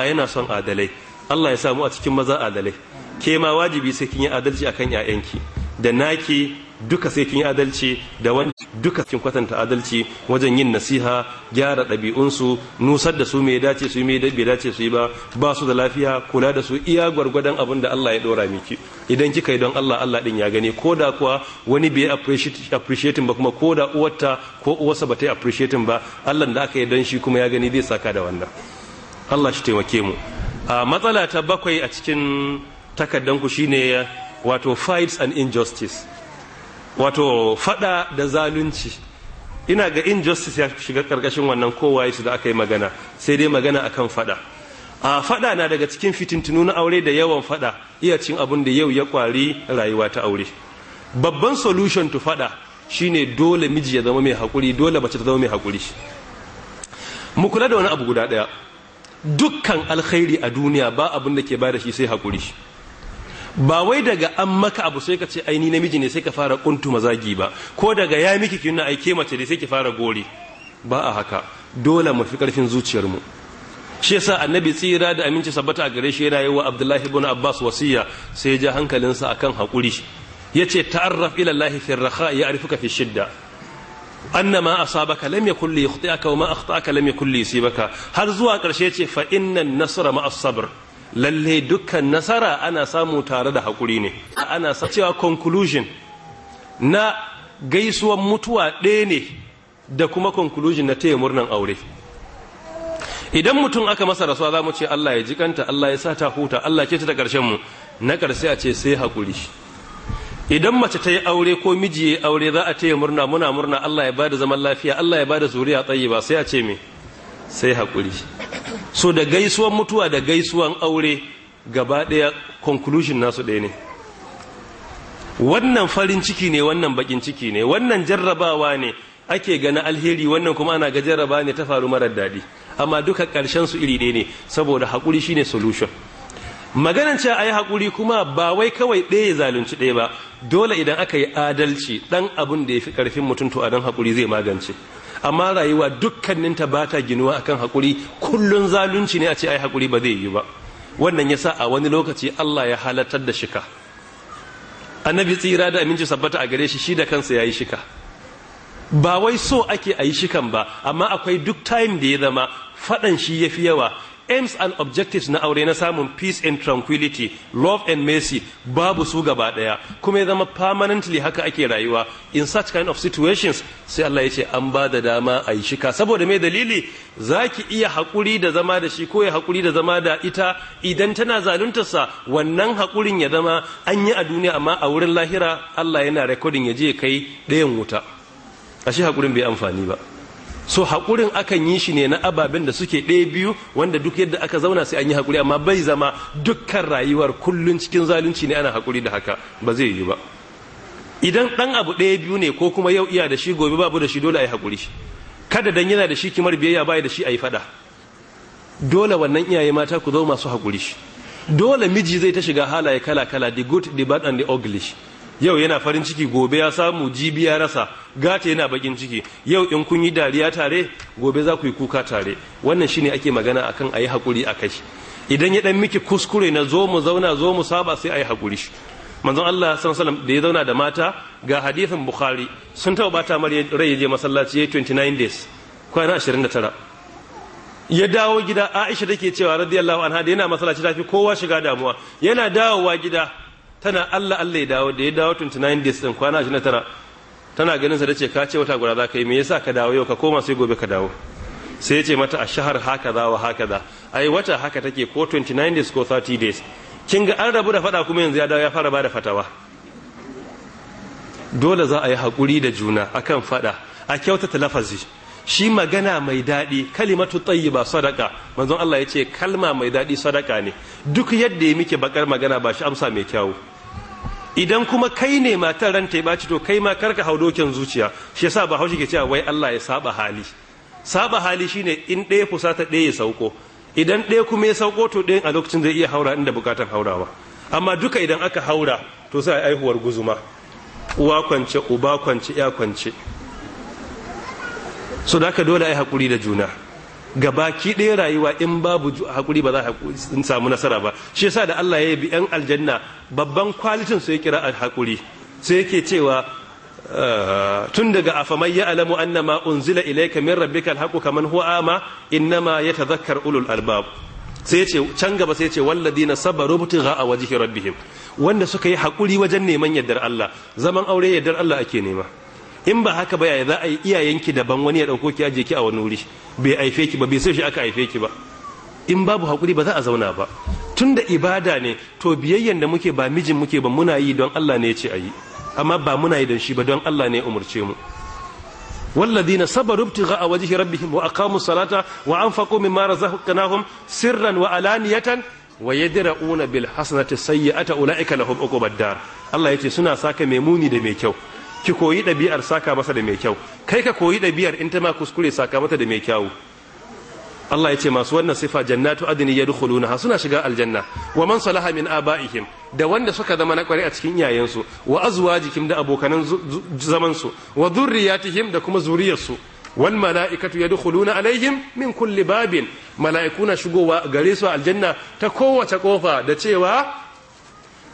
ba yana son adalai Allah ya samu a cikin maza adalai ke ma wajibi sai kin yi adalci akan ƴaƴanki da naki duka sai kin yi adalci da wani duka kin kwatanta adalci wajen yin nasiha gyara ɗabi'unsu nusar da su mai dace su mai dabi dace su yi ba ba su da lafiya kula da su iya gwargwadon abin da Allah ya dora miki idan kika yi don Allah Allah din ya gani ko da kuwa wani bai appreciating ba kuma ko da uwarta ko uwarsa ba ta yi appreciating ba Allah da aka yi don shi kuma ya gani zai saka da wannan Allah shi taimake mu a matsala ta bakwai a cikin takardanku shine wato fights and injustice wato fada da zalunci ina ga injustice ya shiga karkashin wannan kowaye su da aka yi magana sai dai magana akan fada a fada na daga cikin fitintunu na aure da yawan fada iya cin abin da yau ya kwari rayuwa ta aure babban solution to fada shine dole miji ya zama mai hakuri dole bace ta zama mai hakuri mu kula da wani abu guda daya dukkan alkhairi a duniya ba abin da ke ba da shi sai haƙuri ba wai daga an maka abu sai ka ce aini namiji ne sai ka fara kuntu mazagi ba ko daga ya miki ki nuna aike mace ne sai ki fara gori. ba a haka dole mu fi karfin zuciyarmu shi yasa annabi tsira da aminci sabbata a gare shi yana yi wa abdullahi ibn abbas wasiya sai ya ja hankalinsa akan haƙuri yace ta'arraf ila allahi fi raha arifuka fi shidda anna ma asabaka lam yakul li yakhti'aka wa ma akhta'aka lam yakul li yusibaka har zuwa karshe ce fa innan nasra ma as-sabr lalle dukkan nasara ana samu tare da hakuri ne ana sa cewa conclusion na gaisuwan mutuwa ɗaya ne da kuma conclusion na taya murnan aure idan mutum aka masa rasuwa za mu ce Allah ya jikanta Allah ya sa ta huta Allah ke ta da ƙarshen mu na ƙarshe a ce sai hakuri idan mace ta yi aure ko miji ya aure za a taya murna muna murna Allah ya bada zaman lafiya Allah ya bada zuriya ba sai a ce me sai hakuri so da gaisuwan mutuwa da gaisuwan aure gaba ɗaya conclusion nasu ɗaya ne wannan farin ciki ne wannan bakin ciki ne wannan jarrabawa ne ake gana alheri wannan kuma ana ga jarraba ne ta faru marar daɗi amma duka ƙarshen su iri ɗaya ne saboda haƙuri shine solution maganan cewa a hakuri kuma ba wai kawai ɗaya ya zalunci ɗaya ba dole idan aka yi adalci ɗan abin da ya fi ƙarfin mutum to a ɗan haƙuri zai magance amma rayuwa dukkaninta ba ta ginuwa akan hakuri kullum zalunci ne a ce a yi haƙuri ba zai yi ba wannan ya sa a wani lokaci Allah ya halartar da shika annabi tsira da aminci sabbata a gare shi shi da kansa ya yi shika ba wai so ake a yi shikan ba amma akwai duk time da ya zama faɗan shi ya fi yawa aims and objectives na aure na samun peace and tranquility love and mercy babu su gaba daya kuma ya zama permanently haka ake rayuwa in such kind of situations sai Allah ya ce an ba da dama a yi shika saboda mai dalili zaki iya hakuri da zama da shi ko ya hakuri da zama da ita idan tana zaluntarsa wannan hakurin ya zama an yi a duniya amma a wurin lahira Allah yana recording ya je kai ɗayan wuta ashe hakurin bai amfani ba so haƙurin akan yi shi ne na ababen da suke ɗaya biyu wanda duk yadda aka zauna sai an yi haƙuri amma bai zama dukkan rayuwar kullum cikin zalunci ne ana haƙuri da haka ba zai yi ba idan ɗan abu ɗaya biyu ne ko kuma yau iya da shi gobe babu da shi dole a yi haƙuri kada dan yana da shi kimar biyayya bai da shi a yi faɗa dole wannan iyaye mata ku zo masu haƙuri dole miji zai ta shiga halaye kala kala the good the bad and the ugly yau yana farin ciki gobe ya samu jibi ya rasa gata yana bakin ciki yau in kun yi dariya tare gobe za ku yi kuka tare wannan shine ake magana akan ayi hakuri kai idan ya ɗan miki kuskure na zo mu zauna zo mu saba sai a ayi hakuri manzon Allah sallallahu da ya zauna da mata ga hadisin Bukhari sun taba bata mar rai je masallaci 29 days kwana 29 ya dawo gida Aisha take cewa radiyallahu anha da yana masallaci tafi kowa shiga damuwa yana dawowa gida tana Allah Allah ya dawo da ya dawo 29 days din kwana 29 tana ganin sa dace ka ce wata guda za ka yi me yasa ka dawo yau ka koma sai gobe ka dawo sai ya ce mata a shahar haka za wa haka za ai wata haka take ko 29 days ko 30 days kin ga an rabu da fada kuma yanzu ya dawo ya fara bada fatawa dole za a yi hakuri da juna akan fada a kyautata lafazi shi magana mai daɗi kalimatu tayyiba sadaka manzon Allah ya ce kalma mai daɗi sadaka ne duk yadda ya muke bakar magana ba shi amsa mai kyau. idan kuma kai ne matar ranta ya baci to kai ma karka hau dokin zuciya shi yasa ba haushi ke cewa wai Allah ya saba hali saba hali shine in ɗaya fusata ɗaya ya sauko idan ɗaya kuma ya sauko to ɗayan a lokacin zai iya haura inda bukatar haurawa amma duka idan aka haura to sai aihuwar guzuma uwa kwance uba kwance ya kwance so da haka dole ai hakuri da juna gabaki ɗaya rayuwa in babu hakuri ba za a samu nasara ba shi yasa da Allah ya bi yan aljanna babban kwalitin su ya kira a hakuri sai yake cewa ah, tun daga afamai ya alamu annama unzila Ilaika, min rabbikal haqu kaman huwa ama innama yatadhakkar ulul albab sai ce can gaba sai ce walladina sabaru butiga a wajhi rabbihim wanda suka yi hakuri wajen neman yardar Allah zaman aure yaddar Allah ake nema in ba haka ba yaya za a yi iyayenki daban wani ya dauko ki aje ki a wani wuri bai aife ki ba bai sai shi aka haife ki ba in babu hakuri ba za a zauna ba tunda ibada ne to biyayyen da muke ba mijin muke ba muna yi don Allah ne ya ce a amma ba muna yi don shi ba don Allah ne ya umurce mu والذين صبروا ابتغاء وجه ربهم واقاموا الصلاه وانفقوا مما رزقناهم سرا وعلانيه ويدرؤون بالحسنه السيئه اولئك لهم عقبى الدار الله yace suna saka mai muni da mai kyau ki koyi ɗabi'ar saka masa da mai kyau kai ka koyi ɗabi'ar in ta ma kuskure saka mata da mai kyau Allah ya ce masu wannan sifa jannatu adni yadkhuluna suna shiga aljanna wa man salaha min abaihim da wanda suka zama na kware a cikin iyayensu wa jikin da abokanan zaman su wa dhurriyatihim da kuma zuriyarsu wal mala'ikatu yadkhuluna alaihim min kulli babin mala'ikuna shigowa gare su aljanna ta kowace kofa da cewa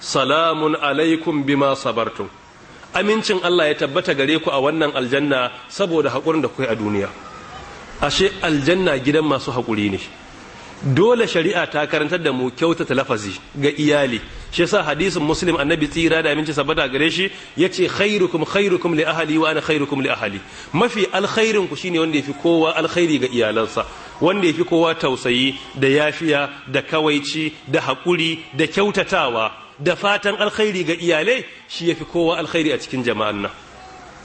salamun alaikum bima sabartum amincin Allah ya tabbata gare ku a wannan aljanna saboda haƙurin da kuwa a duniya ashe aljanna gidan masu haƙuri ne dole shari'a ta karantar da mu kyautata lafazi ga iyali shi yasa hadisin muslim annabi tsira da aminci sabada gare shi ya khairukum khairukum li ahali wa ana khairukum li ahali mafi alkhairin ku shine wanda ya fi kowa alkhairi ga iyalansa wanda ya fi kowa tausayi da yafiya da kawaici da haƙuri da kyautatawa da fatan alkhairi ga iyalai shi ya fi kowa alkhairi a cikin jama'an nan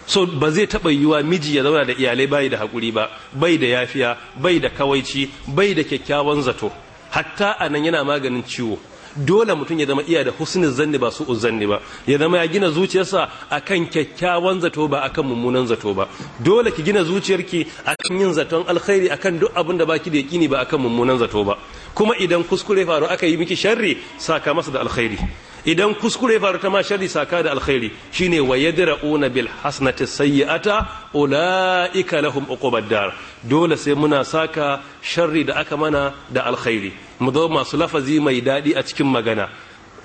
so ba zai taɓa yiwuwa miji ya zauna da iyalai bai da haƙuri ba bai da yafiya bai da kawaici bai da kyakkyawan zato hatta a nan yana maganin ciwo dole mutum ya zama iya da husnin zanni ba su uzanni ba ya zama ya gina zuciyarsa akan kyakkyawan zato ba akan mummunan zato ba dole ki gina zuciyarki akan yin zaton alkhairi akan duk abin da baki da yakini ba akan mummunan zato ba kuma idan kuskure faru aka yi miki sharri saka masa da alkhairi idan kuskure faru ta ma sharri saka da alkhairi shine wa yadra'una bil hasanati sayyi'ata ulaika lahum uqubad dar dole sai muna saka sharri da aka mana da alkhairi mu zo masu lafazi mai dadi a cikin magana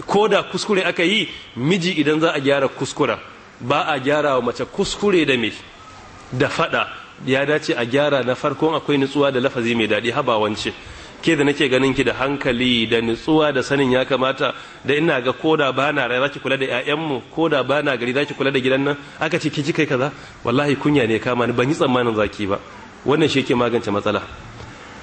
ko da kuskure aka yi miji idan za a gyara kuskura ba a gyara wa mace kuskure da me da fada ya dace a gyara na farkon akwai nutsuwa da lafazi mai dadi habawance ke da nake ganin ki da hankali da nutsuwa da sanin ya kamata da ina ga koda ba na rai zaki kula da ƴaƴanmu koda ba na gari zaki kula da gidan nan aka ce ki kai kaza wallahi kunya ne kama ni ban yi tsammanin zaki ba wannan shi yake magance matsala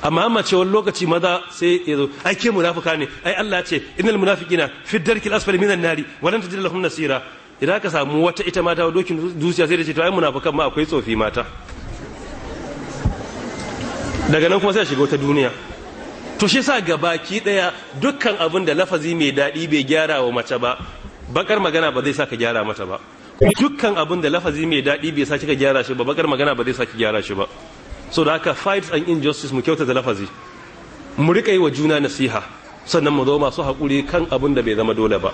amma amma ce wani lokaci maza sai ya zo ai ke munafuka ne ai Allah ce innal munafiqina fi al asfali minan nari lan tajid lahum nasira idan ka samu wata ita mata dokin dusiya sai da ce to ai munafukan ma akwai tsofi mata daga nan kuma sai shiga wata duniya to shi sa baki daya dukkan abin da lafazi mai daɗi bai gyara wa mace ba bakar magana ba zai sa ka gyara mata ba dukkan abin da lafazi mai daɗi bai sa kika gyara shi ba bakar magana ba zai sa ki gyara shi ba so da haka fights and injustice mu kyauta da lafazi mu rika yi wa juna nasiha sannan mu zo masu haƙuri kan abin da bai zama dole ba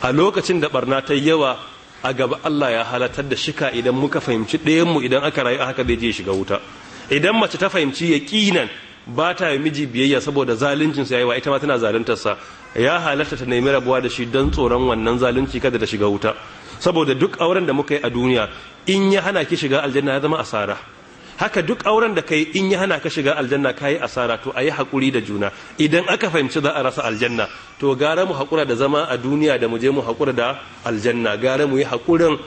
a lokacin da barna ta yawa a gaba Allah ya halatar da shika idan muka fahimci mu idan aka rayu a haka zai je shiga wuta idan mace ta fahimci yaƙinan ba ta yi miji biyayya saboda zaluncinsa yayi wa ita ma tana zaluntarsa ya halarta ta nemi rabuwa da shi don tsoron wannan zalunci kada ta shiga wuta saboda duk auren da muka yi a duniya in ya hana ki shiga aljanna ya zama asara haka duk auren da kai in ya hana ka shiga aljanna yi asara to ayi hakuri da juna idan aka fahimci za a rasa aljanna to gara mu hakura da zama a duniya da mu je mu hakura da aljanna gara mu yi hakurin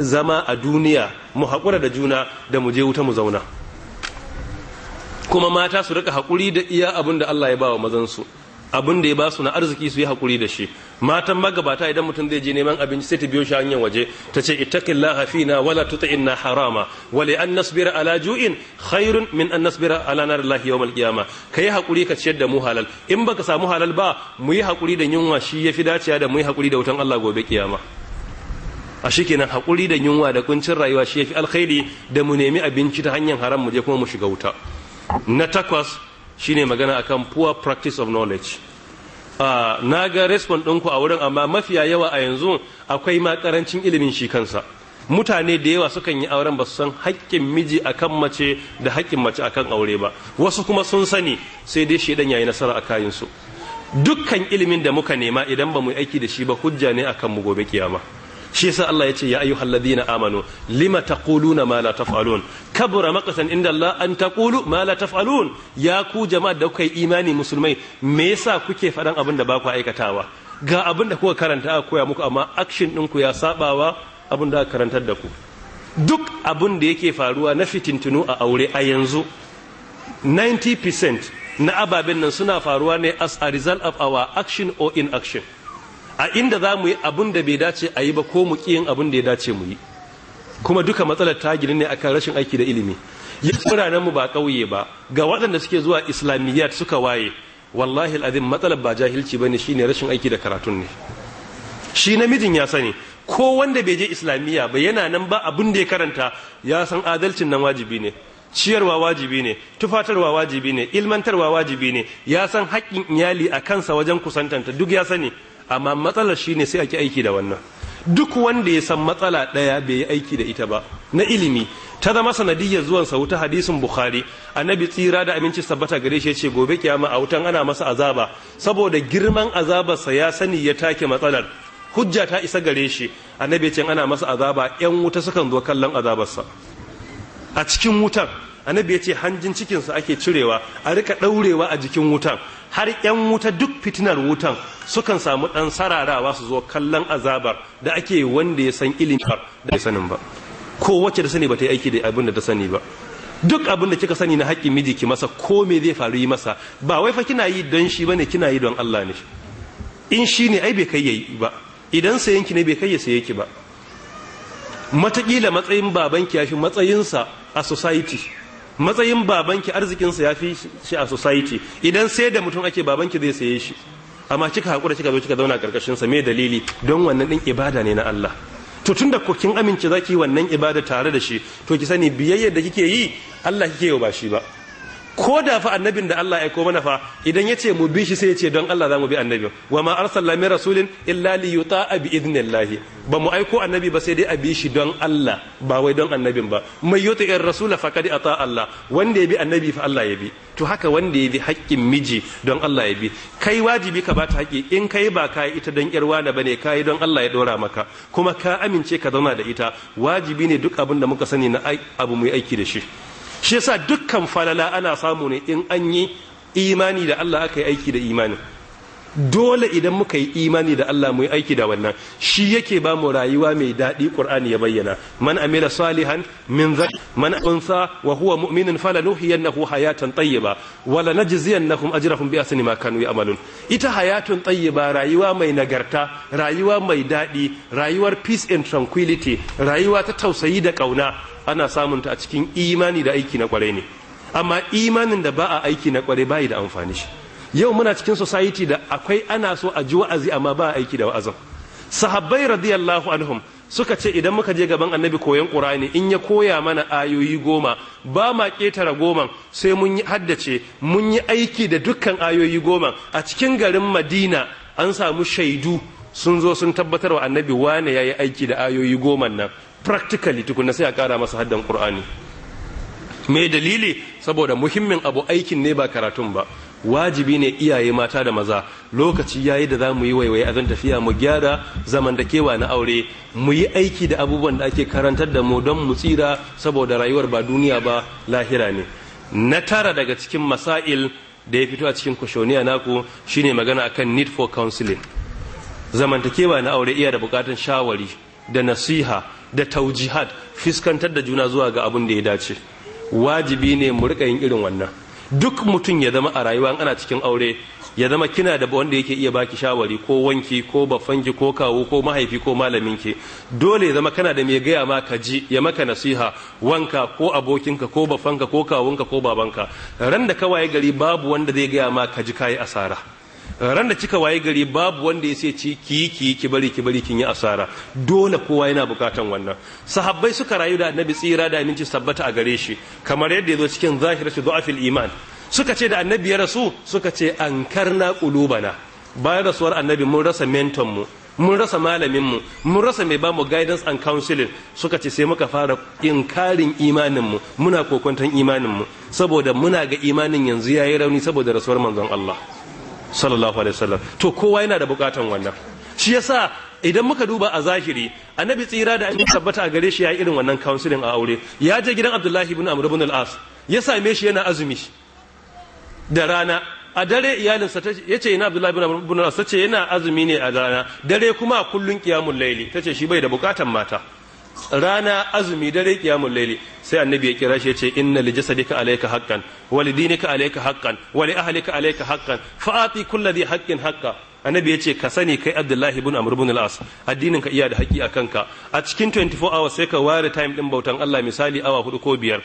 zama a duniya mu hakura da juna da mu je wuta mu zauna kuma mata su rika haƙuri da iya abin da Allah ya ba wa su. abin da ya ba su na arziki su yi haƙuri da shi matan magabata idan mutum zai je neman abinci sai ta biyo shi hanyar waje ta ce ittaqillaha fina wala na harama wa li an nasbira ala ju'in khairun min an nasbira ala nar yawm al qiyama kai haƙuri ka ciyar da mu halal in baka samu halal ba mu yi haƙuri da yunwa shi yafi dacewa da mu yi haƙuri da wutan Allah gobe kiyama a shi kenan haƙuri da yunwa da kuncin rayuwa shi yafi alkhairi da mu nemi abinci ta hanyar haram mu je kuma mu shiga wuta na takwas shine magana akan poor practice of knowledge uh, ah, na ga respon ɗinku a wurin amma mafiya yawa a yanzu akwai ma ƙarancin ilimin shi kansa mutane da yawa sukan yi auren ba su san haƙƙin miji akan mace da haƙƙin mace akan aure ba wasu kuma sun sani sai dai shi ya yayi nasara a kayansu dukkan ilimin da muka nema idan ba mu aiki da shi ba hujja ne akan mu gobe kiyama shi yasa Allah ya ce ya ayyuhal ladina amanu lima taquluna ma la taf'alun kabura maqatan inda Allah an taqulu ma la taf'alun ya ku jama'a da kuka yi imani musulmai me yasa kuke faɗan abin da ba ku aikatawa ga abin da kuka karanta aka koya muku amma action ku ya sabawa abin da aka karantar da ku duk abin da yake faruwa na fitintunu a aure a yanzu 90% na ababen nan suna faruwa ne as a result of our action or inaction a inda za mu yi abin da bai dace a yi ba ko mu ƙiyin yin abin da ya dace mu yi kuma duka matsalar ta gini ne akan rashin aiki da ilimi Ya biranen mu ba ƙauye ba ga waɗanda suke zuwa islamiyyat suka waye wallahi al'adun matsalar ba jahilci ba ne shi ne rashin aiki da karatun ne shi namijin ya sani ko wanda bai je islamiyya ba yana nan ba abin da ya karanta ya san adalcin nan wajibi ne ciyarwa wajibi ne tufatarwa wajibi ne ilmantarwa wajibi ne ya san haƙƙin iyali a kansa wajen kusantanta duk ya sani amma matsalar shine sai ake aiki da wannan duk wanda ya san matsala daya bai yi aiki da ita ba na ilimi ta zama sanadiyyar zuwan sa wuta hadisin bukhari annabi tsira da aminci sabbata gare shi yace gobe kiyama a wutan ana masa azaba saboda girman azabar sa ya sani ya take matsalar hujja ta isa gare shi annabi yace ana masa azaba yan wuta sukan zo kallon azabar sa a cikin wutan annabi yace hanjin cikin sa ake cirewa a rika daurewa a jikin wutan har 'yan wuta duk fitinar wutan sukan samu ɗan sararawa su zo kallon azabar da ake wanda ya san ilimin da ya sanin ba ko wacce da sani ba ta yi aiki da abin da ta sani ba duk abin da kika sani na haƙƙin miji ki masa ko me zai faru yi masa ba wai fa kina yi don shi bane kina yi don Allah ne in shi ne ai bai kai yayi ba idan sayan ki ne bai kai ya saye ki ba matakila matsayin babanki ya shi matsayinsa a society matsayin babanki arzikinsa ya fi shi a society idan sai da mutum ake babanki zai saye shi amma kika haƙura kika zo kika zauna a sa mai dalili don wannan ɗin ibada ne na Allah to tun da kokin amince zaki wannan ibada tare da shi to ki sani biyayyar da kike yi Allah kike yi ba shi ba ko da fa annabin da Allah ya koma mana fa idan ya ce mu bi shi sai ya ce don Allah za mu bi annabi wa ma arsala min rasulin illa li yuta'a bi idnillahi ba mu aiko annabi ba sai dai a bi shi don Allah ba wai don annabin ba mai rasul rasula faqad ata Allah wanda ya bi annabi fa Allah ya bi to haka wanda ya bi haƙƙin miji don Allah ya bi kai wajibi ka bata haƙƙi in kai ba kai ita don yar wani bane kai don Allah ya dora maka kuma ka amince ka zauna da ita wajibi ne duk abin da muka sani na abu mu aiki da shi shi sa dukkan falala ana samu ne in an yi imani da Allah aka yi aiki da imanin dole idan muka yi imani da Allah mu yi aiki da wannan shi yake ba mu rayuwa mai daɗi ƙur'ani ya bayyana man amila salihan min zak man unsa wa huwa mu'minun falanuhiyannahu hayatan tayyiba wa lanajziyannahum ajrahum bi ahsani ma kanu ya'malun ita hayatun tayyiba rayuwa mai nagarta rayuwa mai daɗi rayuwar peace and tranquility rayuwa ta tausayi da ƙauna. ana samunta a cikin imani da aiki na kwarai ne amma imanin da ba a aiki na kwarai bayi da amfani shi yau muna cikin society da akwai ana so a ji wa'azi amma ba a aiki da wa'azin sahabbai radiyallahu anhum suka ce idan muka je gaban annabi koyon qur'ani in ya koya mana ayoyi goma ba ma ketara goman sai mun yi haddace mun yi aiki da dukkan ayoyi goma a cikin garin madina an samu shaidu sun zo sun tabbatar wa annabi wane ya yi aiki da ayoyi goman nan practically tukuna sai a kara masa haddan qur'ani mai dalili saboda muhimmin abu aikin ne ba karatun ba wajibi ne iyaye mata da maza lokaci yayi da za mu yi waiwaye a zan tafiya mu gyara kewa na aure mu yi aiki da abubuwan da ake karantar da mu don mu tsira saboda rayuwar ba duniya ba lahira ne na tara daga cikin masail da ya fito a cikin kushoniya naku shine magana akan need for counseling zamantakewa na aure iya da bukatun shawari da nasiha da taujihad fiskantar da juna zuwa ga abin da ya dace wajibi ne mu rika yin irin wannan duk mutum ya zama a rayuwa ana cikin aure ya zama kina da wanda yake iya baki shawari ko wanki ko bafanki ko kawo ko mahaifi ko malaminki dole ya zama kana da mai gaya ma ka ji ya maka nasiha wanka ko abokinka ko bafanka ko kawunka ko babanka ran da ka gari babu wanda zai gaya ma ka ji kayi asara ran da kika waye gari babu wanda ya ci ki ki ki bari ki bari kin yi asara dole kowa yana bukatan wannan sahabbai suka rayu da annabi tsira da aminci sabbata a gare shi kamar yadda ya zo cikin zahiratu du'afil iman suka ce da annabi ya rasu suka ce ankarna qulubana bayan rasuwar annabi mun rasa mentor mu mun rasa malamin mu mun rasa mai bamu guidance and counseling suka ce sai muka fara inkarin mu muna kokontan imanin mu saboda muna ga imanin yanzu yayi rauni saboda rasuwar manzon Allah sallallahu alaihi wasallam to kowa yana da bukatan wannan shi yasa idan muka duba a zahiri annabi tsira da an tabbata a gare shi ya irin wannan counseling a aure ya je gidan abdullahi ibn amr ibn al-as ya same shi yana azumi da rana a dare iyalinsa ta ya ce yana abdullahi ibn al-as ta ce yana azumi ne a rana dare kuma kullun qiyamul layli ta ce shi bai da bukatan mata rana azumi dare kiyamul laili sai annabi ya kira shi ya ce inna li jasadika alayka haqqan wa li dinika alayka haqqan wa li ahlika alayka haqqan fa ati kulli dhi haqqin haqqa annabi ya ce ka sani kai abdullahi ibn amr ibn al-as addinin ka iya da haƙi a kanka a cikin 24 hours sai ka ware time din bautan Allah misali awa hudu ko biyar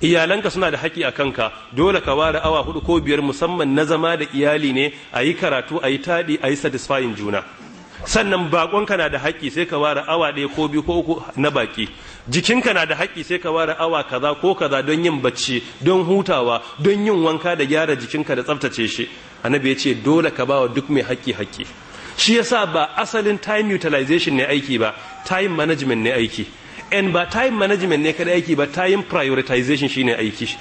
iyalanka suna da haƙi a kanka dole ka ware awa hudu ko biyar musamman na zama da iyali ne a yi karatu a yi taɗi a yi satisfying juna sannan bakonka na da haƙƙi sai ka ware awa ɗaya ko biyu ko uku na baki jikinka na da haƙƙi sai ka ware awa kaza ko kaza don yin bacci don hutawa don yin wanka da gyara jikinka da tsaftace shi annabi ya ce dole ka bawa duk mai haƙƙi haƙƙi shi yasa ba asalin time utilization ne aiki ba time management ne aiki and ba time management ne kada aiki ba time prioritization shine aiki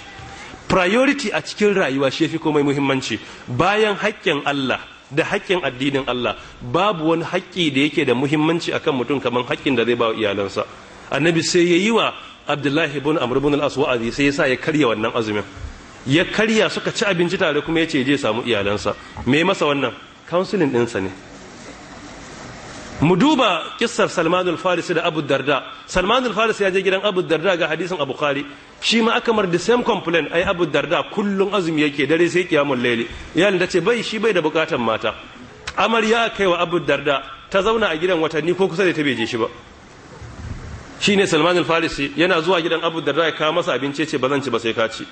priority a cikin rayuwa shi fi komai muhimmanci bayan haƙƙin Allah da haƙƙin addinin Allah babu wani haƙƙi da yake da muhimmanci akan mutum kamar haƙƙin da zai ba iyalansa annabi sai ya yi wa abdullahi ibn amr ibn al-as wa'azi sai ya sa ya karya wannan azumin ya karya suka ci abinci tare kuma ya ce je samu iyalansa me masa wannan counseling ɗinsa ne mu duba kissar salman al-farisi da abu darda salman al-farisi ya je gidan abu darda ga hadisin abu khari shi ma aka mar the same complaint ai abu darda kullum azumi yake dare sai kiyamul laili iyalin ta ce bai shi bai da bukatan mata amarya kai wa abu darda ta zauna a gidan watanni ko kusa da ta beje shi ba shine salman al-farisi yana zuwa gidan abu darda ya kawo masa abinci ya ce ba zan ci ba sai ka ci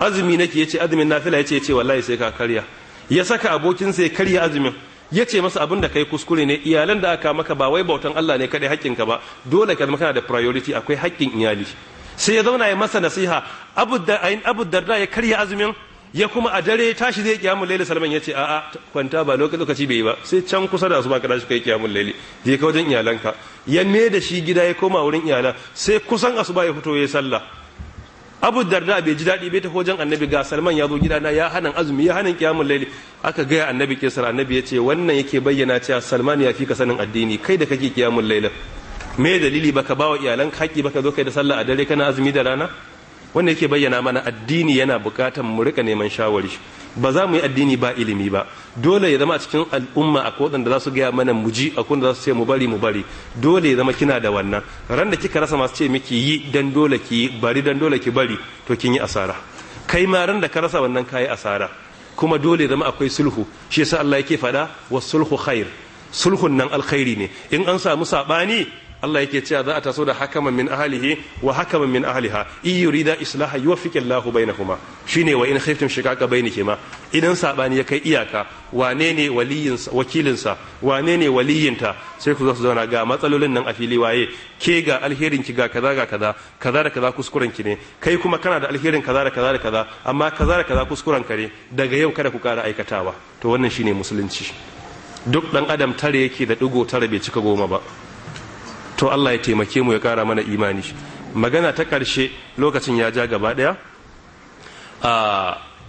azumi nake ya ce azumin nafila ya ce wallahi sai ka karya ya saka abokinsa ya karya azumin ya ce masa abin da kai kuskure ne iyalan da aka maka ba wai bautan Allah ne kadai ka ba dole ka zama kana da priority akwai haƙƙin iyali sai ya zauna ya masa nasiha abu da ayin ya karya azumin ya kuma a dare tashi zai kiyamul laili salman ya ce a'a kwanta ba lokaci bai yi ba sai can kusa da su ba kada shi kai kiyamul laili je ka wajen iyalanka ya me da shi gida ya koma wurin iyalan sai kusan asuba ya fito ya sallah abu darda bai ji daɗi bai ta hojan annabi ga salman ya zo gidana ya hana azumi ya hana kiyamun laili aka gaya annabi kesar annabi ya ce wannan yake bayyana cewa salman ya fi ka sanin addini kai da kake kiyamun laili me dalili baka bawa iyalan haƙi baka zo kai da sallah a dare kana azumi da rana wanda yake bayyana mana addini yana buƙatar mu rika neman shawari ba za mu yi addini ba ilimi ba dole ya zama a cikin al'umma a da za su gaya mana mu ji a da za su ce mu bari mu bari dole ya zama kina da wannan ran da kika rasa masu ce miki yi dan dole ki yi bari dan dole ki bari to kin yi asara kai ma ran da ka rasa wannan kayi asara kuma dole ya zama akwai sulhu shi yasa Allah yake faɗa wa sulhu khair sulhun nan alkhairi ne in an samu sabani Allah yake cewa za a taso da hakaman min ahlihi wa hakaman min ahliha in yurida islaha yuwaffiq Allahu bainahuma shine wa in khiftum shikaka bainikuma idan sabani ya kai iyaka wane ne waliyin wakilin sa wane ne waliyinta sai ku zo su zauna ga matsalolin nan a fili waye ke ga alherin ki ga kaza ga kaza kaza da kaza kuskuren ki ne kai kuma kana da alherin kaza da kaza da kaza amma kaza da kaza kuskuren ka ne daga yau kada ku kara aikatawa to wannan shine musulunci duk dan adam tare yake da digo tare bai cika goma ba to Allah ya taimake mu ya kara mana imani magana ta ƙarshe lokacin ya ja gaba ɗaya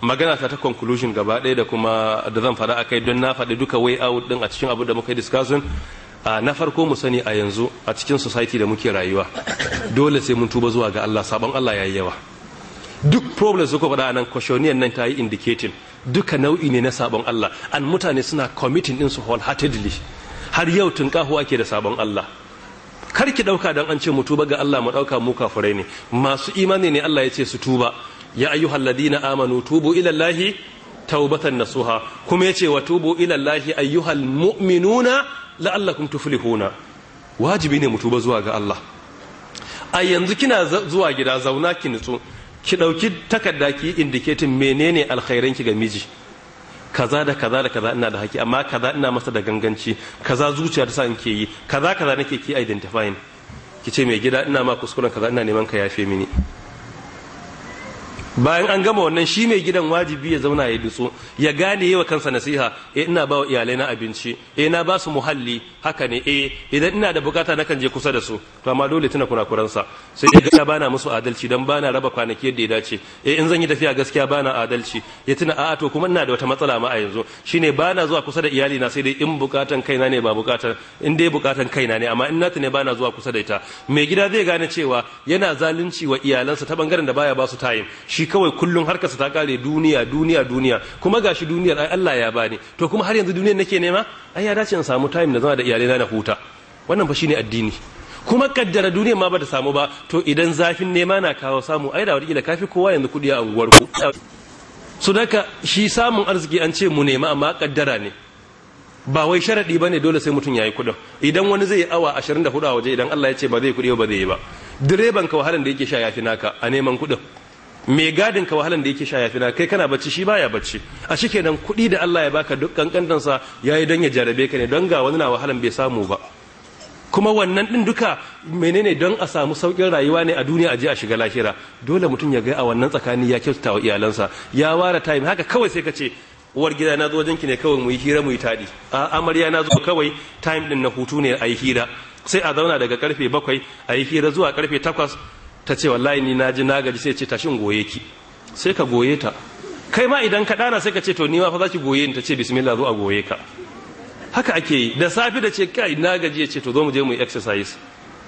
magana ta ta conclusion gaba ɗaya da kuma da zan faɗa akai don na faɗi duka way out ɗin a cikin abu da muka yi discussion na farko mu sani a yanzu a cikin society da muke rayuwa dole sai mun tuba zuwa ga Allah sabon Allah ya yi yawa duk problems suka faɗa nan questionnaire nan ta yi indicating duka nau'i ne na sabon Allah an mutane suna committing din su wholeheartedly har yau tun kahuwa ke da sabon Allah kar ki ɗauka don an ce mu tuba ga Allah mu ɗauka mu kafirai ne masu imani ne Allah ya ce su tuba ya ayyuhal ladina amanu tubu ila llahi taubatan nasuha kuma yace wa tubu ila llahi ayyuhal mu'minuna la'allakum tuflihuna wajibi ne mu tuba zuwa ga Allah a yanzu kina zuwa gida zauna ki nutsu ki ɗauki takarda ki indicating menene alkhairanki ga miji kaza da kaza da kaza ina da haƙi amma kaza ina masa da ganganci kaza zuciya ta sa in ke yi kaza kaza nake ki identifying ki ce mai gida ina ma kuskuren kaza ina neman ka yafe mini bayan an gama wannan shi mai gidan wajibi ya zauna ya nutsu ya gane yawa kansa nasiha e, ina ba wa iyalai na abinci e, na ba su muhalli haka ne e, idan ina da bukata nakan je kusa da su to amma dole tuna kurakuransa sai ya gaskiya bana musu adalci dan bana raba kwanaki yadda ya dace e, in zan yi tafiya gaskiya bana adalci ya tuna a'a to kuma ina da wata matsala ma a yanzu shine bana zuwa kusa da iyali na sai dai in bukatan kaina ne ba bukatan in dai bukatan kaina ne amma in na ne bana zuwa kusa da ita mai gida zai gane cewa yana zalunci wa iyalansa ta bangaren da baya ba su time shi shi kawai kullum harkarsa ta kare duniya duniya duniya kuma gashi duniyar ai Allah ya bani to kuma har yanzu duniyar nake nema ai ya dace in samu time da zama da iyalai na huta wannan fa shine addini kuma kaddara duniyar ma ba ta samu ba to idan zafin nema na kawo samu ai da da kafi kowa yanzu kudi a unguwar ku so daka shi samun arziki an ce mu nema amma kaddara ne ba wai sharadi bane dole sai mutum yayi kudin idan wani zai yi awa 24 a waje idan Allah ya ce ba zai kudi ba zai yi ba direban ka wahalan da yake sha yafi naka a neman kudin mai gadin ka wahalan da yake sha yafi na kai kana bacci shi baya bacci a shi kenan kuɗi da Allah ya baka duk kankandan sa yayi dan ya jarabe ka ne dan ga wani na wahalan bai samu ba kuma wannan din duka menene don a samu saukin rayuwa ne a duniya a je a shiga lahira dole mutum ya ga a wannan tsakani ya kyautata wa iyalansa ya wara time haka kawai sai ka ce uwar gida na zo ki ne kawai mu yi hira mu yi taɗi a amarya na zo kawai time din na hutu ne a yi hira sai a zauna daga karfe bakwai a yi hira zuwa karfe takwas ta ce wallahi ni na ji na gaji sai ce tashin goye ki sai ka goye ta kai ma idan ka dana sai ka ce to ni ma fa zaki goye ni ta ce bismillah zo a goye ka haka ake yi da safi da ce kai na gaji ya ce to zo mu je mu yi exercise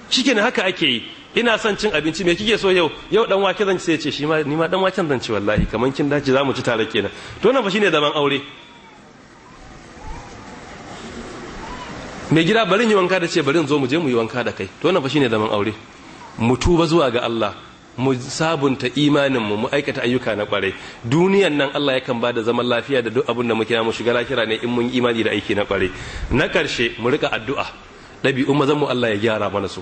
shikenan haka ake yi ina son cin abinci me kike so yau yau dan wake zan ci sai ce shi ma ni ma dan wake zan ci wallahi kaman kin dace za mu ci tare kenan to nan fa shine zaman aure mai gida barin yi wanka da ce barin zo mu je mu yi wanka da kai to nan fa shine zaman aure mu tuba zuwa ga Allah mu sabunta imaninmu mu aikata ayyuka na kwarai duniyan nan Allah yakan bada zaman lafiya da duk abin da muke mu shiga lafiya ne in mun imani da aiki na kwarai na karshe mu rika addu'a ɗabi'un mazan mu Allah ya gyara mana su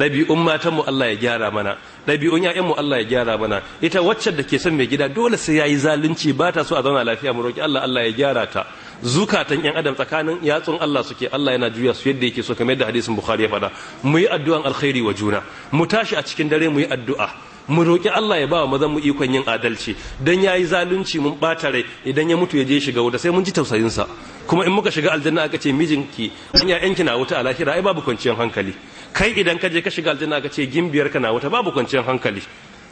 ɗabi'un matan mu Allah ya gyara mana ɗabi'un ƴaƴan mu Allah ya gyara mana ita wacce da ke son mai gida dole sai yayi zalunci ba ta so a zauna lafiya mu roki Allah Allah ya gyara ta zukatan yan adam tsakanin yatsun Allah suke Allah yana juya su yadda yake so kamar yadda hadisin Bukhari ya faɗa mu yi addu'an alkhairi wa juna mu tashi a cikin dare mu yi addu'a mu roki Allah ya ba mu mazan mu ikon yin adalci dan yayi zalunci mun bata rai idan ya mutu ya je shiga wuta sai mun ji tausayin sa kuma in muka shiga aljanna aka ce mijinki an ya na wuta a lahira ai babu kwanciyar hankali kai idan ka je ka shiga aljanna aka ce gimbiyar ka na wuta babu kwanciyar hankali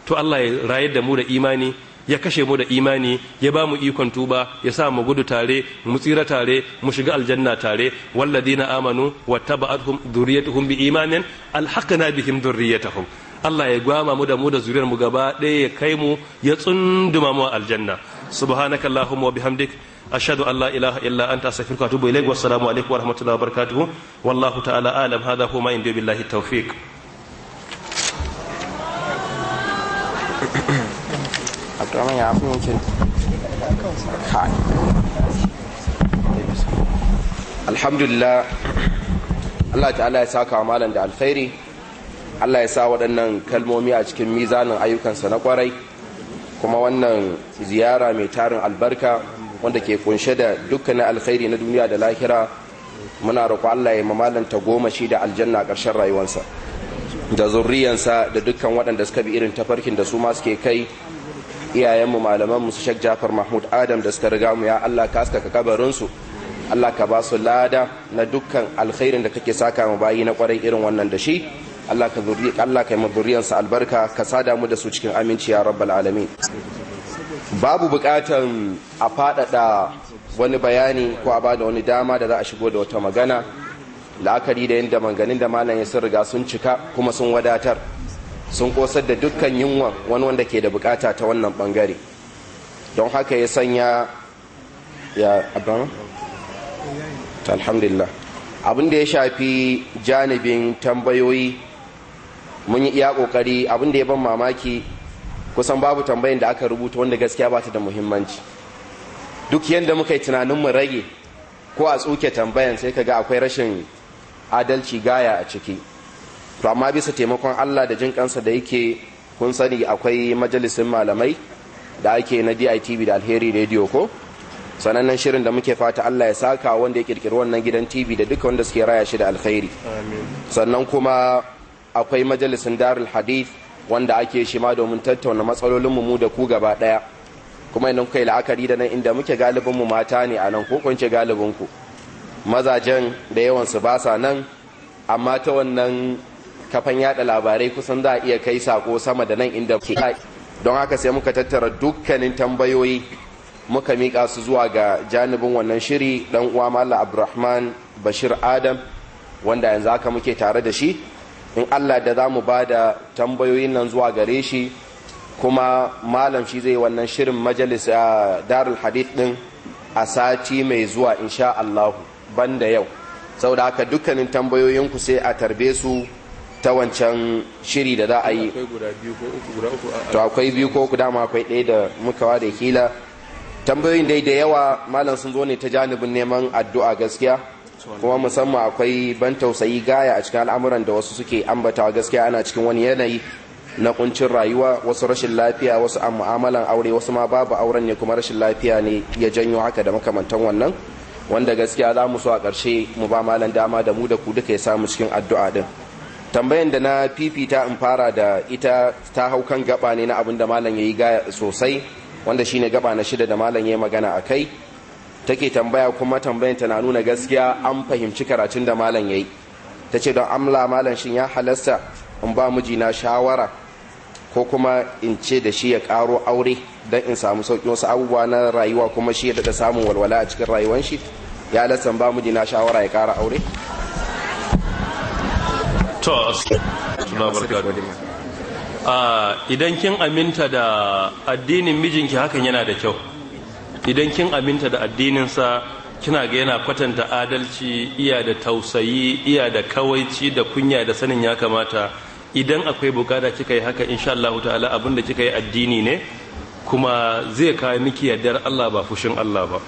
to Allah ya rayar da mu da imani ya kashe mu da imani ya ba mu ikon tuba ya sa mu gudu tare mu tsira tare mu shiga aljanna tare walladina amanu wattaba'athum dhurriyyatuhum biimanin alhaqna bihim dhurriyyatuhum Allah ya gwama mu da mu da zuriyar mu gaba ɗaya ya kai mu ya tsunduma mu aljanna subhanaka allahumma wa bihamdik ashhadu an la ilaha illa anta astaghfiruka wa atubu ilaik wa assalamu alaikum wa rahmatullahi wa barakatuh wallahu ta'ala alam hadha huwa ma billahi tawfiq to ya alhamdulillah Allah ta'ala ya saka wa malam da alkhairi Allah ya sa waɗannan kalmomi a cikin mizanin ayyukansa na kwarai kuma wannan ziyara mai tarin albarka wanda ke kunshe da dukkanin alkhairi na duniya da lahira muna roƙo Allah ya ta goma shi da aljanna ƙarshen rayuwansa da zurriyansa da dukkan waɗanda suka bi irin tafarkin da su masu suke kai iyayenmu malaman su shek Jafar Mahmud Adam da suka riga mu ya Allah ka kabarin su Allah ka ba su lada na dukkan alkhairin da kake saka mu bayi na kwarai irin wannan da shi Allah ka yi Allah ka yi albarka ka sada mu da su cikin aminci ya rabbal alamin babu bukatan a faɗaɗa wani bayani ko a bada wani dama da za a shigo da wata magana la'akari da yadda manganin da malam sun riga sun cika kuma sun wadatar sun kosar da dukkan yunwa wani wanda ke da bukata ta wannan bangare don haka ya sanya ya abin alhamdulillah abin da ya shafi janibin tambayoyi mun yi iya kokari abin da ya ban mamaki kusan babu tambayin da aka rubuta wanda gaskiya ba ta da muhimmanci duk yadda muka yi tunaninmu rage ko a tsuke tambayan sai ka ga akwai rashin adalci gaya a ciki to amma bisa taimakon Allah da jin kansa da yake kun sani akwai majalisin malamai da ake na DITV da Alheri Radio ko sanannen shirin da muke fata Allah ya saka wanda ya kirkiri wannan gidan TV da duka wanda suke raya shi da Alheri sannan kuma akwai majalisin Darul Hadith wanda ake shi ma domin tattauna matsalolin mu da ku gaba daya kuma idan kuka yi la'akari da nan inda muke galibin mu mata ne a nan ko kun ce galibin ku mazajen da yawan su ba sa nan amma ta wannan kafan yada labarai kusan za a iya kai sako sama da nan inda ke don haka sai muka tattara dukkanin tambayoyi muka miƙa su zuwa ga janibin wannan shiri dan uwa malla abdurrahman bashir adam wanda yanzu haka muke tare da shi in allah da za mu ba da tambayoyin nan zuwa gare shi kuma malam shi zai wannan shirin majalis a darul hadith din a sati mai zuwa insha allahu banda yau saboda haka dukkanin tambayoyinku sai a tarbe su ta wancan shiri da za a yi to akwai biyu ko uku dama akwai ɗaya da muka da kila tambayoyin dai da yawa malam sun zo ne ta janibin neman addu'a gaskiya kuma musamman akwai ban tausayi gaya a cikin al'amuran da wasu suke ambatawa gaskiya ana cikin wani yanayi na kuncin rayuwa wasu rashin lafiya wasu an mu'amalan aure wasu ma babu auren ne kuma rashin lafiya ne ya janyo haka da makamantan wannan wanda gaskiya za mu so a karshe mu ba malam dama da mu da ku duka ya samu cikin addu'a din tambayan da na fifita in fara da ita ta hau kan gaba ne na abin da malam ya yi sosai wanda shine gaba na shida da malam ya yi magana a kai take tambaya kuma tambayan ta na nuna gaskiya an fahimci karatun da malam ya yi ta ce don amla malam shin ya halasta in ba mijina shawara ko kuma in ce da shi ya karo aure don in samu sauƙin wasu abubuwa na rayuwa kuma shi ya daɗa samun walwala a cikin rayuwan shi ya halasta in ba mijina shawara ya kara aure to idan kin aminta da addinin mijinki hakan yana da kyau idan kin aminta da addininsa kina ga yana kwatanta adalci iya da tausayi iya da kawaici da kunya da sanin ya kamata idan akwai bukata kika yi haka insha Allah ta'ala abinda kika yi addini ne kuma zai kawo miki yardar Allah ba fushin Allah ba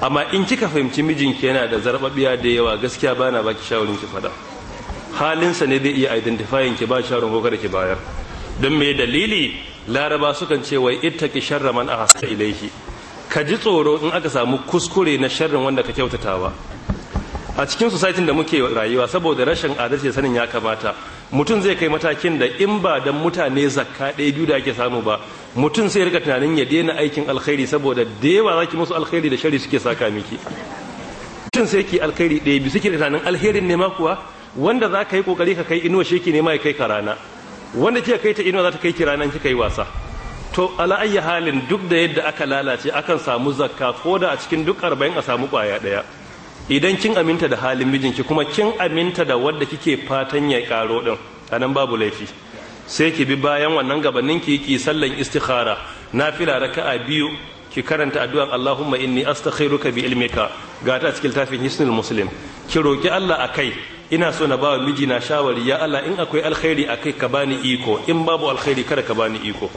amma in kika fahimci mijinki yana da zarbabiya da yawa gaskiya bana baki shawarin ki fada halinsa ne zai iya identifying ki ba sharon ko kada ki bayar don me dalili laraba sukan ce wai ita ki sharra man ahsa ilaihi ka ji tsoro in aka samu kuskure na sharrin wanda ka kyautatawa a cikin society da muke rayuwa saboda rashin adalci sanin ya kamata mutum zai kai matakin da in ba dan mutane zakka ɗaya biyu da ake samu ba mutum sai rika tunanin ya daina aikin alkhairi saboda da yawa zaki musu alkhairi da shari suke saka miki mutum sai ki alkhairi ɗaya biyu suke tunanin alherin ne ma kuwa wanda za ka yi kokari ka kai inuwa shi ke nema ya kai ka rana wanda kika kai ta inuwa za ta kai ki rana kika yi wasa to ala halin duk da yadda aka lalace akan samu zakka ko da a cikin duk arba'in a samu kwaya ɗaya. idan kin aminta da halin mijinki kuma kin aminta da wadda kike fatan ya karo din anan babu laifi sai ki bi bayan wannan gabanin ki ki sallan istikhara nafila raka'a biyu ki karanta addu'an Allahumma inni astakhiruka bi ilmika ga ta cikin tafin hisnul muslim ki roki Allah akai ina so na bawa mijina shawari ya Allah in akwai alkhairi a kai ka bani iko in babu alkhairi kada ka bani iko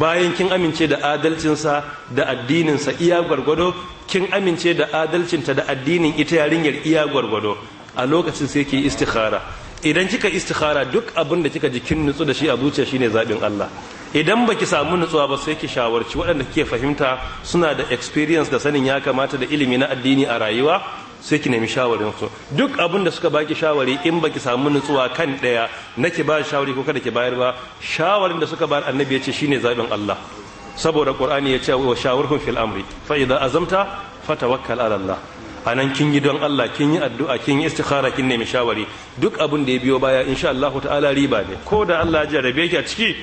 bayan kin amince da adalcinsa da addininsa iya gwargwado kin amince da adalcinta da addinin ita yarinyar iya gwargwado a lokacin sai kiyi istikhara idan kika istikhara duk abin da kika jikin nutsu da shi a zuciya shine zabin Allah idan baki samu nutsuwa ba sai ki shawarci waɗanda kike fahimta suna da experience da sanin ya kamata da ilimi na addini a rayuwa sai ki nemi shawarin su duk abin da suka baki shawari in baki samu nutsuwa kan daya nake ba shawari ko kada ki bayar ba shawarin da suka bar annabi ya ce shine zaben Allah saboda qur'ani ya ce wa shawarhum fil amri fa idza azamta fatawakkal ala Allah anan kin yi don Allah kin yi addu'a kin yi istikhara kin nemi shawari duk abin da ya biyo baya insha Allah ta'ala riba ne ko da Allah ya jarabe ki a ciki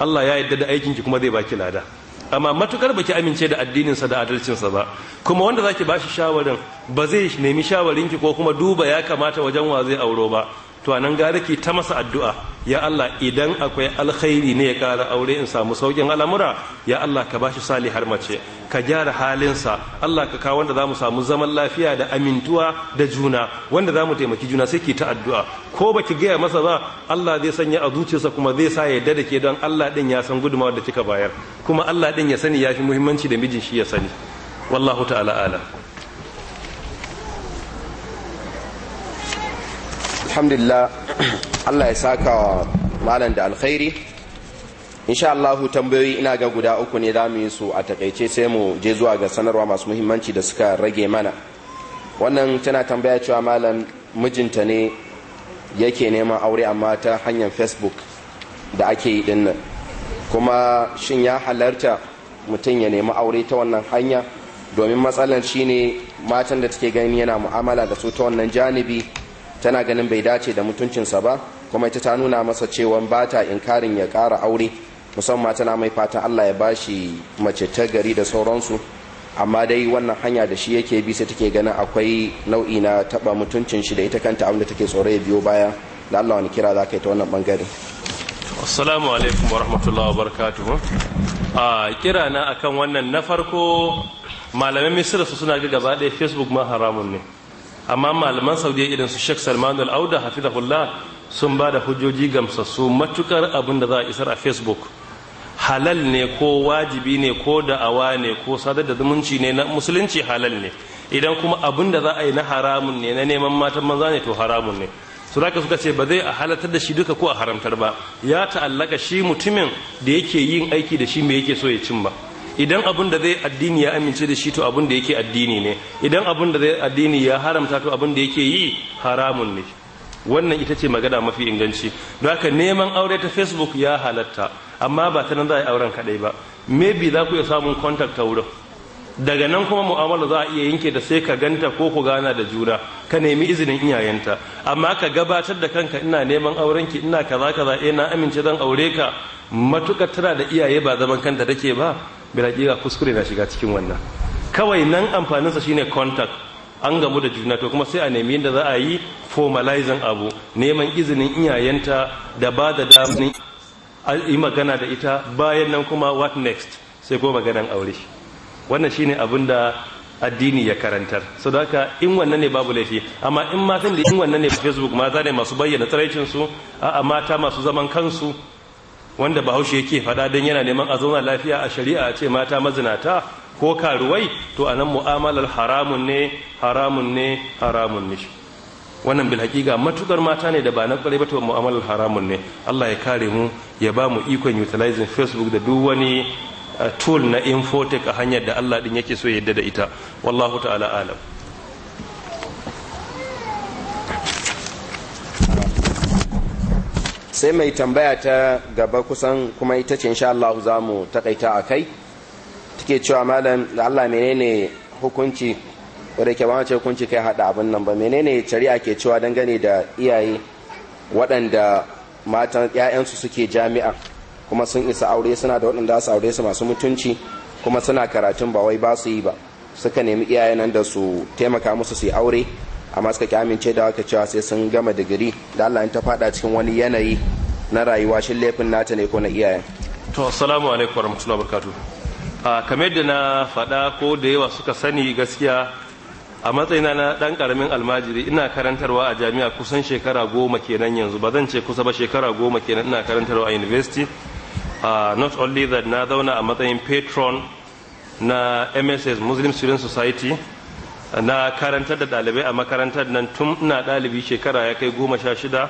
Allah ya yarda da aikin ki kuma zai baki lada amma matukar baki amince da addinin sa da adalcinsa ba kuma wanda zaki bashi shawarin ba zai nemi shawarin ki ko kuma duba ya kamata wajen wa zai auro ba to anan gara ki ta masa addu'a ya Allah idan akwai alkhairi ne ya kara aure in samu saukin al'amura ya Allah ka bashi salihar mace ka gyara halin sa Allah ka kawo wanda zamu samu zaman lafiya da amintuwa da juna wanda zamu taimaki juna sai ki ta addu'a ko ba ki gaya masa ba Allah zai sanya a zuciyarsa kuma zai sa ya yarda ke don Allah ɗin ya san gudumawar da kika bayar kuma Allah ɗin ya sani yafi muhimmanci da mijin shi ya sani wallahu ta'ala alam alhamdulillah Allah ya saka wa malam da alkhairi insha Allah tambayoyi ina ga guda uku ne za mu yi su a takaice sai mu je zuwa ga sanarwa masu muhimmanci da suka rage mana wannan tana tambaya cewa malam mijinta ne yake neman aure amma ta hanyar facebook da ake yi din nan kuma shin ya halarta mutum ya nemi aure ta wannan hanya domin matsalar shine matan da take gani yana mu'amala da su ta wannan janibi tana ganin bai dace da mutuncinsa ba kuma ita ta nuna masa cewa ba ta inkarin ya kara aure musamman tana mai fatan Allah ya bashi mace ta gari da sauransu amma dai wannan hanya da shi yake bi sai take ganin akwai nau'i na taba mutuncin shi da ita kanta abinda take tsoro ya biyo baya da Allah wani kira za ka yi ta wannan bangare assalamu alaikum wa rahmatullahi wa barakatuhu a kira na akan wannan na farko malamai misira su suna ga gaba ɗaya facebook ma haramun ne amma malaman saudiya irin su shek salman al'auda hafizahullah sun ba da hujjoji gamsassu matukar abin da za a isar a facebook halal ne ko wajibi ne ko da'awa ne ko sadar da zumunci ne na musulunci halal ne idan kuma abin da za a yi na haramun ne na neman matan maza ne to haramun ne su zaka suka ce ba zai a halatar da shi duka ko a haramtar ba ya ta'allaka shi mutumin da yake yin aiki da shi me yake so ya cin ba idan abin da zai addini ya amince da shi to abin da yake addini ne idan abin da zai addini ya haramta to abin da yake yi haramun ne wannan ita ce magana mafi inganci don haka neman aure ta facebook ya halatta amma ba ta nan za a yi auren kaɗai ba maybe za ku iya samun contact ta wurin daga nan kuma mu'amala za a iya yanke da sai ka ganta ko ku gana da juna ka nemi izinin iyayenta amma ka gabatar da kanka ina neman aurenki ina kaza kaza ina eh, na amince zan aure ka matukar tana da iyaye ba zaman kanta take ba bilakila kuskure na shiga cikin wannan kawai nan amfaninsa shine contact an gamu da juna to kuma sai a nemi yadda za a yi formalizing abu neman izinin iyayenta da ba da a yi magana da ita bayan nan kuma what next sai ko maganan aure wannan shine abin da addini ya karantar so da haka in wannan ne babu laifi amma in matan da in wannan ne facebook maza ne masu bayyana tsaraicin su a mata masu zaman kansu wanda bahaushe yake faɗa don yana neman a zauna lafiya a shari'a a ce mata mazinata ko karuwai to anan mu'amalar haramun ne haramun ne haramun ne wannan bil hakika matukar mata ne da ba na kare ba to mu'amalar haramun ne Allah ya kare mu ya ba mu ikon utilizing Facebook da duk wani uh, tool na infotech a hanyar da Allah din yake so ya yadda da ita wallahu ta'ala alam sai mai tambaya ta gaba kusan kuma ita ce insha Allah za mu takaita a kai take cewa malam da Allah menene hukunci wadda ke ba hukunci kai hada abin nan ba menene shari'a ke cewa dangane da iyaye waɗanda matan ‘ya'yansu suke jami'a kuma sun isa aure suna da waɗanda su aure su masu mutunci kuma suna karatun ba wai ba su yi ba suka nemi iyayen nan da su taimaka musu su yi aure amma suka ki amince da haka cewa sai sun gama digiri da Allah in ta fada cikin wani yanayi na rayuwa shin laifin nata ne ko na iyaye. to assalamu alaikum warahmatullahi wabarakatuh a kamar da na fada ko da yawa suka sani gaskiya a matsayina na dan karamin almajiri ina karantarwa a jami'a kusan shekara goma kenan yanzu ba zan ce kusa ba shekara goma kenan ina karantarwa a university uh, not only that na zauna a matsayin patron na mss muslim student society na karantar da dalibai a makarantar nan tun ina dalibi shekara ya kai goma sha shida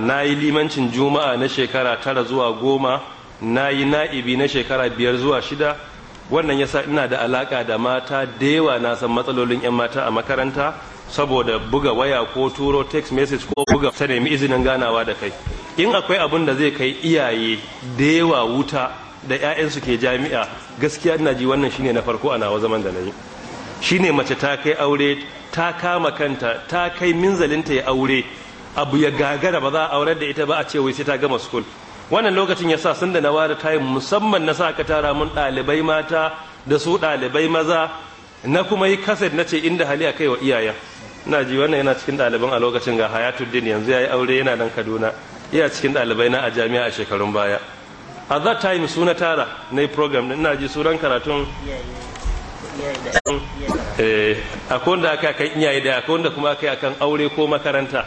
na yi limancin juma'a na shekara tara zuwa goma na yi na'ibi na shekara biyar zuwa shida wannan yasa ina da alaka da mata da yawa na san matsalolin 'yan mata a makaranta saboda buga waya ko turo text message ko buga ta nemi izinin ganawa da kai in akwai abin da zai kai iyaye da yawa wuta da 'ya'yansu ke jami'a gaskiya ina ji wannan shine na farko a nawa zaman da na yi shine mace ta kai aure ta kama kanta ta kai minzalinta ya aure abu ya gagara ba za a aurar da ita ba a ce wai sai ta gama school wannan lokacin yasa sun da na ware time musamman na sa ka tara mun dalibai mata da su dalibai maza na kuma yi kaset na ce inda hali kai wa iyayen na ji wannan yana cikin ɗaliban a lokacin ga hayatuddin yanzu ya yi aure yana nan kaduna iya cikin ɗalibai na a jami'a a shekarun baya a that time suna tara na yi program na ji suran karatun Eh, akwai wanda aka kan iyaye da akwai wanda kuma aka kan aure ko makaranta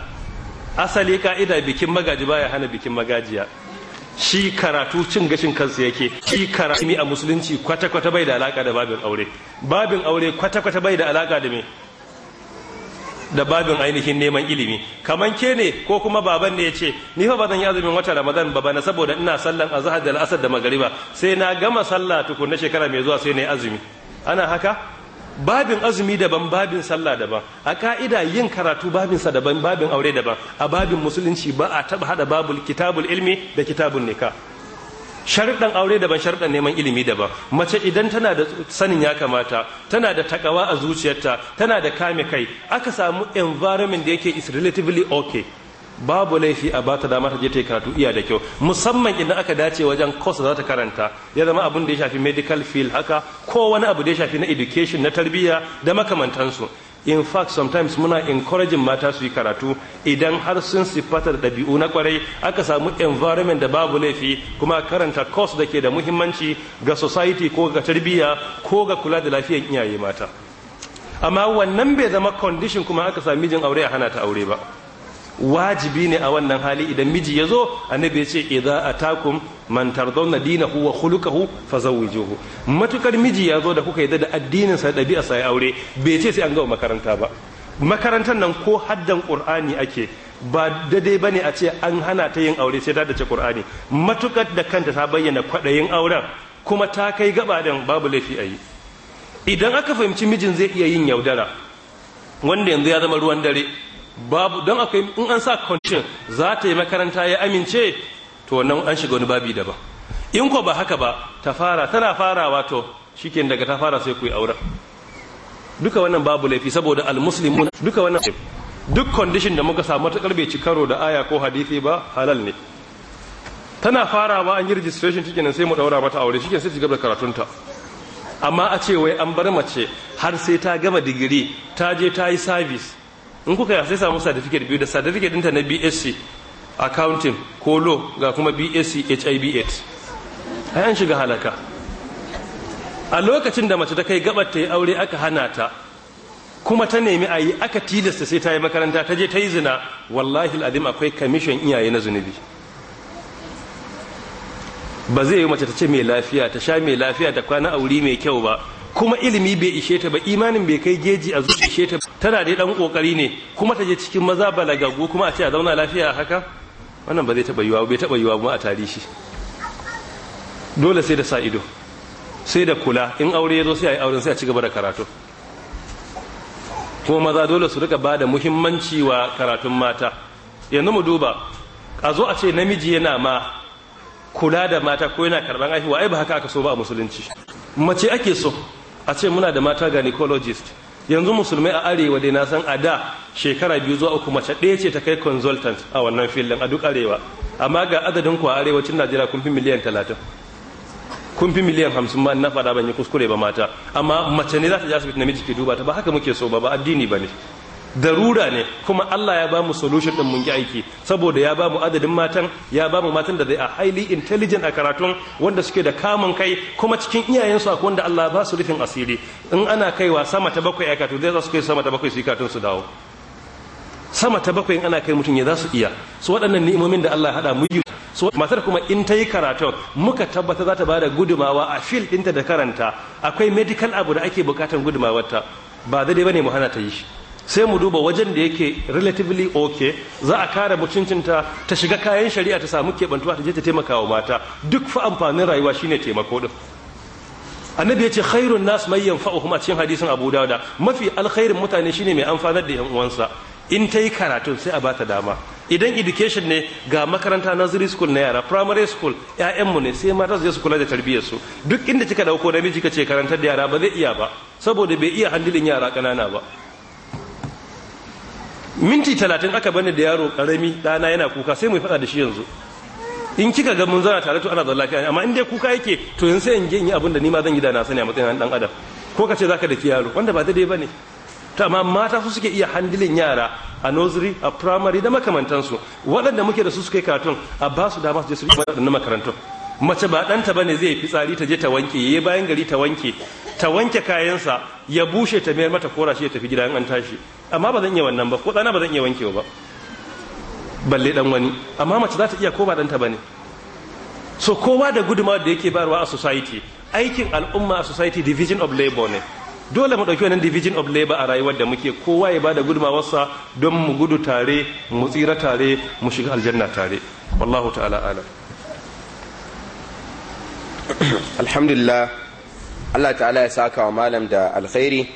asali ka'ida bikin magaji baya hana bikin magajiya shi karatu cin gashin kansa yake shi karatu a musulunci kwata-kwata bai da alaka da babin aure babin aure kwata-kwata bai da alaka da me da babin ainihin neman ilimi kaman ke ne ko kuma baban ne ya ce ni fa ba zan yi azumin wata ramadan ba bana saboda ina sallan azhar da al'asar da magariba sai na gama sallah tukun na shekara mai zuwa sai na yi azumi ana haka babin azumi daban babin sallah daban a ka'ida yin karatu babinsa daban babin aure daban a babin musulunci ba a taba hada babul kitabul ilmi da kitabun nika sharɗan aure daban sharɗan neman ilimi daban mace idan tana da sanin ya kamata tana da takawa a zuciyarta tana da kame kai aka samu environment da yake is relatively okay babu laifi a bata dama ta je ta karatu iya da kyau musamman idan aka dace wajen course za ta karanta ya zama abin da ya shafi medical field haka ko wani abu da ya shafi na education na tarbiyya da makamantansu in fact sometimes muna encouraging mata su yi karatu idan har sun siffata da ɗabi'u na kwarai aka samu environment da babu laifi kuma karanta course da ke da muhimmanci ga society ko ga tarbiyya ko ga kula da lafiyar iyaye mata amma wannan bai zama condition kuma aka sami mijin aure a hana ta aure ba wajibi ne a wannan hali idan miji ya zo annabi ya ce idza atakum man tardawna dinahu wa khuluquhu fazawwijuhu matukar miji ya zo da kuka yi da addinin sa dabi'a sai aure bai ce sai an gama makaranta ba makarantar nan ko haddan qur'ani ake ba daidai bane a ce an hana ta yin aure sai ta dace qur'ani matukar da kanta ta bayyana kwaɗayin auren kuma ta kai gaba dan babu laifi a yi idan aka fahimci mijin zai iya yin yaudara wanda yanzu ya zama ruwan dare babu don akwai in an sa condition za ta yi makaranta ya amince to wannan an shiga wani babi daban in ko ba haka ba ta fara tana farawa to shikenan daga ta fara sai ku yi auren duka wannan babu laifi saboda almuslimun duka wannan duk condition da muka samu ta karbe ci karo da aya ko hadisi ba halal ne tana farawa an yi registration shikenan sai mu daura mata aure shikenan sai ci gaba karatunta amma a ce wai an bar mace har sai ta gama digiri ta je ta yi service in kuka sai samu certificate biyu da certificate dinta na bsc accounting ko law ga kuma bsc hiv a an shiga halaka a lokacin da mace ta kai gabar ta yi aure aka hana ta kuma ta nemi a yi aka tilasta sai ta yi makaranta ta je ta yi zina wallahi al'adim akwai kamishin iyaye na zunubi ba zai yi mace ta ce mai lafiya ta sha mai lafiya ta kwana aure mai kyau ba kuma ilimi bai ishe ta ba imanin bai kai geji a zuci ishe ta tana dai dan kokari ne kuma ta je cikin maza balagagu kuma a ce a zauna lafiya haka wannan ba zai taba yiwa bai taba yiwa ba a tarihi dole sai da sa ido sai da kula in aure ya sai a yi auren sai a ci gaba da karatu kuma maza dole su rika bada muhimmanci wa karatun mata yanzu mu duba a zo a ce namiji yana ma kula da mata ko yana karban wa ai ba haka aka so ba a musulunci mace ake so a ce muna da mata gynecologist yanzu musulmai a arewa dai na san a da shekara biyu zuwa uku mace ɗaya ce ta kai consultant a wannan filin a duk arewa amma ga adadin ku a arewacin najeriya kun fi miliyan talatin kun fi miliyan hamsin ma na fada ban yi kuskure ba mata amma mace ne za ta ji asibiti namiji ke duba ta ba haka muke so ba ba addini ba ne darura ne kuma Allah ya ba mu solution din mun yi aiki saboda ya ba mu adadin matan ya ba mu matan da zai a highly intelligent a karatun wanda suke da kamun kai kuma cikin iyayensu akwai wanda Allah ba su rufin asiri in ana kaiwa sama ta bakwai aka to zai za su kai sama ta bakwai su yi katun su dawo sama ta bakwai in ana kai mutum ya za su iya su waɗannan ni'imomin da Allah hada mu yi so matar kuma in ta yi karatun muka tabbata za ta bada gudumawa a fil ɗinta da karanta akwai medical abu da ake bukatan gudumawarta ba daidai ba ne mu hana ta yi shi sai mu duba wajen da yake relatively okay za a kare mutuncinta ta shiga kayan shari'a ta samu keɓantuwa ta je ta taimaka wa mata duk fa amfanin rayuwa shine taimako din annabi ya ce khairun nas mai yanfa'uhum a cikin hadisin abu dawuda mafi alkhairin mutane shine mai amfanar da yan uwansa in ta yi karatun sai a bata dama idan education ne ga makaranta nursery school na yara primary school ƴaƴanmu ne sai mata su su kula da tarbiyyarsu duk inda kika dauko namiji kace karantar da yara ba zai iya ba saboda bai iya handilin yara kanana ba minti talatin aka bani da yaro karami dana yana kuka sai mu faɗa da shi yanzu in kika ga mun zana tare to ana da lafiya amma in dai kuka yake to yanzu sai in je in yi abin da ni ma zan yi da na sani a matsayin ɗan adam ko ka ce zaka daki yaro wanda ba daidai bane to amma mata su suke iya handilin yara a nursery a primary da makamantansu waɗanda muke da su suke karatun a ba su dama su je su riƙe waɗannan makarantun mace ba ɗanta ba ne zai fitsari ta je ta wanke ya bayan gari ta wanke ta wanke kayansa ya bushe ta mayar mata kora shi ya tafi gida an tashi amma ba zan iya wannan ba ko dana ba zan iya wankewa ba balle dan wani amma mace za ta iya ko ba danta ba ne so kowa da gudumawa da yake wa a society aikin al'umma a society division of labor ne dole mu ɗauki wannan division of labor a rayuwar da muke kowa ya bada gudumawarsa don mu gudu tare mu tsira tare mu shiga aljanna tare wallahu ta'ala ala alhamdulillah Allah ta'ala ya saka wa malam da alkhairi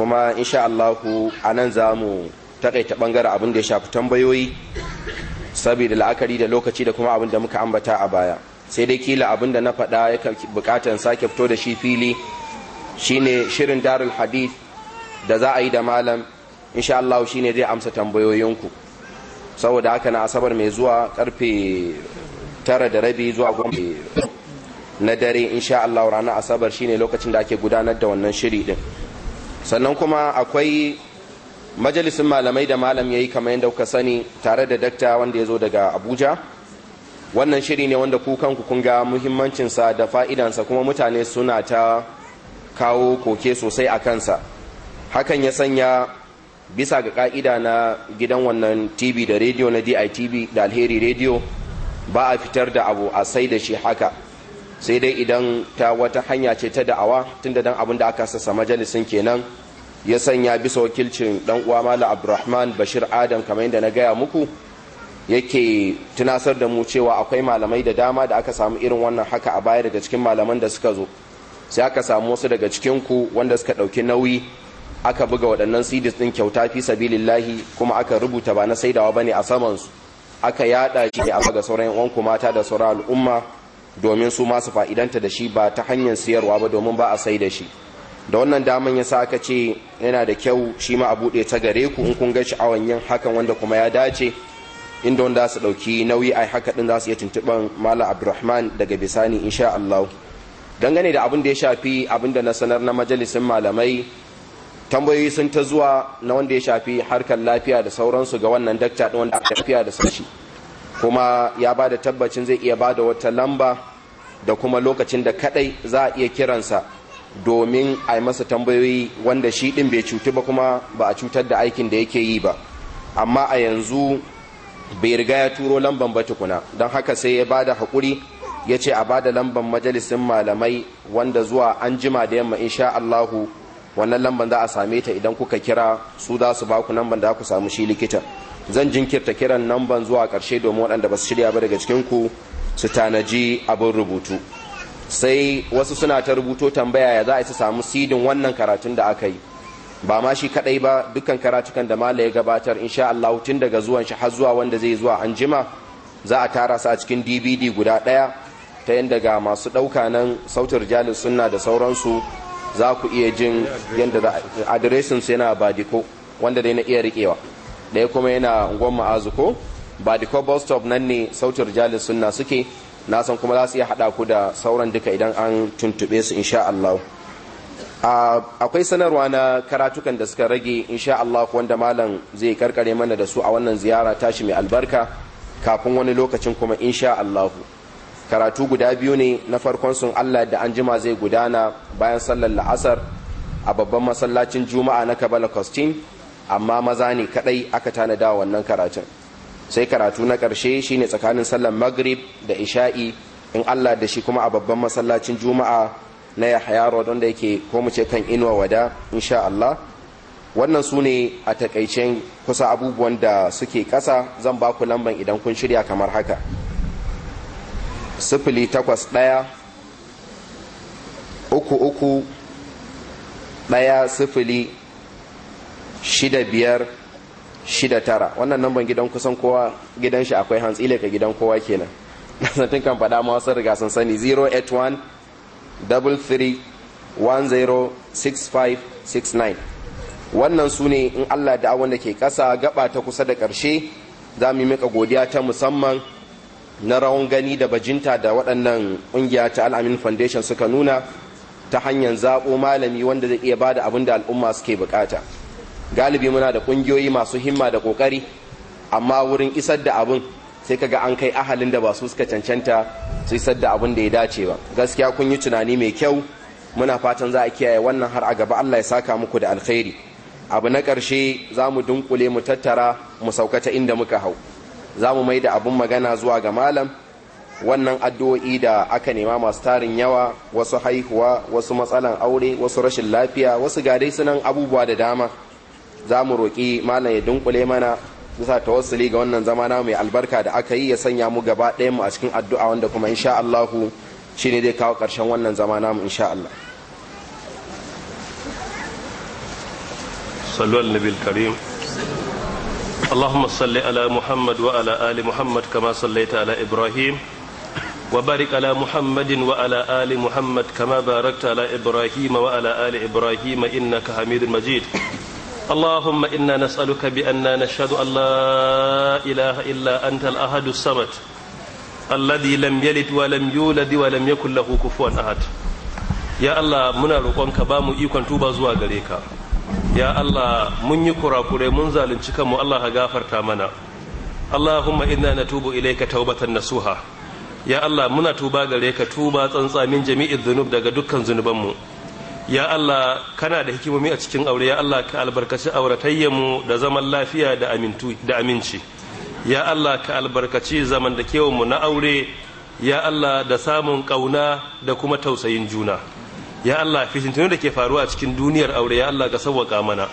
kuma insha Allah a nan za mu takaita bangaren abin da ya shafi tambayoyi saboda la'akari da lokaci da kuma abin da muka ambata a baya sai dai kila abin da na faɗa ya buƙatar sake fito da shi fili shine shirin darul hadith da za a yi da malam insha Allah shine zai amsa tambayoyinku saboda haka na asabar mai zuwa karfe tara da rabi zuwa goma na dare insha Allah ranar asabar shine lokacin da ake gudanar da wannan shiri din sannan kuma akwai majalisin malamai da malam ya yi kamar yadda kuka sani tare da dakta wanda ya zo daga abuja wannan shiri ne wanda ku kanku kun ga muhimmancinsa da fa'idansa kuma mutane suna ta kawo koke sosai a kansa hakan ya sanya bisa ga ka'ida na gidan wannan tv da rediyo na ditv da alheri rediyo ba a fitar da abu a sai da shi haka sai dai idan ta wata hanya ce ta da'awa tun da dan abin da aka sassa majalisin kenan ya sanya bisa wakilcin dan uwa mala abdurrahman bashir adam kamar yadda na gaya muku yake tunasar da mu cewa akwai malamai da dama da aka samu irin wannan haka a baya daga cikin malaman da suka zo sai aka samu wasu daga cikin ku wanda suka ɗauki nauyi aka buga waɗannan sidis ɗin kyauta fi sabilillahi kuma aka rubuta ba na saidawa bane a saman su aka yada shi ne a ga sauran yan uwanku mata da sauran al'umma domin su masu fa'idanta da shi ba ta hanyar siyarwa ba domin ba a sai da shi da wannan daman ya sa aka ce yana da kyau shi ma a buɗe ta gare ku in kun ga sha'awan yin hakan wanda kuma ya dace inda wanda su ɗauki nauyi a haka ɗin za su iya tuntuɓar mala abdurrahman daga bisani insha allah dangane da abin da ya shafi abin da na sanar na majalisin malamai tambayoyi sun ta zuwa na wanda ya shafi harkar lafiya da sauransu ga wannan dakta ɗin wanda aka lafiya da sashi kuma ya ba da tabbacin zai iya ba da wata lamba da kuma lokacin da kadai za a iya kiransa domin a yi masa tambayoyi wanda shi din bai cutu ba kuma ba a cutar da aikin da yake yi ba amma a yanzu bai riga ya turo lamban ba tukuna don haka sai ya bada hakuri ya ce a bada lamban majalisin malamai wanda zuwa an jima da yamma insha Allahu wannan lamban za a same ta idan kuka kira su za su baku lamban da ku samu shi likita zan jinkirta kiran lamban zuwa karshe domin waɗanda ba su shirya ba daga cikin ku su tanaji abin rubutu sai wasu suna ta rubuto tambaya ya za a su samu sidin wannan karatun da aka yi ba ma shi kadai ba dukkan karatukan da mala ya gabatar insha Allah tun daga zuwan shi har zuwa wanda zai zuwa an jima za a tara su a cikin DVD guda daya ta yadda ga masu dauka nan sautar jalis sunna da sauransu za ku iya jin yadda adireshin su yana badiko wanda dai na iya rikewa ɗaya kuma yana unguwar ma'azu ko ba da bus stop nan ne sautin jalis sunna suke na san kuma za su iya haɗa ku da sauran duka idan an tuntuɓe su insha Allah akwai sanarwa na karatukan da suka rage insha Allah wanda malam zai karkare mana da su a wannan ziyara tashi mai albarka kafin wani lokacin kuma insha Allah karatu guda biyu ne na farkon sun Allah da an jima zai gudana bayan sallar la'asar a babban masallacin juma'a na kabala kostin amma maza ne kadai aka tanada wannan karatun sai karatu na ƙarshe shine tsakanin sallar maghrib da isha'i in Allah da shi kuma a babban masallacin juma'a na Yahya Road wanda yake ko mu ce kan Inuwa Wada insha Allah wannan su ne a takaicen kusa abubuwan da suke ƙasa zan ba ku lamban idan kun shirya kamar haka sifili takwas ɗaya uku uku ɗaya sifili shida biyar shida tara wannan namban gidan kusan kowa gidan shi akwai hans ile ka gidan kowa kenan tun kan faɗa ma wasu riga sun sani 081 33 wannan su ne in Allah da wanda ke ƙasa gaba ta kusa da ƙarshe za mu mika godiya ta musamman na rawan gani da bajinta da waɗannan ƙungiya ta al'amin foundation suka nuna ta hanyar zaɓo malami wanda zai iya ba da abin da al'umma suke bukata. galibi muna da ƙungiyoyi masu himma da ƙoƙari amma wurin isar da abin sai kaga an kai ahalin da ba su suka cancanta su isar da abin da ya dace ba gaskiya kun yi tunani mai kyau muna fatan za a kiyaye wannan har a gaba Allah ya saka muku da alkhairi abu na ƙarshe za mu dunkule mu tattara mu saukata inda muka hau za mu mai da abin magana zuwa ga malam wannan addu'o'i da aka nema masu tarin yawa wasu haihuwa wasu matsalan aure wasu rashin lafiya wasu gadai sunan abubuwa da dama za mu roƙi malam ya dunkule mana bisa tawassuli ga wannan zama na mai albarka da aka yi ya sanya mu gaba ɗayan mu a cikin addu'a wanda kuma insha Allahu shine zai kawo ƙarshen wannan zama namu insha Allah صلوا النبي الكريم اللهم صل على محمد وعلى آل محمد كما صليت على إبراهيم وبارك على محمد وعلى آل محمد كما باركت على إبراهيم وعلى آل إبراهيم إنك حميد مجيد اللهم إنا نسألك بأننا نشهد أن لا إله إلا أنت الأحد الصمد الذي لم يلد ولم يولد ولم يكن له كفوا أحد ya Allah muna roƙonka ba mu ikon tuba zuwa gare ka ya Allah mun yi kurakurai mun zalunci kanmu Allah ka gafarta mana Allahumma inna natubu ilayka nasuha ya Allah muna tuba gare ka tuba tsantsa min jami'i daga dukkan zunubanmu ya Allah kana da hikimomi a cikin aure ya Allah ka albarkaci auratayyanmu da zaman lafiya da aminci ya Allah ka albarkaci zaman da mu na aure ya Allah da samun kauna da kuma tausayin juna ya Allah fitintunu da ke faruwa a cikin duniyar aure ya Allah ka sauwaka mana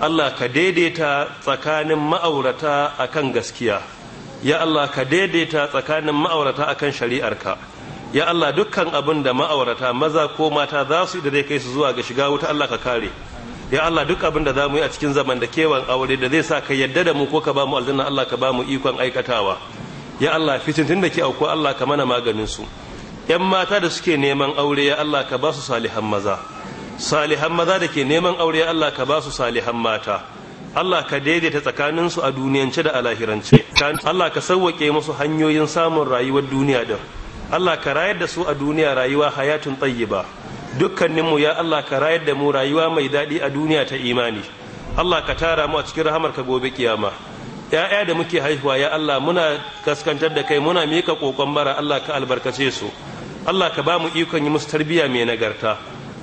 Allah ka daidaita tsakanin ma'aurata akan gaskiya ya Allah ka daidaita tsakanin ma'aurata akan shari'arka ya Allah dukkan abin da ma'aurata maza ko mata za su idare kai su zuwa ga shiga wuta Allah ka kare ya Allah duk abin da za mu yi a cikin zaman da kewan aure da zai sa ka yadda da mu ko ka ba mu aljanna Allah ka ba mu ikon aikatawa ya Allah fitintun da ke auku Allah ka mana maganin su yan mata da suke neman aure ya Allah ka ba su salihan maza salihan maza da ke neman aure ya Allah ka ba su salihan mata Allah ka daidaita su a duniyance da a lahirance. Allah ka sauwake musu hanyoyin samun rayuwar duniya da Allah ka rayar da su a duniya rayuwa hayatun tayyiba dukkaninmu ya Allah ka rayar da mu rayuwa mai daɗi a duniya ta imani Allah ka tara mu a cikin rahamar ka gobe kiyama ya'ya da muke haihuwa ya Allah muna kaskantar da kai muna mika kokon bara Allah ka albarkace su Allah ka ba mu ikon yi musu tarbiyya mai nagarta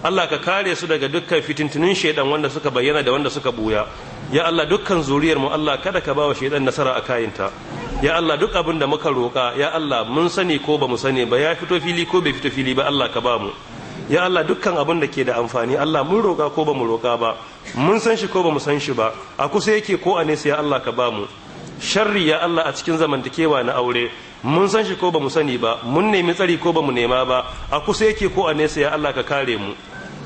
Allah ka kare su daga dukkan fitintunin shaidan wanda suka bayyana da wanda suka buya ya Allah dukkan zuriyar mu Allah kada ka ba wa shaidan nasara a kayinta ya Allah duk abin da muka roƙa ya Allah mun sani ko ba mu sani ba ya fito fili ko bai fito fili ba Allah ka ba mu ya Allah dukkan abin da ke da amfani Allah mun roƙa ko ba mu roƙa ba mun san shi ko ba mu san shi ba a kusa yake ko a nesa ya Allah ka ba mu sharri ya Allah a cikin zamantakewa na aure mun san shi ko ba mu sani ba mun nemi tsari ko ba mu nema ba a kusa yake ko a nesa ya Allah ka kare mu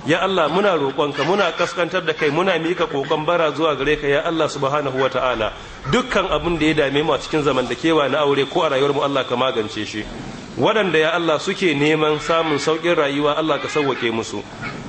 ya Allah muna roƙonka muna kaskantar da kai muna mika kokon bara zuwa gare ka ya Allah subhanahu wa ta'ala dukkan abin da ya dame mu a cikin kewa na aure ko a rayuwar mu Allah ka magance shi waɗanda ya Allah suke neman samun sauƙin rayuwa Allah ka sauwake musu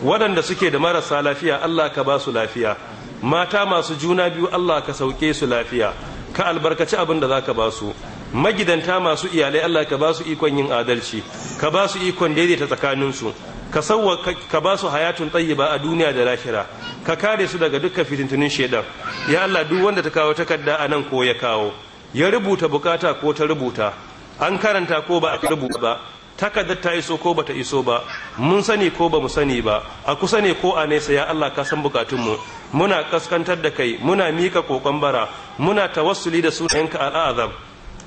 waɗanda suke da marasa lafiya Allah ka ba su lafiya mata masu juna biyu Allah ka sauke su lafiya ka albarkaci abin da zaka ka ba su magidanta masu iyalai Allah ka ba su ikon yin adalci ka ba su ikon daidaita tsakaninsu ka sauwa ka ba su hayatun tayyiba a duniya da lahira ka kare su daga dukkan fitintunin shaidan ya Allah duk wanda ta kawo takarda a nan ko ya kawo ya rubuta bukata ko ta rubuta an karanta ko ba a rubuta ba takarda ta iso ko ba ta iso ba mun sani ko ba mu sani ba a kusa ne ko a nesa ya Allah ka san bukatunmu muna kaskantar da kai muna mika kokon bara muna tawassuli da sunayenka al'azam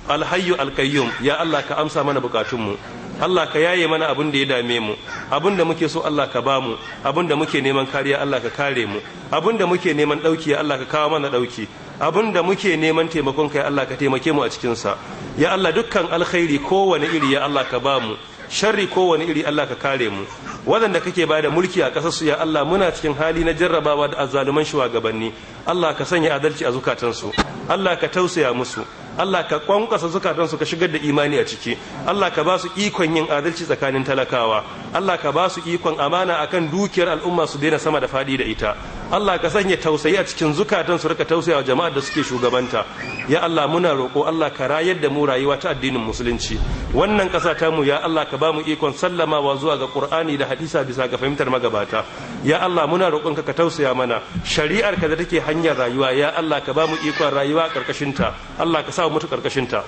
alhayyu alkayyum ya Allah ka amsa mana mu. Allah ka yaye mana abin da ya dame mu abin da muke so Allah ka bamu abin da muke neman kariya Allah ka kare mu abin da muke neman dauki Allah ka kawo mana dauki abin da muke neman taimakon ka ya Allah ka taimake mu a cikin sa ya Allah dukkan alkhairi kowane iri ya Allah ka bamu sharri kowane iri Allah ka kare mu waɗanda kake ba da mulki a kasar su ya Allah muna cikin hali na jarrabawa da azzaluman shugabanni Allah ka sanya adalci a zukatansu Allah ka tausaya musu Allah ka kwankwasa zukatansu su ka shigar da imani a ciki Allah ka ba su ikon yin adalci tsakanin talakawa Allah ka ba su ikon amana akan dukiyar al'umma su daina sama da fadi da ita Allah ka sanya tausayi a cikin zukatan su rika wa jama'ar da suke shugabanta ya Allah muna roƙo Allah ka rayar da mu rayuwa ta addinin musulunci wannan ƙasa ta mu ya Allah ka ba mu ikon sallamawa zuwa ga Qur'ani da hadisa bisa ga fahimtar magabata ya Allah muna roƙon ka ka tausaya mana shari'ar ka da take hanyar rayuwa ya Allah ka ba mu ikon rayuwa ƙarƙashin ta Allah ka sa mu mutu ƙarƙashin ta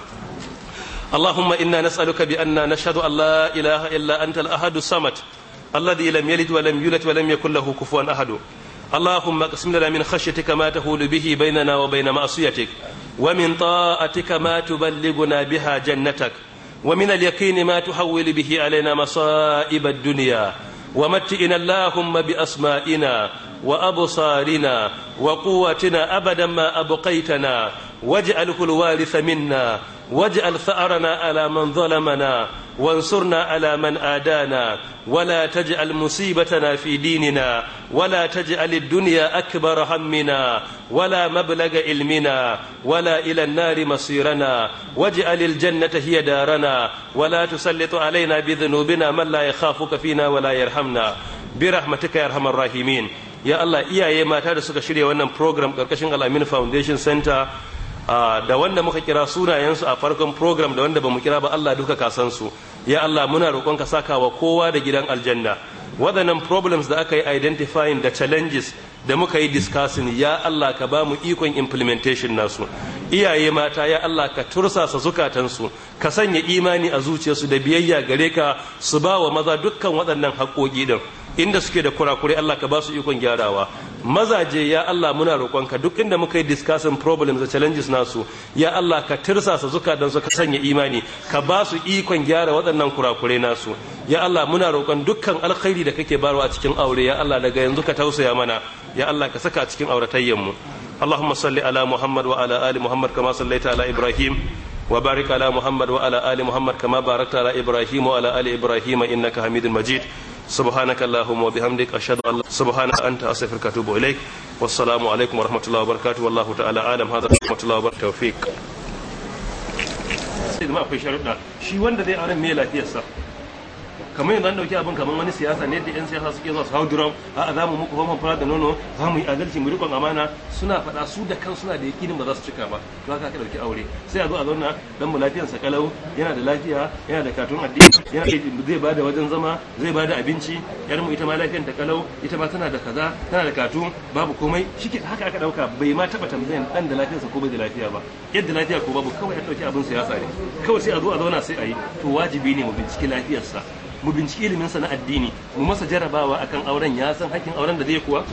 اللهم إنا نسألك بأننا نشهد أن لا إله إلا أنت الأحد الصمد الذي لم يلد ولم يولد ولم يكن له كفوا أحد اللهم اقسم لنا من خشيتك ما تهول به بيننا وبين معصيتك ومن طاعتك ما تبلغنا بها جنتك ومن اليقين ما تحول به علينا مصائب الدنيا ومتئنا اللهم بأسمائنا وأبصارنا وقوتنا أبدا ما أبقيتنا واجعله الوارث منا واجعل ثأرنا على من ظلمنا وانصرنا على من آدانا ولا تجعل مصيبتنا في ديننا ولا تجعل الدنيا أكبر همنا ولا مبلغ علمنا ولا إلى النار مصيرنا واجعل الجنة هي دارنا ولا تسلط علينا بذنوبنا من لا يخافك فينا ولا يرحمنا برحمتك يا أرحم الراحمين ya Allah iyaye mata da suka shirya wannan program ƙarƙashin Al'amin Foundation Center Ah, da wanda muka kira sunayensu a farkon program da wanda ba mu kira ba Allah duka kasan su ya Allah muna roƙon ka saka wa kowa da gidan aljanna waɗannan problems da aka yi identifying da challenges da muka yi discussing ya Allah ka ba mu ikon implementation nasu iyaye mata ya Allah ka tursasa zukatansu ka sanya imani a zuciyarsu da biyayya gare ka su ba wa maza dukkan waɗannan haƙoƙi din inda suke da kurakurai Allah ka ba su ikon gyarawa mazaje ya Allah muna roƙonka duk inda muka yi discussing problems da challenges nasu ya Allah ka tirsasa zukatan su ka sanya imani ka ba su ikon gyara waɗannan kurakurai nasu ya Allah muna roƙon dukkan alkhairi da kake barwa a cikin aure ya Allah daga yanzu ka tausaya mana ya Allah ka saka a cikin auratayyan mu اللهم صل على محمد وعلى آل محمد كما صليت على إبراهيم وبارك على محمد وعلى آل محمد كما باركت على إبراهيم وعلى آل إبراهيم إنك حميد مجيد subhanaka allahumma wa bihamdik ashhadu an la subhanaka anta astaghfiruka wa atubu ilaik wassalamu alaikum wa rahmatullahi wa barakatuh wallahu ta'ala alam hadha rahmatullahi wa barakatuh tawfiq sai da ma akwai sharuɗa shi wanda zai aran me lafiyarsa kamar yanzu an dauki abin kamar wani siyasa ne da yan siyasa suke zuwa su hau drum a za mu muku famfan fara da nono za mu yi adalci mu riƙon amana suna faɗa su da kan suna da yakinin ba za su cika ba to haka ka dauki aure sai a zo a zauna dan mu lafiyansa kalau yana da lafiya yana da katun addini yana zai bada wajen zama zai bada abinci yar mu ita ma lafiyar ta kalau ita ma tana da kaza tana da katun babu komai shike haka aka dauka bai ma taba tambayan dan da sa ko bai da lafiya ba yadda lafiya ko babu kawai a dauki abin siyasa ne kawai sai a zo a zauna sai a yi to wajibi ne mu binciki lafiyarsa mu binciki ilimin sa na addini mu masa jarabawa akan auren ya san hakkin auren da zai kuwa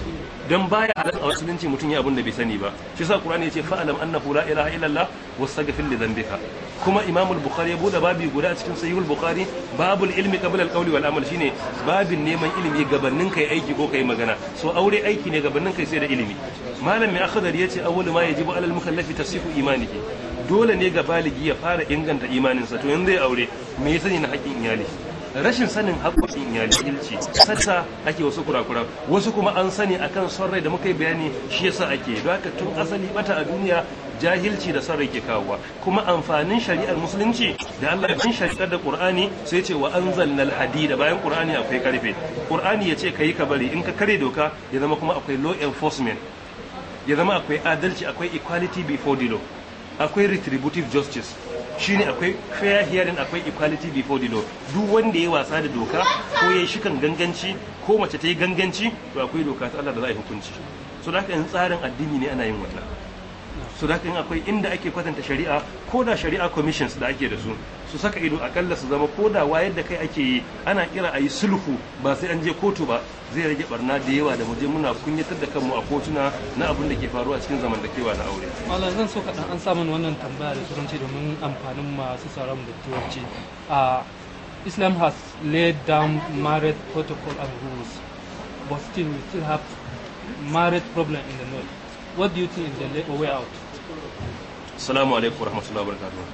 dan baya halal a musulunci mutum ya abin da bai sani ba shi sa qur'ani yace fa'alam annahu la ilaha illallah wastaghfir li dhanbika kuma imam al-bukhari ya bude babi guda a cikin al bukhari babul ilmi qabla al-qawli wal amal shine babin neman ilimi gabanin kai aiki ko kai magana so aure aiki ne gabanin kai sai da ilimi malam mai ya yace awwalu ma yajibu alal mukallafi tasfihu imanihi dole ne ga baligi ya fara inganta imaninsa to yanzu ya aure me yasa ne na haƙƙin iyali rashin sanin haƙoƙin ya ilci sassa ake wasu kurakura wasu kuma an sani akan son rai da muka yi bayani shi yasa ake don haka tun asali bata a duniya jahilci da son ke kawowa kuma amfanin shari'ar musulunci da Allah bin shari'ar da Qur'ani sai ce wa anzalnal hadida bayan Qur'ani akwai karfe Qur'ani ya ce ka yi ka bari in ka kare doka ya zama kuma akwai law enforcement ya zama akwai adalci akwai equality before the law akwai retributive justice shine akwai fair hearing akwai equality before the law duk wanda ya wasa da doka ko ya shi kan ganganci ko mace ta yi ganganci to akwai doka ta Allah da za a yi hukunci so da haka yanzu tsarin addini ne ana yin wannan su da akwai inda ake kwatanta shari'a ko da shari'a commissions da ake da su su saka ido akalla su zama ko da wayar da kai ake yi ana kira a yi sulhu ba sai an je kotu ba zai rage barna da yawa da muje muna kunyatar da kanmu a kotuna na abin da ke faruwa cikin da zamantakewa na aure. Malam zan so kaɗan an samun wannan tambaya da turanci domin amfanin masu sauran da turanci. Islam has laid down marriage protocol and rules, but still we still have marriage problem in the north. What do you think is the way out? Assalamu alaikum warahmatullahi wabarakatuh.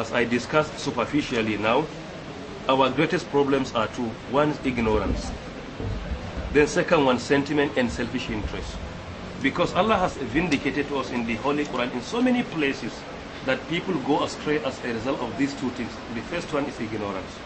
As I discussed superficially now, our greatest problems are two. One is ignorance. Then second one, sentiment and selfish interest. Because Allah has vindicated us in the Holy Quran in so many places that people go astray as a result of these two things. The first one is ignorance,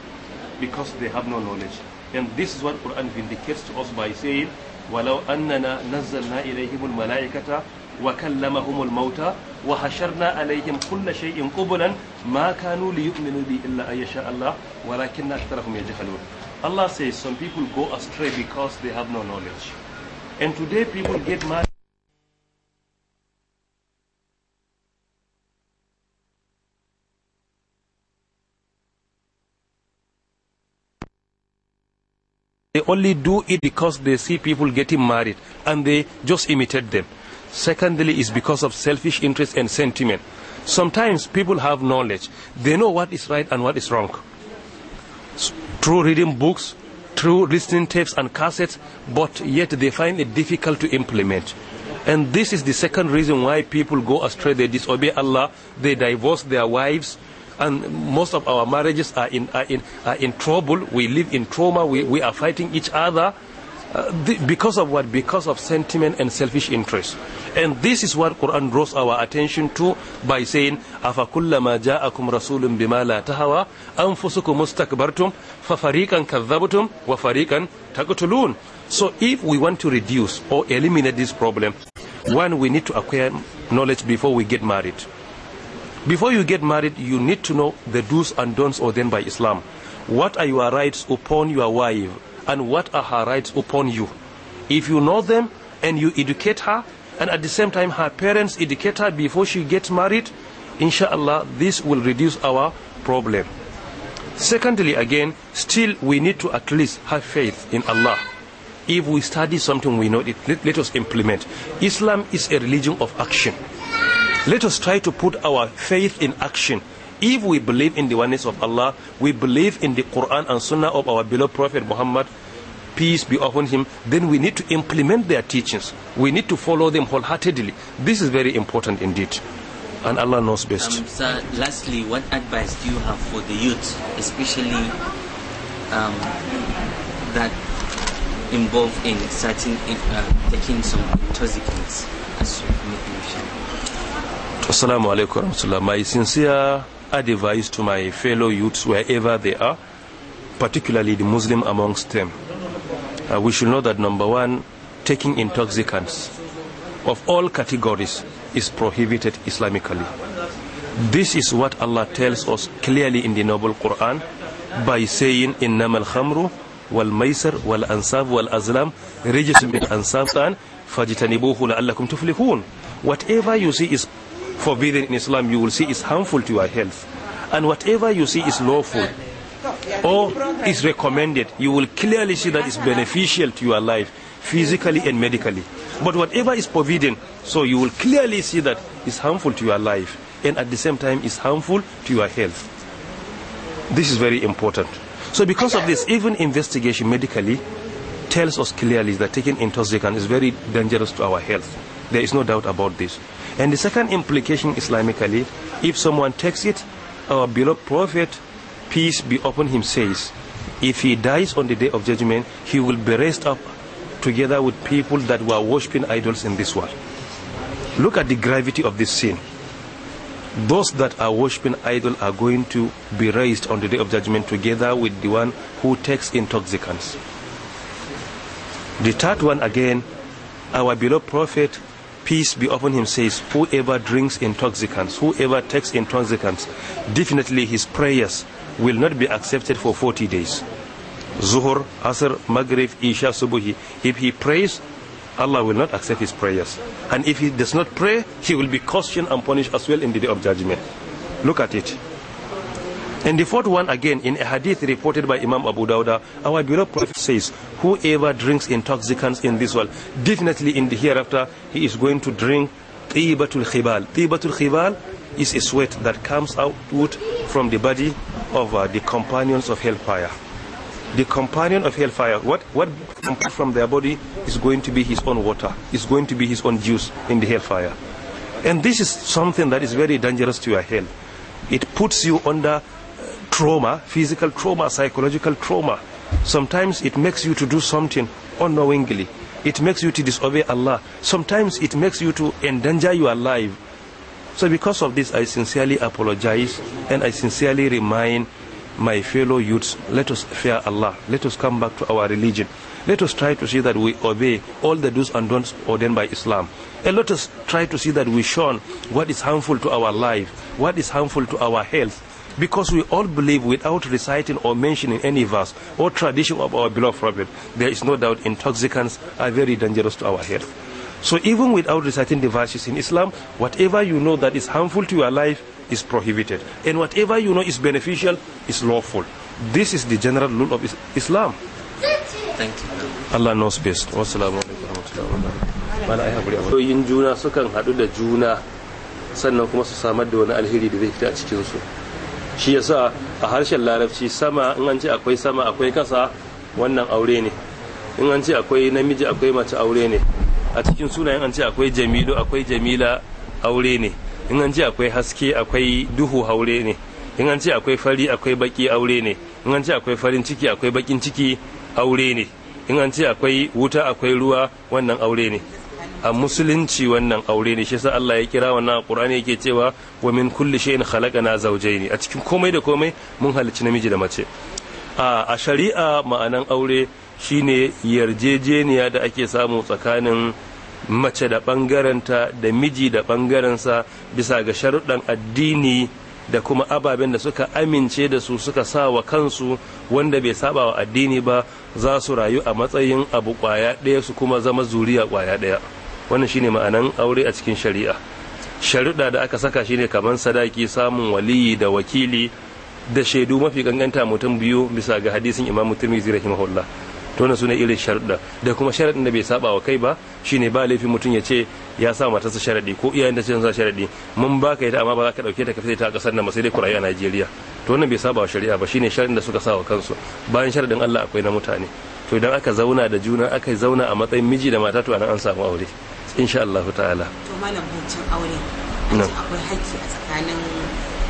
because they have no knowledge. And this is what Quran vindicates to us by saying, وَلَوْ أَنَّنَا نَزَّلْنَا إِلَيْهِمُ الْمَلَائِكَةَ وكلمهم الموتى وحشرنا عليهم كل شيء قبلا ما كانوا ليؤمنوا به إلا أن يشاء الله ولكن أكثرهم يجهلون Allah says some people go astray because they have no knowledge. And today people get mad They only do it because they see people getting married and they just imitate them. Secondly, is because of selfish interest and sentiment. Sometimes people have knowledge. They know what is right and what is wrong. Through reading books, through listening tapes and cassettes, but yet they find it difficult to implement. And this is the second reason why people go astray. They disobey Allah, they divorce their wives, and most of our marriages are in, are in, are in trouble. We live in trauma, we, we are fighting each other. Uh, the, because of what? Because of sentiment and selfish interest. And this is what Quran draws our attention to by saying, أَفَكُلَّمَا جَاءَكُمْ رَسُولٌ بِمَا لَا تَهَوَى أَنفُسُكُمْ اسْتَكْبَرْتُمْ فَفَرِيقًا كَذَّبْتُمْ وَفَرِيقًا تَقْتُلُونَ So if we want to reduce or eliminate this problem, one, we need to acquire knowledge before we get married. Before you get married, you need to know the do's and don'ts ordained by Islam. What are your rights upon your wife? and what are her rights upon you. If you know them and you educate her, and at the same time her parents educate her before she gets married, inshallah, this will reduce our problem. Secondly, again, still we need to at least have faith in Allah. If we study something we know, it, let, let us implement. Islam is a religion of action. Let us try to put our faith in action if we believe in the oneness of Allah, we believe in the Quran and Sunnah of our beloved Prophet Muhammad, peace be upon him, then we need to implement their teachings. We need to follow them wholeheartedly. This is very important indeed. And Allah knows best. Um, sir, lastly, what advice do you have for the youth, especially um, that involved in starting uh, taking some toxicants as you mentioned? Assalamu alaikum My sincere advice to my fellow youths wherever they are, particularly the Muslim amongst them. Uh, we should know that number one, taking intoxicants of all categories is prohibited Islamically. This is what Allah tells us clearly in the Noble Quran by saying, إِنَّمَا الْخَمْرُ وَالْمَيْسَرُ وَالْأَنْصَابُ وَالْأَزْلَامُ رِجِسٌ مِنْ أَنْصَابٍ فَاجْتَنِبُوهُ لَعَلَّكُمْ تُفْلِحُونَ Whatever you see is forbidden in Islam you will see is harmful to your health. And whatever you see is lawful or is recommended, you will clearly see that it's beneficial to your life, physically and medically. But whatever is forbidden, so you will clearly see that it's harmful to your life and at the same time it's harmful to your health. This is very important. So because of this, even investigation medically tells us clearly that taking intoxicant is very dangerous to our health. There is no doubt about this. And the second implication Islamically, if someone takes it, our beloved Prophet, peace be upon him, says, if he dies on the day of judgment, he will be raised up together with people that were worshipping idols in this world. Look at the gravity of this sin. Those that are worshipping idol are going to be raised on the day of judgment together with the one who takes intoxicants. The third one again, our beloved prophet peace be upon him, says, Whoever drinks intoxicants, whoever takes intoxicants, definitely his prayers will not be accepted for 40 days. Zuhur, Asr, Maghrib, Isha, Subuhi. If he prays, Allah will not accept his prayers. And if he does not pray, he will be questioned and punished as well in the day of judgment. Look at it. And the fourth one, again, in a hadith reported by Imam Abu Dawud, our beloved Prophet says, Whoever drinks intoxicants in this world, definitely in the hereafter, he is going to drink tibatul khibal. Tibatul khibal is a sweat that comes out from the body of uh, the companions of hellfire. The companion of hellfire, what what from their body is going to be his own water, is going to be his own juice in the hellfire. And this is something that is very dangerous to your health. It puts you under trauma, physical trauma, psychological trauma. Sometimes it makes you to do something unknowingly. It makes you to disobey Allah. Sometimes it makes you to endanger your life. So because of this, I sincerely apologize and I sincerely remind my fellow youths, let us fear Allah. Let us come back to our religion. Let us try to see that we obey all the do's and don'ts ordained by Islam. And let us try to see that we shun what is harmful to our life, what is harmful to our health, because we all believe without reciting or mentioning any verse or tradition of our beloved prophet, there is no doubt intoxicants are very dangerous to our health. So even without reciting the verses in Islam, whatever you know that is harmful to your life is prohibited. And whatever you know is beneficial is lawful. This is the general rule of Islam. Thank you. Allah knows best. Wassalamu alaikum Yin juna sukan haɗu da juna sannan kuma su samar da wani alheri da zai fita a shi yasa a harshen larabci sama in an ce akwai sama akwai kasa wannan aure ne in an ce akwai namiji akwai mace aure ne a cikin sunayen an ce akwai jamilu akwai jamila aure ne in an ce akwai haske akwai duhu aure ne in an ce akwai fari akwai baki aure ne in an ce akwai farin ciki akwai bakin ciki aure ne in an ce akwai wuta akwai ruwa wannan aure ne a musulunci wannan aure ne shi yasa Allah ya kira wannan Qur'ani yake cewa wa min kulli shay'in khalaqana zawjayn a cikin komai da komai mun halicci namiji da mace a shari'a ma'anan aure shine yarjejeniya da ake samu tsakanin mace da bangaranta da miji da ɓangarensa bisa ga sharuɗan addini da kuma ababen da suka amince da su suka sa wa kansu wanda bai saba wa addini ba za su rayu a matsayin abu kwaya ɗaya su kuma zama zuriya kwaya ɗaya wannan shine ma'anan aure a cikin shari'a sharuɗa da aka saka shine kaman sadaki samun waliyi da wakili da shaidu mafi ganganta mutum biyu bisa ga hadisin imam tirmidhi rahimahullah to na sune irin sharuɗa da kuma sharaɗin da bai saba wa kai ba shine ba laifin mutum ya ce ya sa matarsa sharaɗi ko iyayen da sun sa sharaɗi mun ba baka ita amma ba za ka dauke ta ka fita ta kasar nan ba sai dai kurayi a Najeriya to wannan bai saba wa shari'a ba shine sharaɗin da suka sa wa kansu bayan sharaɗin Allah akwai na mutane to idan aka zauna da juna aka zauna a matsayin miji da mata to anan an samu aure insha Allah ta'ala to malam bincin aure akwai haƙƙi a tsakanin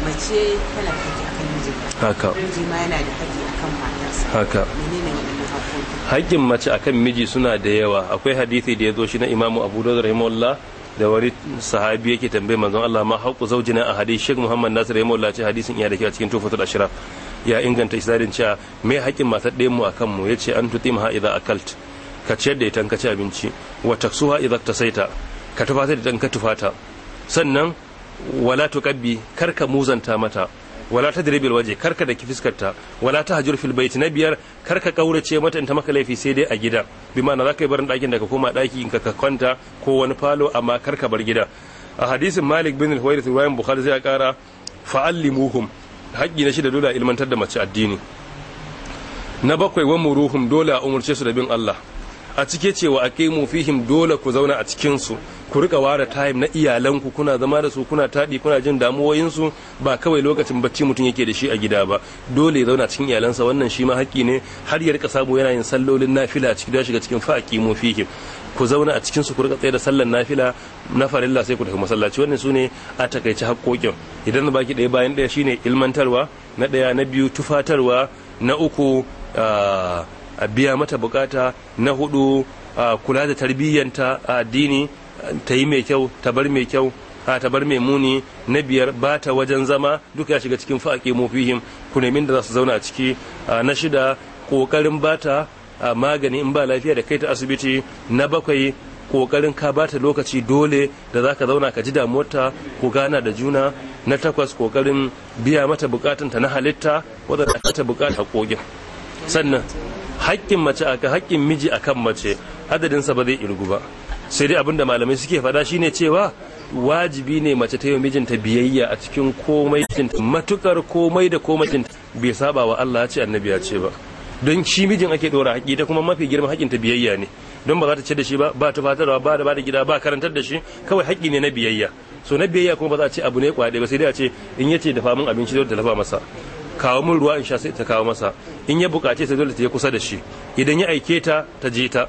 mace kala da haƙƙi akan miji haka miji ma yana da haƙƙi akan matarsa haka menene wannan haƙƙin mace akan miji suna da yawa akwai hadisi da ya zo shi na Imam Abu Dawud rahimahullah da wani sahabi yake tambaye manzon Allah ma haƙu zaujina a hadisi Sheikh Muhammad Nasir rahimahullah ce hadisin iya da ke a cikin tufatul ashraf ya inganta isarin cewa mai haƙin matar ɗayan mu akan mu ce an tuti ma a akalt ka ciyar da ita ka ci abinci wa taksuha idza ta ka tufata da ka tufata sannan wala tuqabbi kar ka muzanta mata wala ta diribil waje karka da fiskarta wala ta hajjur fil baiti na biyar kar ka kaurace mata in ta maka laifi sai dai a gida bi ma'ana za ka yi barin ɗakin da ka koma ɗaki in ka kwanta ko wani falo amma ka bar gida a hadisin malik bin al-huwairith riwayan bukhari zai kara fa'allimuhum haƙƙi na shida dole a ilmantar da mace addini na bakwai wa muruhum dole a umarce su da bin Allah a cike cewa a mu fihim dole ku zauna a cikin su ku rika ware time na iyalanku kuna zama da su kuna taɗi kuna jin damuwoyinsu ba kawai lokacin bacci mutum yake da shi a gida ba dole ya zauna cikin iyalansa wannan shi ma haƙƙi ne har ya rika samu yana yin sallolin nafila a cikin shiga cikin fa'aki mu fihim ku zauna a cikin su ku rika tsaye da sallar nafila na farilla sai ku tafi masallaci wannan su ne a takaice haƙƙoƙin idan baki ɗaya bayan ɗaya shine ilmantarwa na ɗaya na biyu tufatarwa na uku ah, a biya mata bukata na hudu ah, kula da tarbiyyanta a addini ta yi mai kyau ta bar mai kyau a ta bar mai muni na biyar ba ta wajen zama duk ya shiga cikin faƙi mafihim ku min da za su zauna a ciki na shida ƙoƙarin ba ta magani in ba lafiya da kai ta asibiti na bakwai ƙoƙarin ka ba ta lokaci dole da za ka zauna ka ji damuwarta ku gana da juna na takwas ƙoƙarin biya mata ta na halitta wadda ta buƙata kogin sannan haƙƙin mace aka haƙƙin miji akan mace adadinsa ba zai irgu ba sai dai abinda malamai suke shi shine cewa wajibi ne mace ta yi mijinta biyayya a cikin komai matukar komai da komai bai saba wa Allah ya ce annabi ya ce ba don shi mijin ake dora haƙi ta kuma mafi girma haƙin ta biyayya ne don ba za ta ce da shi ba ba tufatarwa ba da ba da gida ba karantar da shi kawai haƙi ne na biyayya so na biyayya kuma ba za a ce abu ne kwaɗe ba sai dai a ce in yace dafa min abinci da lafa masa kawo min ruwa in sha sai ta kawo masa in ya bukace sai dole ta yi kusa da shi idan ya aike ta ta je ta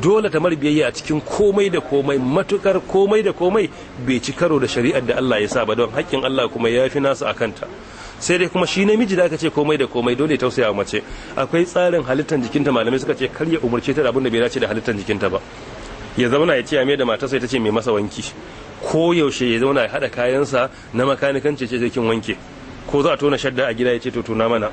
dole ta marbiyayya a cikin komai da komai matukar komai da komai bai ci karo da shari'ar da Allah ya sa ba don haƙƙin Allah kuma ya fi nasu a kanta sai dai kuma shi namiji da aka ce komai da komai dole tausaya mace akwai tsarin halittar jikinta malamai suka ce kar ya umarce ta da abin da bai dace da halittar jikinta ba ya zauna ya ce ya da mata sai ta ce mai masa wanki ko yaushe ya zauna ya haɗa kayansa na makanikan ce ce kin wanke ko za a tona shadda a gida ya ce ta tona mana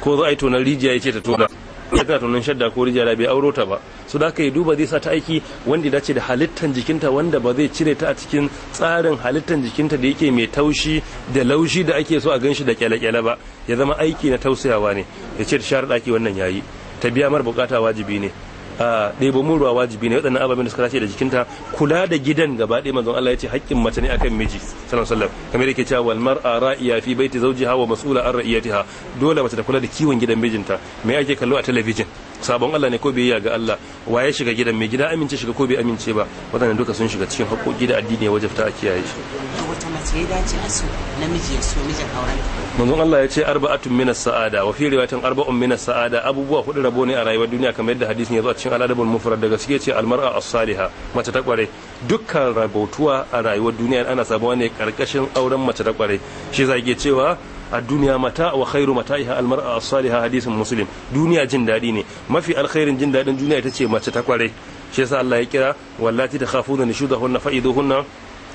ko za a yi tonar rijiya ya ce ta tona ya tana tonon shadda ko rijiya bai auro ta ba su da yi duba zai sa ta aiki wanda ya dace da halittan jikinta wanda ba zai cire ta a cikin tsarin halittan jikinta da yake mai taushi da laushi da ake so a shi da kyale-kyale ba ya zama aiki na tausayawa ne ya ce ta share daki wannan yayi ta biya mara bukata wajibi ne ɗebo mun ruwa wajibi ne waɗannan ababen da suka dace da jikinta kula da gidan gaba ɗaya manzon Allah ya ce haƙƙin mace ne akan miji sallallahu alaihi wasallam kamar yake cewa wal mar'a ra'iya fi baiti zawjiha wa mas'ula an ra'iyatiha dole mace ta kula da kiwon gidan mijinta me ake kallo a talabijin sabon Allah ne ko bai ga Allah wa ya shiga gidan mai gida amince shiga ko bai amince ba waɗannan duka sun shiga cikin haƙƙoƙi da addini ya wajabta a kiyaye shi mace ya dace a so namiji ya so mijin auren manzon Allah ya ce arba'atun minas sa'ada wa fi riwayatin arba'un minas sa'ada abubuwa hudu rabo ne a rayuwar duniya kamar yadda hadisin ya zo a cikin al'adabul mufrad daga suke ce almar'a as-saliha mace ta kware dukkan rabotuwa a rayuwar duniya ana samuwa ne karkashin auren mace ta kware shi zai cewa a duniya mata wa khairu mata'iha almar'a as-saliha hadisin muslim duniya jin daɗi ne mafi alkhairin jin daɗin duniya ita ce mace ta kware shi yasa Allah ya kira wallati takhafuna nushudahunna fa'iduhunna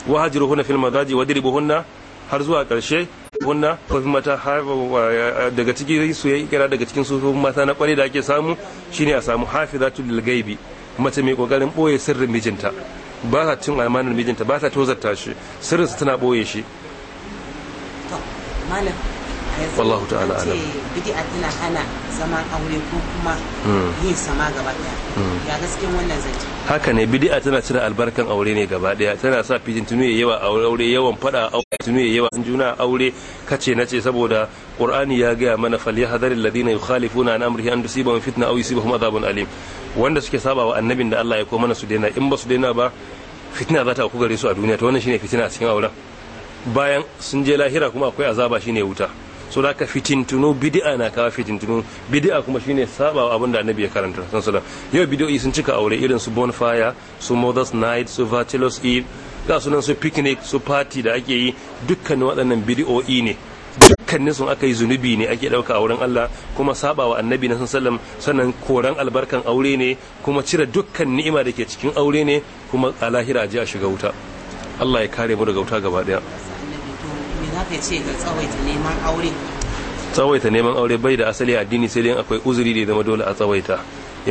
wa huna fil madaji wa huna har zuwa karshe hunna ko mata har daga cikin su yayi kira daga cikin sufofin mata na kware da ake samu shine a samu hafizatul lil gaibi mace mai kokarin boye sirrin mijinta ba ta cin almanin mijinta ba ta tozarta shi sirrin su tana boye shi malam wallahu ta'ala alam bid'a tana hana zaman aure ko kuma yin sama gaba daya ya gaskiyan wannan zance haka ne bid'a tana cire albarkan aure ne gaba daya tana sa fitin tunu ya yawa aure yawan fada aure tunu ya yawa juna aure kace nace saboda qur'ani ya ga mana fal yahdhar alladhina yukhalifuna an amrihi an tusiba fitna aw yusibahum adhabun alim wanda suke saba wa annabin da Allah ya koma mana su daina in ba su daina ba fitna za ta ku gare su a duniya to wannan shine fitina a cikin auren bayan sun je lahira kuma akwai azaba shine wuta so da ka fitintunu bidi'a na fitin fitintunu bidi'a kuma shine saba abin da annabi ya karanta sallallahu yau bid'o'i sun cika aure irin su bonfire su mothers night su vatilos eve ga sunan su picnic su party da ake yi dukkan waɗannan bid'o'i ne dukkanin sun aka yi zunubi ne ake ɗauka a wurin Allah kuma saba wa annabi na sallam sannan koran albarkan aure ne kuma cire dukkan ni'ima da ke cikin aure ne kuma a lahira a shiga wuta Allah ya kare mu daga wuta gaba ɗaya haka ce ga tsawaita neman aure tsawaita neman aure bai da asali addini sai dai akwai uzuri da zama dole a tsawaita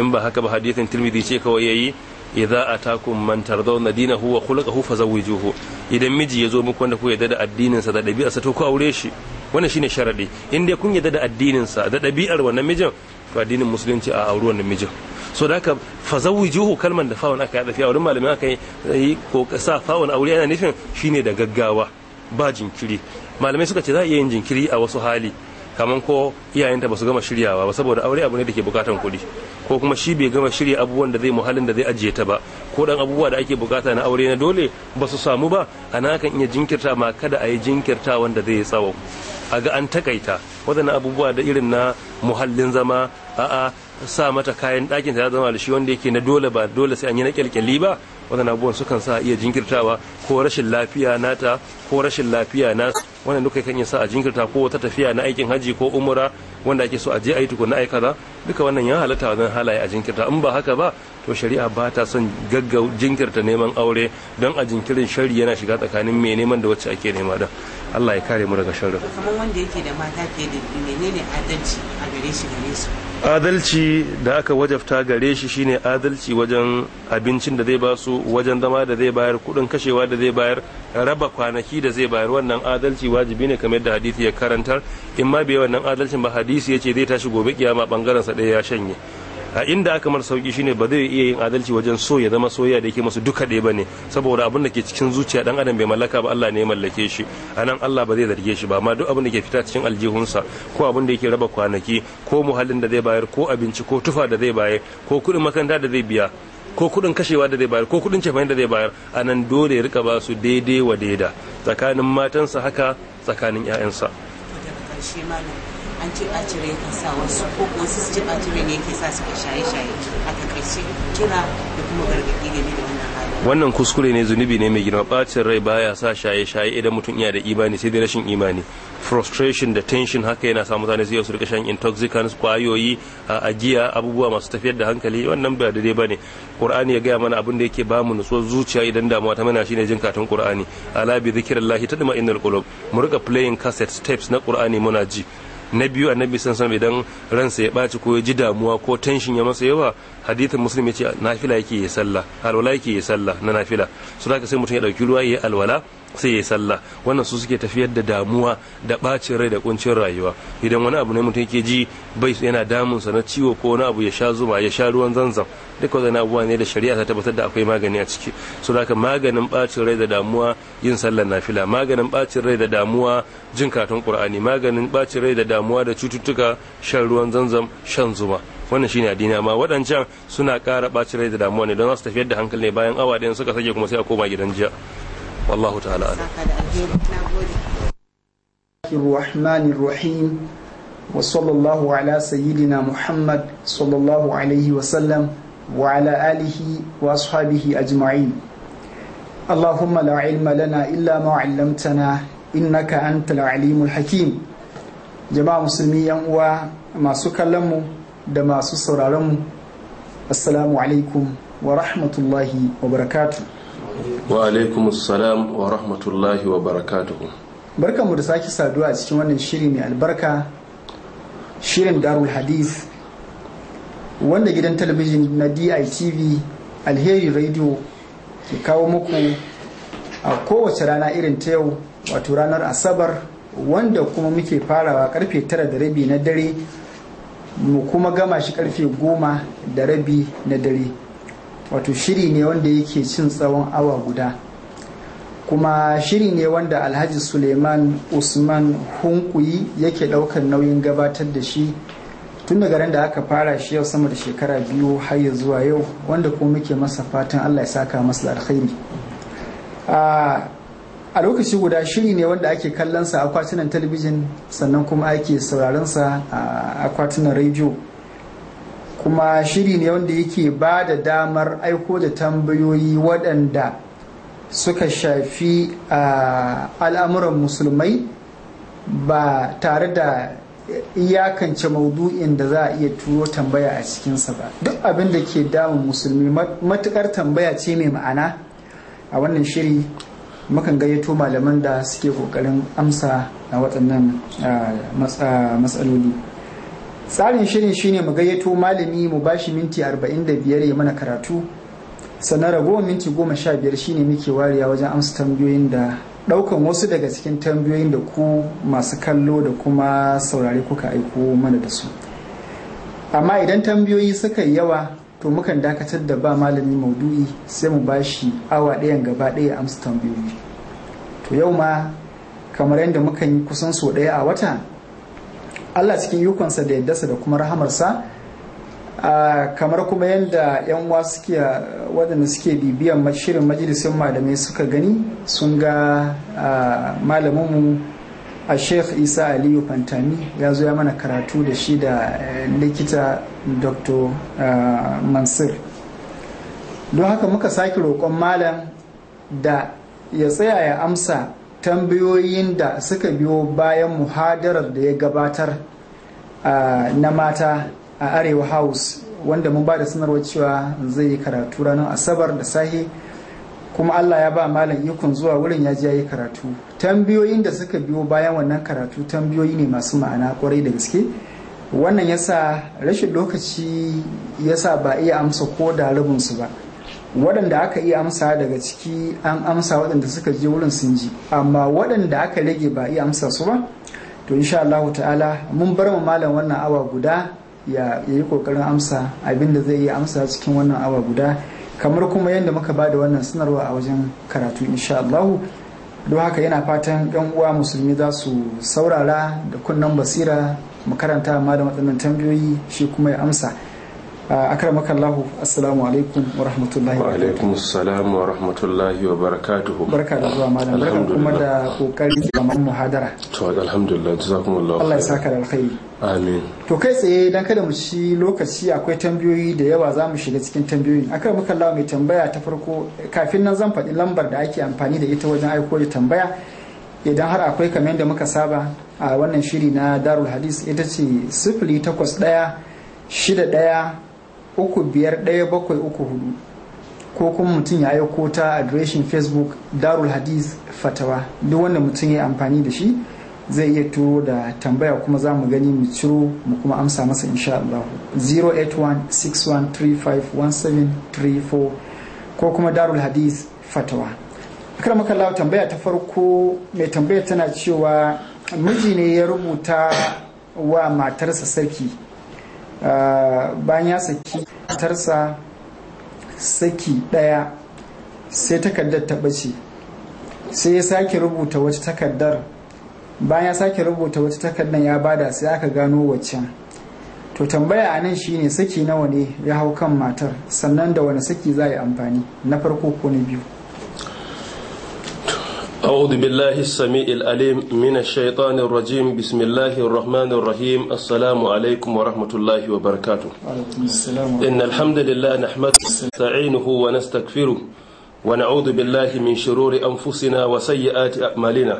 in ba haka ba hadithin tilmidi ce kawai yayi idza atakum man tardawna dinahu wa khulquhu fazawwijuhu idan miji ya zo muku wanda ku yadda da addinin sa da sa to ku aure shi wannan shine sharadi in dai kun yadda da addinin sa da ɗabi'ar wannan mijin to addinin musulunci a auri wannan mijin so da haka fazawwijuhu kalman da fawon aka da fi a wurin malamin aka yi ko sa fawon aure yana nufin shine da gaggawa ba jinkiri malamai suka ce za a iya yin jinkiri a wasu hali kamar ko iyayenta ba su gama shiryawa ba saboda aure abu ne da ke bukatan kuɗi ko kuma shi bai gama shirya abubuwan da zai muhallin da zai ajiye ta ba ko dan abubuwa da ake bukata na aure na dole ba su samu ba ana kan iya jinkirta ma kada a yi jinkirta wanda zai tsawo a ga an takaita wadannan abubuwa da irin na muhallin zama a'a sa mata kayan ɗakin ta zama da shi wanda yake na dole ba dole sai an yi na kyalkyali ba wannan abubuwan sukan sa iya jinkirtawa ko rashin lafiya nata ko rashin lafiya na wannan duka kan iya sa a jinkirta ko wata tafiya na aikin haji ko umura wanda ake so a je a yi tukuna a kaza duka wannan ya halatta wajen halaye a jinkirta in ba haka ba to shari'a ba ta son gaggau jinkirta neman aure don a jinkirin shari yana shiga tsakanin mai neman da wacce ake nema da Allah ya kare mu daga shari'a. kamar wanda yake da mata ke da menene adalci a gare shi gare su adalci da aka wajabta gare shi shine adalci wajen abincin da zai basu wajen zama da zai bayar kudin kashewa da zai bayar raba kwanaki da zai bayar wannan adalci wajibi ne kamar da hadisi ya karantar in ma bai wannan adalcin ba hadisi ya ce zai tashi gobe kiyama bangaren sa ɗaya ya shanye a inda aka mara sauki shine ba zai iya yin adalci wajen so ya zama soyayya da yake masu duka ɗaya bane saboda abin da ke cikin zuciya dan adam bai mallaka ba Allah ne ya mallake shi anan Allah ba zai zarge shi ba amma duk abin da ke fita cikin aljihunsa ko abin da yake raba kwanaki ko muhallin da zai bayar ko abinci ko tufa da zai bayar ko kuɗin makaranta da zai biya ko kuɗin kashewa da zai bayar ko kuɗin cefane da zai bayar anan dole ya rika ba su daidai wa daida tsakanin matansa haka tsakanin 'ya'yansa. an ce a cire ka sa wasu ko kuma su ce a cire ne ke sa su shaye-shaye a takaice kira da kuma gargaɗi game da wannan hali. wannan kuskure ne zunubi ne mai girma bacin rai baya sa shaye-shaye idan mutum yana da imani sai dai rashin imani frustration da tension haka yana sa mutane yau su rika shan intoxicants kwayoyi a ajiya abubuwa masu tafiyar da hankali wannan ba daidai bane qur'ani ya gaya mana abin da yake bamu nutsuwar zuciya idan damuwa ta mana shine jin katon qur'ani ala bi zikrillah tadma innal qulub mu rika playing cassette tapes na qur'ani muna ji na biyu annabi san san idan ransa ya ɓaci ko ya ji damuwa ko tension ya masa yawa hadithin muslim ya ce nafila yake yi sallah alwala yake yi sallah na nafila su haka sai mutum ya ɗauki ruwa ya alwala sai ya sallah wannan su suke tafiyar da damuwa da bacin rai da kuncin rayuwa idan wani abu ne mutum yake ji bai yana damun sa na ciwo ko wani abu ya sha zuma ya sha ruwan zanzam duk wani abubuwa ne da shari'a ta tabbatar da akwai magani a ciki so da maganin bacin rai da damuwa yin sallar nafila maganin bacin rai da damuwa jin katon qur'ani maganin bacin rai da damuwa da cututtuka shan ruwan zanzam shan zuma wannan shine addini amma waɗancan suna ƙara bacin rai da damuwa ne don su tafiyar da hankali ne bayan awa ɗaya suka sake kuma sai a koma gidan jiya wallahu ta'ala alam الرحمن الرحيم وصلى الله على سيدنا محمد صلى الله عليه وسلم وعلى آله وأصحابه أجمعين اللهم لا علم لنا إلا ما علمتنا إنك أنت العليم الحكيم جماعة مسلمين وما سكلموا دما سسرارموا السلام عليكم ورحمة الله وبركاته wa alaikum salam wa rahmatullahi wa barakatuhu mu da sake saduwa a cikin wannan shiri mai albarka shirin darul hadith wanda gidan talabijin na DITV alheri radio ke kawo muku a kowace rana irin ta yau wato ranar asabar wanda kuma muke farawa karfe tara da rabi na dare mu kuma gama shi karfe goma da rabi na dare wato shiri ne wanda yake cin tsawon awa guda kuma shiri ne wanda alhaji suleiman usman hunkuyi yake ɗaukar nauyin gabatar da shi tun daga ran da aka fara shi yau sama da shekara biyu har ya zuwa yau wanda kuma muke masa fatan allah ya saka masa da alkhairi a lokaci guda shiri ne wanda ake kallonsa a akwatunan talabijin sannan kuma ake sauraronsa a akwatunan rediyo kuma shiri ne wanda yake ba da damar aiko da tambayoyi waɗanda suka shafi al'amuran musulmai ba tare da iyakance maudu'in da za a iya turo tambaya a cikinsa ba duk abin da ke damun musulmi matukar tambaya ce mai ma'ana a wannan shiri mukan gayyato malaman da suke kokarin amsa na waɗannan matsaloli tsarin shirin shine mu gayyato malami mu bashi minti 45 ya mana karatu sannan ragowar minti 15 shine muke wariya wajen amsa tambayoyin da daukan wasu daga cikin tambayoyin da ku masu kallo da kuma saurare kuka aiko mana da su amma idan tambayoyi suka yi yawa to mukan dakatar da ba malami maudu'i sai mu bashi awa ɗayan gaba ɗaya amsa tambayoyi to yau ma kamar yadda mukan yi kusan sau ɗaya a wata Allah cikin yukonsa da yaddasa da kuma rahamarsa kamar kuma yadda 'yan uwa suke waɗanda suke bibiyan shirin majalisun malamai suka gani sun ga malaminmu a sheikh isa aliyu fantami ya zo ya mana karatu da shi da e, likita dr mansur don haka muka sake roƙon malam da ya tsaya ya amsa tambayoyin da suka biyo bayan muhadarar da ya gabatar na mata a arewa house wanda mun ba da sanarwar cewa zai yi karatu ranar asabar da sahi kuma allah ya ba malam ikon zuwa wurin ya ya yi karatu tambayoyin da suka biyo bayan wannan karatu tambayoyi ne masu ma'ana kwarai da gaske wannan yasa rashin lokaci yasa ba iya amsa ko da rubinsu ba waɗanda aka iya amsa daga ciki an amsa waɗanda suka je wurin sun ji amma waɗanda aka rage ba iya amsa su ba to insha Allah ta'ala mun bar mu malam wannan awa guda ya yi kokarin amsa abinda zai iya amsa cikin wannan awa guda kamar kuma yadda muka ba da wannan sanarwa a wajen karatu insha Allah don haka yana fatan yan uwa musulmi za su saurara da kunnan basira mu karanta ma da tambayoyi shi kuma ya amsa Uh, akramaka Allah assalamu alaikum wa rahmatullahi wa alaikum assalam wa rahmatullahi wa barakatuhu barka da zuwa malam barka kuma da kokarin zaman muhadara to alhamdulillah jazakumullahu Allah ya saka da alkhairi amin to kai tsaye dan kada mu shi lokaci akwai tambayoyi da yawa za mu shiga cikin tambayoyin akramaka Allah mai tambaya ta farko kafin nan zan faɗi lambar da ake amfani da ita wajen aiko da tambaya idan har akwai kamar da muka saba a wannan shiri na darul hadis ita ce sifili takwas ɗaya shida ɗaya uku biyar ɗaya bakwai uku hudu ko kuma mutum ya aiko ta adireshin facebook darul hadis fatawa duk wanda mutum ya amfani da shi zai iya turo da tambaya kuma za mu gani mu ciro mu kuma amsa masa insha Allah 08161351734 ko kuma darul hadis fatawa akramaka Allah tambaya ta farko mai tambaya tana cewa miji ne ya rubuta wa matarsa sarki. Ah, bayan ya saki tarsa saki ɗaya sai takardar ta ɓace sai ya sake rubuta wata takardar bayan ya sake rubuta wata takardar ya bada sai aka gano waccan to tambaya a nan shine saki nawa ne ya hau kan matar sannan da wani saki za a yi amfani na farko ko na biyu أعوذ بالله السميع الأليم من الشيطان الرجيم بسم الله الرحمن الرحيم السلام عليكم ورحمة الله وبركاته إن الحمد لله نحمده نستعينه ونستغفره ونعوذ بالله من شرور أنفسنا وسيئات أعمالنا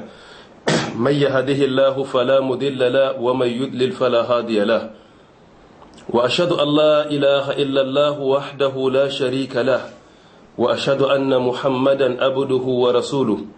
من يهده الله فلا مضل له ومن يضلل فلا هادي له وأشهد أن لا إله إلا الله وحده لا شريك له وأشهد أن محمدا عبده ورسوله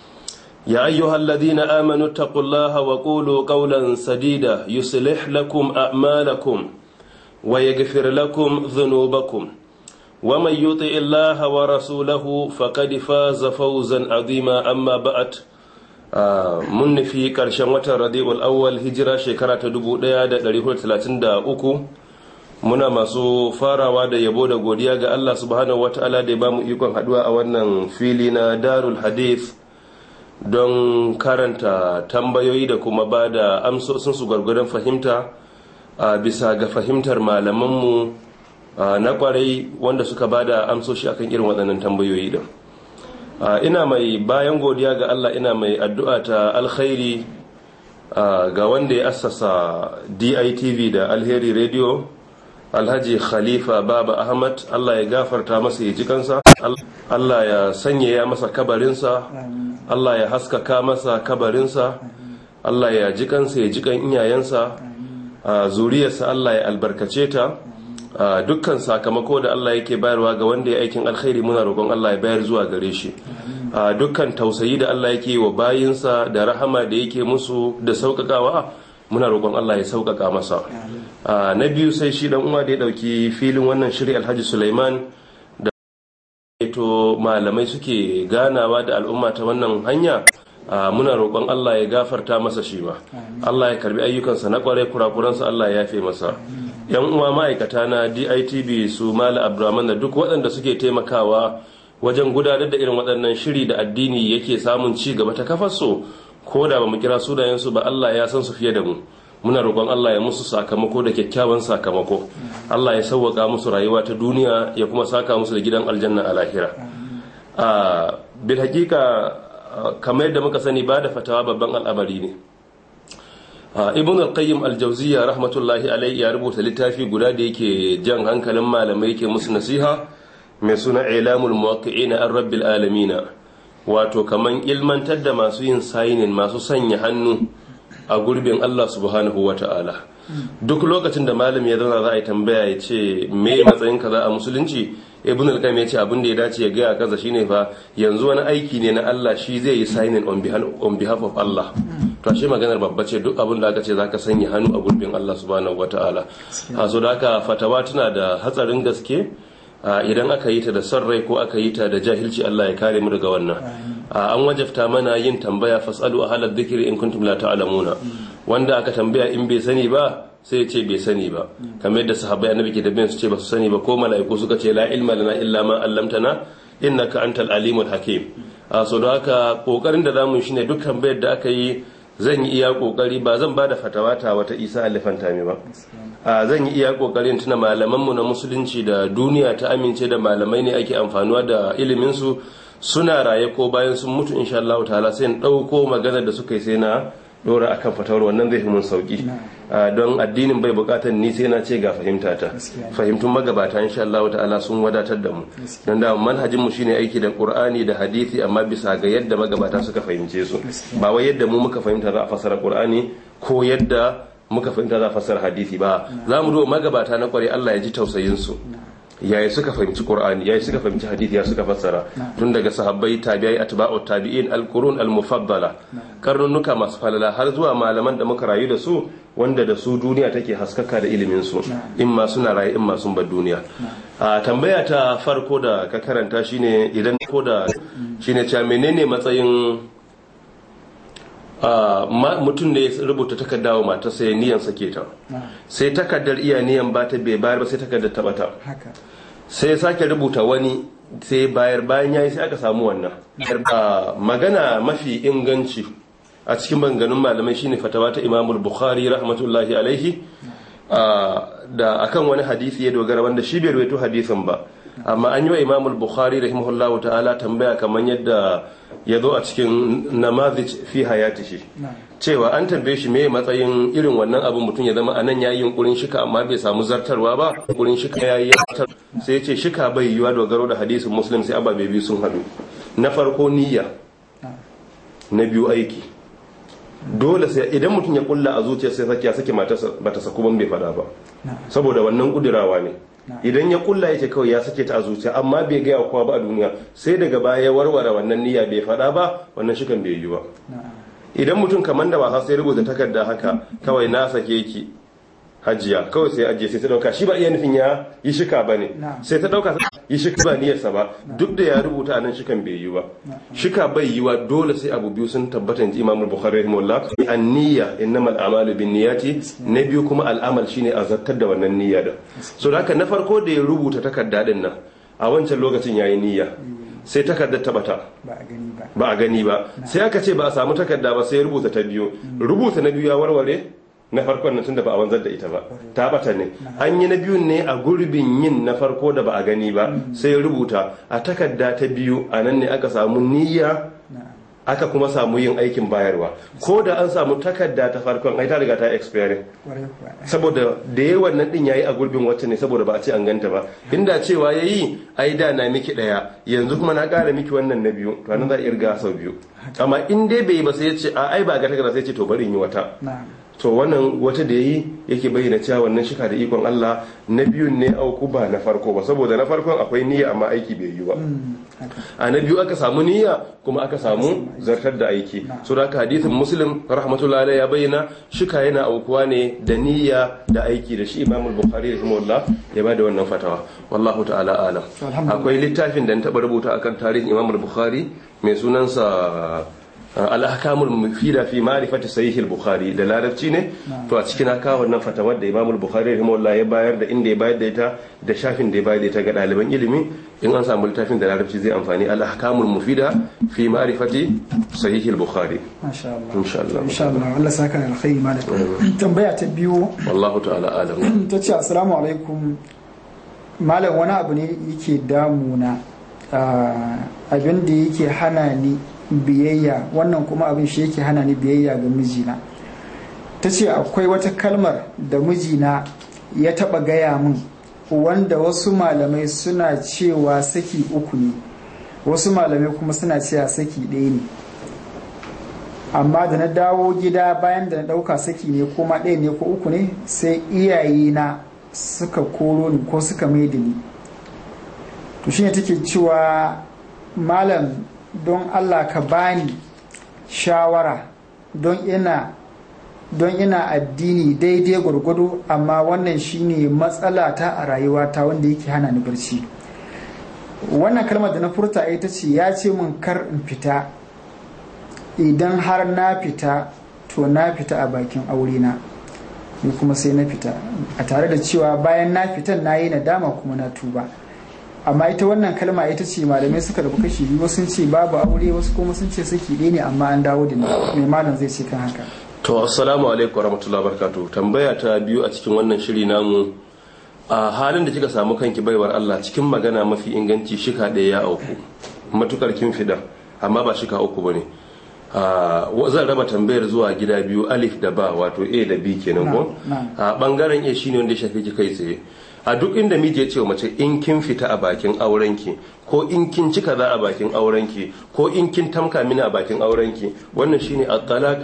يا أيها الذين آمنوا اتقوا الله وقولوا قولا سديدا يصلح لكم أعمالكم ويغفر لكم ذنوبكم ومن يطع الله ورسوله فقد فاز فوزا عظيما أما بعد من في mun الأول هجرة شكرة دبو ديادة hijira shekara دا أكو muna masu farawa da yabo da godiya ga Allah subhanahu wa ta'ala da ba mu ikon haduwa a wannan fili na Darul Hadith don karanta tambayoyi da kuma ba da su gwargwadon fahimta a bisa ga fahimtar malamanmu na kwarai wanda suka ba da amsoshi akan irin waɗannan tambayoyi din ina mai bayan godiya ga allah ina mai addu'a ta alkhairi ga wanda ya assasa ditv da alheri radio alhaji khalifa baba ahmad allah ya gafarta masa ya ji kansa allah ya sanyaya masa kabarinsa allah ya haskaka masa kabarinsa allah ya ji kansa ya ji kan iyayensa zuriyarsa allah ya albarkace ta dukkan sakamako da allah yake bayarwa ga wanda ya aikin alkhairi muna roƙon allah ya bayar zuwa gare shi dukkan tausayi da allah yake wa bayinsa da rahama da yake musu da sauƙaƙawa muna roƙon Allah ya sauƙaƙa masa ah, na biyu sai shi dan uwa da ya ɗauki filin wannan shiri alhaji Sulaiman da to malamai suke ganawa da al'umma ta wannan hanya ah, muna roƙon Allah ya gafarta masa shi ma Allah ya karbi ayyukansa na ƙwarai kurakuransa Allah ya yafe masa yan uwa ma'aikata na DITB su Mala Abdulrahman da duk waɗanda suke taimakawa wajen gudanar da irin waɗannan shiri da addini yake samun ci gaba ta kafarsu ko da ba mu kira sunayensu ba Allah ya san su fiye da mu muna roƙon Allah ya musu sakamako da kyakkyawan sakamako Allah ya sauwaka musu rayuwa ta duniya ya kuma saka musu da gidan aljanna a lahira a bil hakika kamar yadda muka sani ba da fatawa babban al'amari ne ibn al-qayyim al-jawziyya rahmatullahi alayhi ya rubuta littafi guda da yake jan hankalin malamai yake musu nasiha mai suna ilamul muwaqqi'ina ar-rabbil alamin wato kaman ilmantar da masu yin sayinin masu sanya hannu a gurbin Allah subhanahu wa ta'ala duk lokacin da malami ya zauna za a yi tambaya ya ce me matsayin kaza a musulunci ibn al-qayyim ya ce abin da ya dace ya gaya kansa shine fa yanzu wani aiki ne na Allah shi zai yi signing on behalf of Allah to ashe maganar babba ce duk abin da aka ce zaka sanya hannu a gurbin Allah subhanahu wataala a so da haka fatawa tana da hatsarin gaske idan aka yi ta da son rai ko aka yi ta da jahilci Allah ya kare mu daga wannan an wajabta mana yin tambaya fasalu halar zikiri in kuntum la ta'lamuna wanda aka tambaya in bai sani ba sai ya ce bai sani ba kamar yadda sahabbai annabi ke da su ce ba su sani ba ko mala'iku suka ce la ilma lana illa ma allamtana innaka antal alimul hakim so da haka kokarin da zamu shine duk tambayar da aka yi zan yi iya kokari ba zan ba da fatawa wata isa mai ba a zan yi iya kokarin tuna malamanmu na musulunci da duniya ta amince da malamai ne ake amfanuwa da iliminsu suna raye ko bayan sun mutu insha Allah ta'ala sai in ɗauko magana da suka yi sai na dora kan fatawar wannan zai fi mun sauki ah, don addinin bai bukatar ni sai na ce ga fahimta ta fahimtun magabata insha Allah ta'ala sun wadatar da mu don da manhajin mu shine aiki da Qur'ani da hadisi amma bisa ga yadda magabata suka fahimce su ba wai yadda mu muka fahimta za a fasara Qur'ani ko yadda muka fahimta za a fasara hadisi ba za mu duba magabata na kware Allah ya ji tausayin su yaya suka fahimci qur'ani yayi suka fahimci hadisi ya suka fassara tun daga sahabbai tabi'ai atba'u tabi'in alqurun almufaddala karnunuka masu falala har zuwa malaman da muka rayu da su wanda da su duniya take haskaka da ilimin su in ma suna raye in ma sun bar duniya a tambaya ta farko da ka karanta shine idan ko da mm. shine cewa menene matsayin mutum ne ya rubuta takardar wa matarsa ya niyan sake ta sai takardar iya niyan ba ta bai bayar ba sai takardar ta bata sai sake rubuta wani sai bayar bayan yayi sai aka samu wannan magana mafi inganci a cikin banganun malamai shine fatawa ta Imam Bukhari rahmatullahi alaihi da akan wani hadisi ya dogara wanda shi bai rawaito hadisin ba amma an yi wa Imam Bukhari rahimahullahu ta'ala tambaya kamar yadda ya zo a cikin namazic fi hayatihi cewa an tambaye shi me matsayin irin wannan abin mutum ya zama anan yayi yunkurin shika amma bai samu zartarwa ba yunkurin shika yayi zartar sai ya ce shika bai yiwa dogaro da hadisin muslim sai ababe biyu sun hadu na farko niyya na biyu aiki dole sai idan mutum ya kulla a zuciya sai saki ya ba matarsa bata saku ban bai fada ba saboda wannan kudirawa ne idan ya kulla yake kawai ya sake ta zuciya amma bai gaya kowa ba a duniya sai daga baya ya warware wannan niyya bai fada ba wannan shikan bai yi ba idan mutum kamar da wasa sai rubuta takarda haka kawai na sake ki hajiya kawai sai ajiye sai ta dauka shi ba iya nufin ya yi shika ba ne sai ta dauka yi shika ba niyarsa ba duk da ya rubuta nan shikan bai yi ba shika bai yi wa dole sai abu biyu sun tabbata inji imamul bukhari rahimahullah an niyya al a'malu bin niyyati na biyu kuma al'amal shine a da wannan niyya da so haka na farko da ya rubuta takarda din nan a wancan lokacin yayi niyya mm. sai takarda ta bata ba a gani ba sai aka ce ba a samu takarda ba sai rubuta ta biyu mm. rubuta na biyu ya warware na farkon nan tunda ba a wanzar da ita ba ta bata ne an yi na biyun ne a gurbin yin na farko da ba a gani ba mm. sai rubuta a takarda ta biyu a nan ne aka samu niyya aka kuma samu yin aikin bayarwa ko da an samu takarda ta farkon ai ta riga ta expire saboda da yayi wannan din yayi a gurbin wacce ne saboda ba a ce an ganta ba inda cewa yayi ai da na miki daya yanzu kuma na kara miki wannan na biyu to nan za a irga sau biyu amma in dai bai ba sai ya ce a ai ba ga takarda sai ya ce to bari in yi wata to wannan wata da ya yayi yake bayyana cewa wannan shika da ikon Allah na biyun ne auku ba na farko ba saboda na farkon akwai niyya amma aiki bai yi ba hmm, a na biyu aka samu niyya kuma aka samu zartar da aiki so da hadithin muslim rahmatullahi alaihi ya bayyana shika yana aukuwa ne da niyya da aiki da shi imam da bukhari rahimahullah ya bada wannan fatawa wallahu ta'ala alam akwai littafin da na taba rubuta akan tarihin imam bukhari mai sunansa al-ahkamul mufida fi ma'rifati sahih al-bukhari da larabci ne to a cikin haka wannan fatawar da imamul bukhari rahimahullah ya bayar da inda ya bayar da ita da shafin da ya bayar da ita ga ɗaliban ilimi in an samu littafin da larabci zai amfani al-ahkamul mufida fi ma'rifati sahih al-bukhari masha Allah insha Allah Allah saka da alkhairi malam tambaya ta biyu wallahu ta'ala alam ce assalamu alaikum malam wani abu ne yake damuna ah, abin da yake hana ni biyayya wannan kuma abin shi yake hana ni biyayya ga mijina ta ce akwai wata kalmar da mijina ya taba gaya min wanda wasu malamai suna cewa saki uku ne wasu malamai kuma suna cewa saki ɗaya ne amma da na dawo gida bayan da na ɗauka saki ne ma ɗaya ne ko uku ne sai iyayena suka koro ni ko suka maida ni to shine take cewa malam don allah ka bani shawara don ina don ina addini daidai gwargwado amma wannan shine matsala ta a rayuwata wanda yake hana ni barci wannan kalmar da na furta ita ce ya ce mun kar in fita idan har na fita to na fita a bakin aure na ni kuma sai na fita a tare da cewa bayan na fitan na yi nadama kuma na tuba amma ita wannan kalma ita ce malamai suka rabu kashi biyu sun ce babu aure wasu kuma sun ce saki ɗaya ne amma an dawo da mai malam zai ce kan haka to assalamu alaikum warahmatullahi wabarakatuh tambaya ta biyu a cikin wannan shiri namu a halin da kika samu kanki baiwar Allah cikin magana mafi inganci shika ɗaya ya auku matukar kin fida amma ba shika uku bane zan raba tambayar zuwa gida biyu alif da ba wato a da b kenan ko a bangaren a shine wanda ya shafi ki kai tsaye a duk inda miji ya ce wa mace in kin fita a bakin aurenki ko in kin cika za a bakin aurenki ko in kin tamka mini a bakin aurenki wannan shine a talaq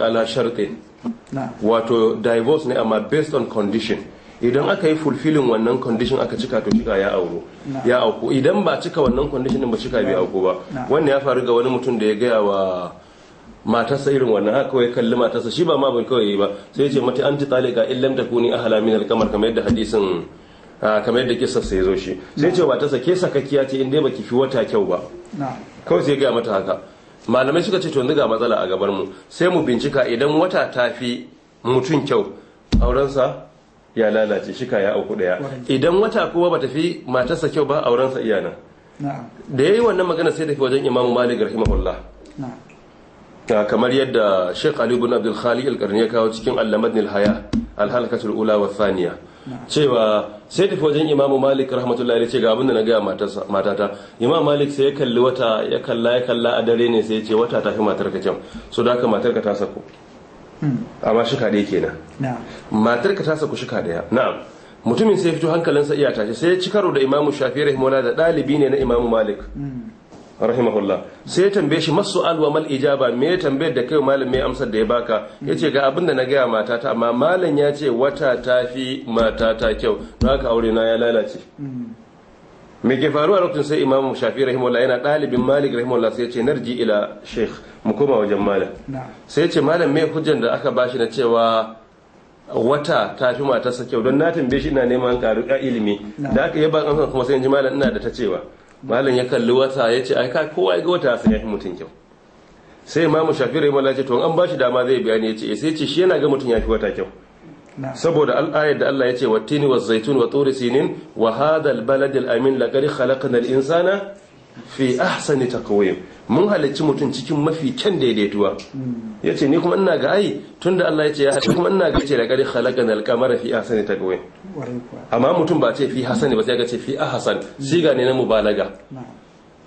la wato divorce ne amma based on condition idan aka yi fulfilling wannan condition aka cika to cika ya auku ya auku idan ba cika wannan condition din ba cika bai auku ba wannan ya faru ga wani mutum da ya gaya wa matarsa irin wannan haka kawai kalli matarsa shi ba ma bai kawai ba sai ya ce mata an ji talika illam takuni ahla min al-qamar kamar yadda hadisin a ah, kamar yadda kisa sai zo shi sai ce ta sake sakakkiya ce in dai baki fi wata kyau ba kawai sai ga mata haka malamai suka ce to ga matsala a gabar mu sai mu bincika idan wata ta fi mutum kyau aurensa ya lalace ka ya auku daya idan wata kuma bata fi matarsa kyau ba aurensa iyana da yayi wannan magana sai tafi wajen imamu Malik rahimahullah ah, kamar yadda Sheikh Ali ibn Abdul Khali al-Qarni ya kawo cikin Al-Lamadnil Haya al-Halakatul Ula wa Thaniya cewa sai tafi wajen imamu malik rahmatullahi ce ga abinda na gaya matata imam malik sai ya kalli wata ya kalla ya kalla a dare ne sai ya ce wata tafi matar ka can so da haka matar ka ta sako hmm. amma shika ɗaya kenan matar ka ta sako shika ya na'am mutumin sai fito hankalinsa iya tashi sai ya ci karo da imamu shafi rahimola da ɗalibi ne na imamu malik hmm. rahimahullah sai ya tambaye shi masu alwa mal ijaba me ya tambayar da kai malam mai amsar da ya baka yace ga abin da na gaya matata amma malam ya ce wata ta fi matata kyau don haka aure na ya lalace me ke faruwa lokacin sai imam shafi rahimahullah yana ɗalibin malik rahimahullah sai ya ce narji ila sheikh mu koma wajen malam sai ya ce malam me hujjan da aka bashi na cewa wata ta fi matarsa kyau don na tambaye shi ina neman ƙaru ilimi da aka yaba an kuma sai in ji malam ina da ta cewa Mallam ya kalli wata ya ce ai ka kowa ya ga wata sai ya fi mutum kyau sai imamu shafi rai mala ce to an shi dama zai bayani ya ce eh, sai ce shi yana ga mutum ya fi wata kyau saboda al'ayar da Allah ya ce wa Tini wa zaitun wa turi sinin wa hadal baladil amin laqad khalaqnal insana fi ahsani taqwim mun halarci mutum cikin mafi kyan daidaituwa yace ni kuma ina ga ai tunda Allah yace ya halicci kuma ina ga yace laqad khalaqana al-qamara fi ahsani taqwim amma mutum ba ce fi hasani ba sai ga ce fi ahsan siga ne na mubalaga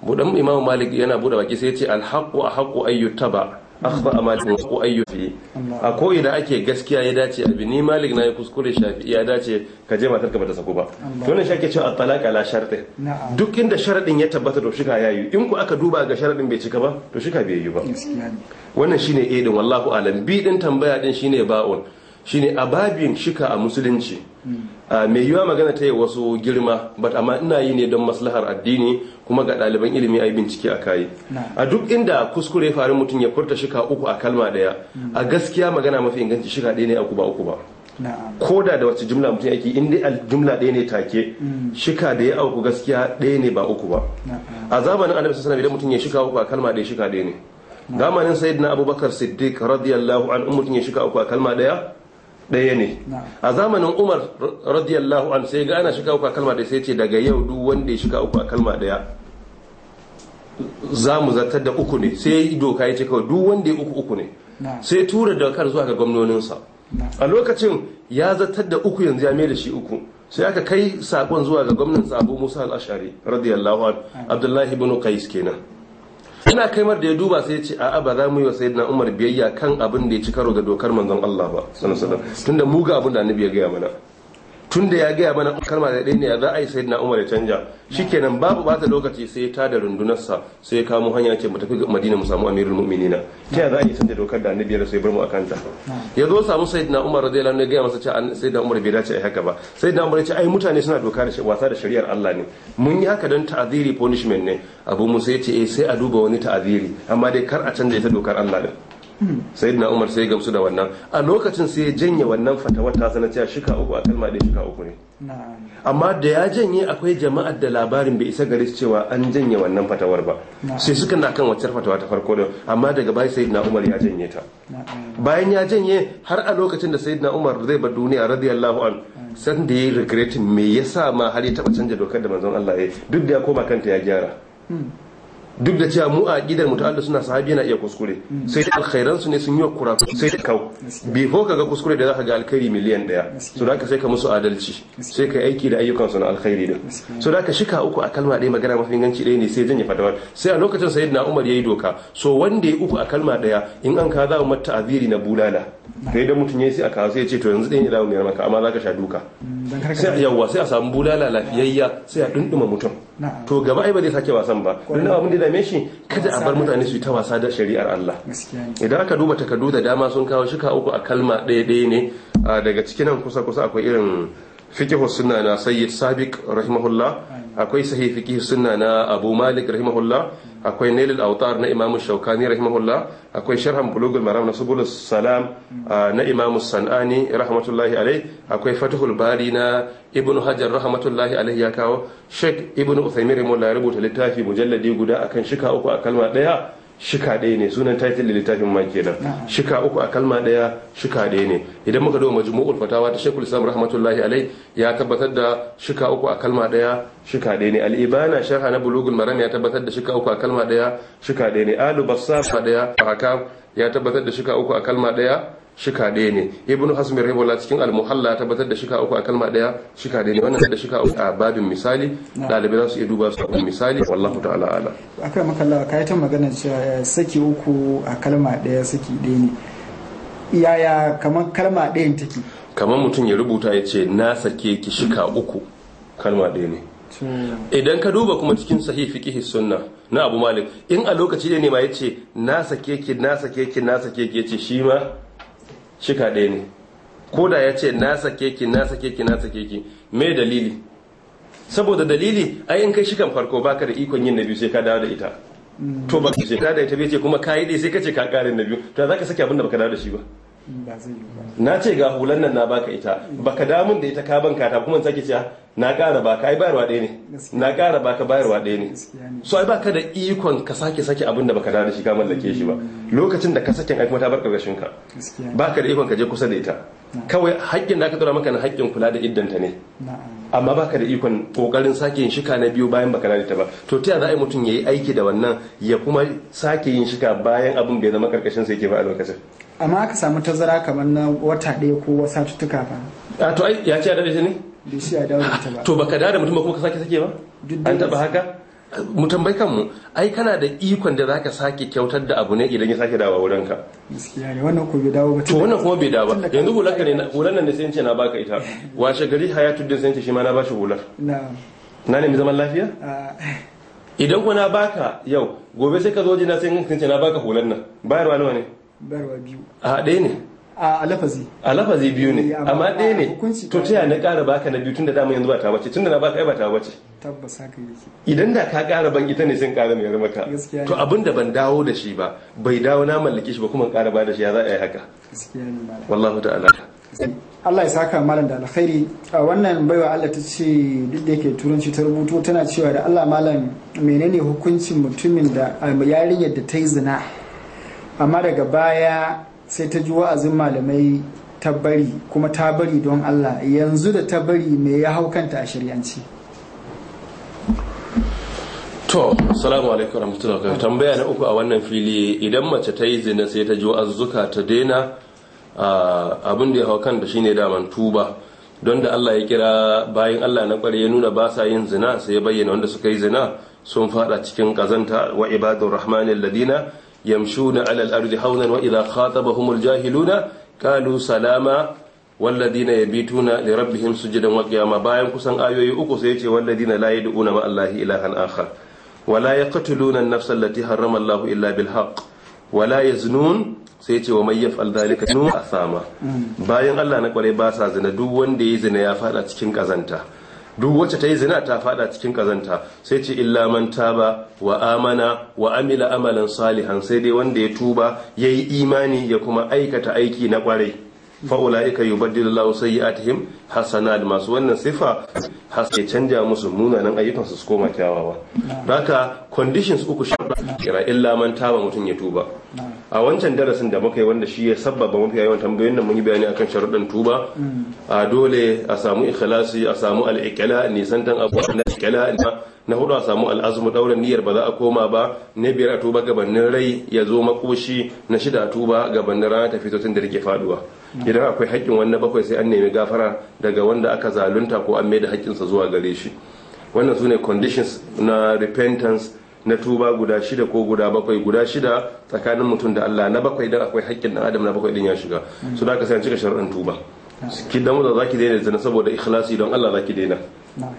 budan imam malik yana buɗe baki sai yace al-haqqu ahqqu ba. a amatin ko ayyufi a ko idan ake gaskiya ya dace abi ni malik na ya kuskure shafi ya dace ka je matarka bata sako ba to ne shake cewa at la duk inda sharadin ya tabbata to shika yayi in ku aka duba ga sharadin bai cika ba to shika bai yi ba wannan shine a din wallahu alam bi din tambaya din shine ba'un shine ababin shika a musulunci Ah, mai yiwa magana ta yi wasu girma but amma ina yi ne don maslahar addini kuma ga ɗaliban ilimi a yi bincike a kayi a duk inda kuskure faru mutum ya furta shika uku a kalma ɗaya mm. a gaskiya magana mafi inganci shika ɗaya ne a kuba uku ba ko da da wace jumla mutum yake in dai jumla ɗaya ne take mm. shika da ya auku gaskiya ɗaya ne ba uku ba a zamanin annabi sallallahu alaihi mutum ya shika uku a kalma ɗaya shika ɗaya ne zamanin sayyidina abubakar siddiq radiyallahu an mutum ya shika uku a kalma ɗaya ɗaya ne a zamanin umar radiyallahu an sai ga ana shiga uku a kalma ɗaya sai ce daga yau duk wanda ya shiga uku a kalma ɗaya za mu zartar da uku ne sai doka ya ce kawai duk wanda ya uku uku ne sai tura kar zuwa ga gwamnoninsa a lokacin ya zartar da uku yanzu ya mai da shi uku sai aka kai sakon zuwa ga gwamnan sabo musa al-ashari radiyallahu an abdullahi ibn qais kenan ina kaimar da ya duba sai ya ce a'a ba za mu yi wa sayyidina Umar biyayya kan abin da ya ci karo da dokar manzon Allah ba sallallahu alaihi wasallam tunda mu ga abin da annabi ya gaya mana tun da ya gaya mana kalma da ɗaya ne za a yi na umar ya canja shikenan babu ba ta lokaci sai ta da rundunarsa sai ya kamo hanya ce mu tafi madina mu samu amirul mu'minina ta za a yi canja dokar da annabi ya sai bar mu akanta ya zo samu na umar radiyallahu anhu ya gaya masa cewa da umar bai dace ai haka ba da umar ya ce ai mutane suna doka da wasa da shari'ar Allah ne mun yi haka don ta'aziri punishment ne abu musa ya ce eh, sai a duba wani ta'aziri amma dai kar a canja ita dokar Allah din sayyidina umar sai gamsu da wannan a lokacin sai ya janye wannan fatawar ta sanar cewa shika uku a kalma ɗaya shika uku ne amma da ya janye akwai jama'ar da labarin bai isa gare su cewa an janye wannan fatawar ba sai suka na kan waccar fatawa ta farko da amma daga baya sayyidina umar ya janye ta bayan ya janye har a lokacin da sayyidina umar zai bar duniya radiyallahu an san da yayi regretting me sa ma har ya taba canja dokar da manzon Allah ya duk da ya koma kanta ya gyara hmm. duk da cewa mu a aqidar mutu Allah suna sahabi yana iya kuskure sai dai alkhairan su ne sun yi kura sai da kau bi ka kaga kuskure da zaka ga alkhairi miliyan daya so da sai ka musu adalci sai ka aiki da ayyukan su na alkhairi da so da shika uku a kalma ɗaya magana mafi inganci daya ne sai janye fatawa sai a lokacin sayyidina Umar yayi doka so wanda ya uku a kalma ɗaya in an ka za mu aziri na bulala sai da mutum yayi sai a kawo sai ya ce to yanzu ɗaya ne za mu maka amma zaka sha duka mm, sai yawa sai a samu bulala lafiyayya sai a dunduma mutum to gaba ai ba zai sake wasan ba don abin da dame shi kada a bar mutane su yi ta wasa da shari'ar Allah idan aka duba takardu da dama sun kawo shika uku a kalma ɗaya ɗaya ne daga cikin nan kusa kusa akwai irin fikihu sunna na sayyid sabiq rahimahullah akwai sahih fikihu sunna na abu malik rahimahullah akwai nailul autar na imamu shaukani rahimahullah akwai sharhan bulugul maram na salam hmm. ah, na imamu sanani rahmatullahi alai akwai fatihul bari na ibn hajar rahmatullahi alai ya kawo sheikh ibn uthaymin rahimahullah ya rubuta littafi mujalladi guda akan shika uku a kalma daya shika ɗaya ne sunan title da littafin ma kenan shika uku a kalma ɗaya shika ɗaya ne idan muka duba majmu'ul fatawa ta Sheikhul Islam rahmatullahi alai ya tabbatar da shika uku a kalma ɗaya shika ɗaya ne al-ibana sharha na bulugul maram ya tabbatar da shika uku a kalma ɗaya shika ɗaya ne alu bassam ɗaya ahkam ya tabbatar da shika uku a kalma ɗaya shika ɗaya ne ibnu hazm rahimahullah cikin al-muhalla tabbatar da shika uku a kalma ɗaya shika ɗaya ne wannan da shika uku a babin misali ɗalibai za su iya duba su a misali wallahu ta'ala ala akai makalla ka yi ta magana cewa eh, saki uku a kalma ɗaya saki ɗaya ne yaya kamar kalma ɗayan take kamar mutum ya rubuta ya ce na sake ki shika uku kalma ɗaya ne idan ka duba kuma cikin sahih fiqh sunna na abu malik in a lokaci ne ma yace na sake ki na sake ki na sake ki yace shi ma shika ɗaya ne ko da ya ce na sake ki na sake ki na sake ki me dalili saboda dalili ai in kai shikan farko baka da ikon yin na biyu sai ka dawo da ita to ba ka da ita bai ce kuma ka yi dai sai ka ce ka ƙarin na biyu to za ka sake abin da baka dawo da shi ba na ce ga hulan nan na baka ita baka damun da ita ka banka ta kuma sake cewa na ƙara baka ai bayarwa ɗaya ne na ƙara baka bayarwa ɗaya ne so ai baka da ikon ka sake sake abin da baka da da shi ka mallake shi ba hmm. lokacin da ka sake ai kuma ta bar ƙarƙashin ka baka da ikon ka je kusa da ita kawai haƙƙin da aka dora maka na haƙƙin kula da iddanta ne amma baka da ikon kokarin sake yin shika na biyu bayan baka da ta ba to ta za a yi mutum ya yi aiki da wannan ya kuma sake yin shika bayan abin bai zama ƙarƙashin sa yake ba a lokacin amma aka samu tazara kamar na wata ɗaya ko wasa tutuka ba a to ai ya ce a dade ne da shi a dawo ta ba to baka da mutum ba kuma ka sake sake ba an taba haka mu tambayi kanmu ai kana da ikon da zaka sake kyautar da abu ne idan ya sake dawo wurin ka gaskiya ne wannan ko bai dawo ba to wannan kuma bai dawo ba yanzu hular ka ne hular nan da sai ce na baka ita washe gari hayatuddin sai ce shi ma na bashi hular na ne mai zaman lafiya idan ko na baka yau gobe sai ka zo jina sai ce na baka hular nan bayarwa nawa ne barwa biyu a ɗaya ne a lafazi a lafazi biyu ne eh, amma ɗaya ne to ta na ƙara baka na biyu tunda dama yanzu ba ta bace tunda na baka ai ba ta bace tabbas haka yake idan da ka ƙara ban ita ne sun ƙara mai ka. to abin da ban dawo da shi ba bai dawo na mallake shi ba kuma ƙara ba da shi ya za a yi haka wallahu ta'ala Allah ya saka malam da alkhairi wannan baiwa Allah ta ce duk da yake turanci ta rubuto tana cewa da Allah malam menene hukuncin mutumin da yarinyar da ta yi zina amma daga baya sai ta ji wa'azin malamai ta bari kuma ta bari don Allah yanzu da ta bari me ya hau kanta a shiryanci to salamu alaikum rahmatullahi tambaya na uku a wannan fili idan mace ta yi zina sai ta ji wa'azzuka ta daina abin da ya hau kanta shine daman tuba don da Allah ya kira bayan Allah na kware ya nuna ba sa yin zina sai ya bayyana wanda suka yi zina sun fada cikin kazanta wa ibadur rahmanil ladina yamshuna alal ardi haunan wa idza khatabahumul jahiluna qalu salama walladina yabituna li rabbihim sujudan wa qiyama bayan kusan ayoyi uku sai yace walladina la yad'una ma ilahan akhar wa la yaqtuluna an-nafsa allati harrama allahu illa bil haqq wa la yaznun sai yace wa mm. bayan Allah na kware ba sa zina duk wanda ya zina ya faɗa cikin ƙazanta. duk wacce ta yi zina ta fada cikin kazanta sai ce illa man taba wa amana wa amila amalan salihan sai dai wanda ya tuba ya yi imani ya kuma aikata aiki na kwarai fa ulaika yubaddilu Allahu sayyi'atihim hasanat masu wannan sifa haske canja musu munanan ayyukan su koma kyawawa haka conditions uku shi kira illa man taba mutun ya tuba a wancan darasin da muka yi wanda shi ya sabbaba mafi yawan tambayoyin da mun yi bayani akan sharuɗan tuba a dole a samu ikhlasi a samu al-iqla nisantan abu na iqla na hudu a samu al'azumu daura niyyar ba za a koma ba na biyar a tuba gabanin rai ya zo makoshi na shida a tuba gabanin rana ta fito tun da rike faduwa idan akwai haƙƙin wani bakwai sai an nemi gafara daga wanda aka zalunta ko an maida haƙƙinsa zuwa gare shi wannan su ne conditions na repentance na tuba guda shida ko guda bakwai guda shida tsakanin mutum da Allah na bakwai idan akwai haƙƙin na adam na bakwai din ya shiga su da aka sai an cika sharuɗin tuba ki dan mu zaki daina zina saboda ikhlasi don Allah zaki daina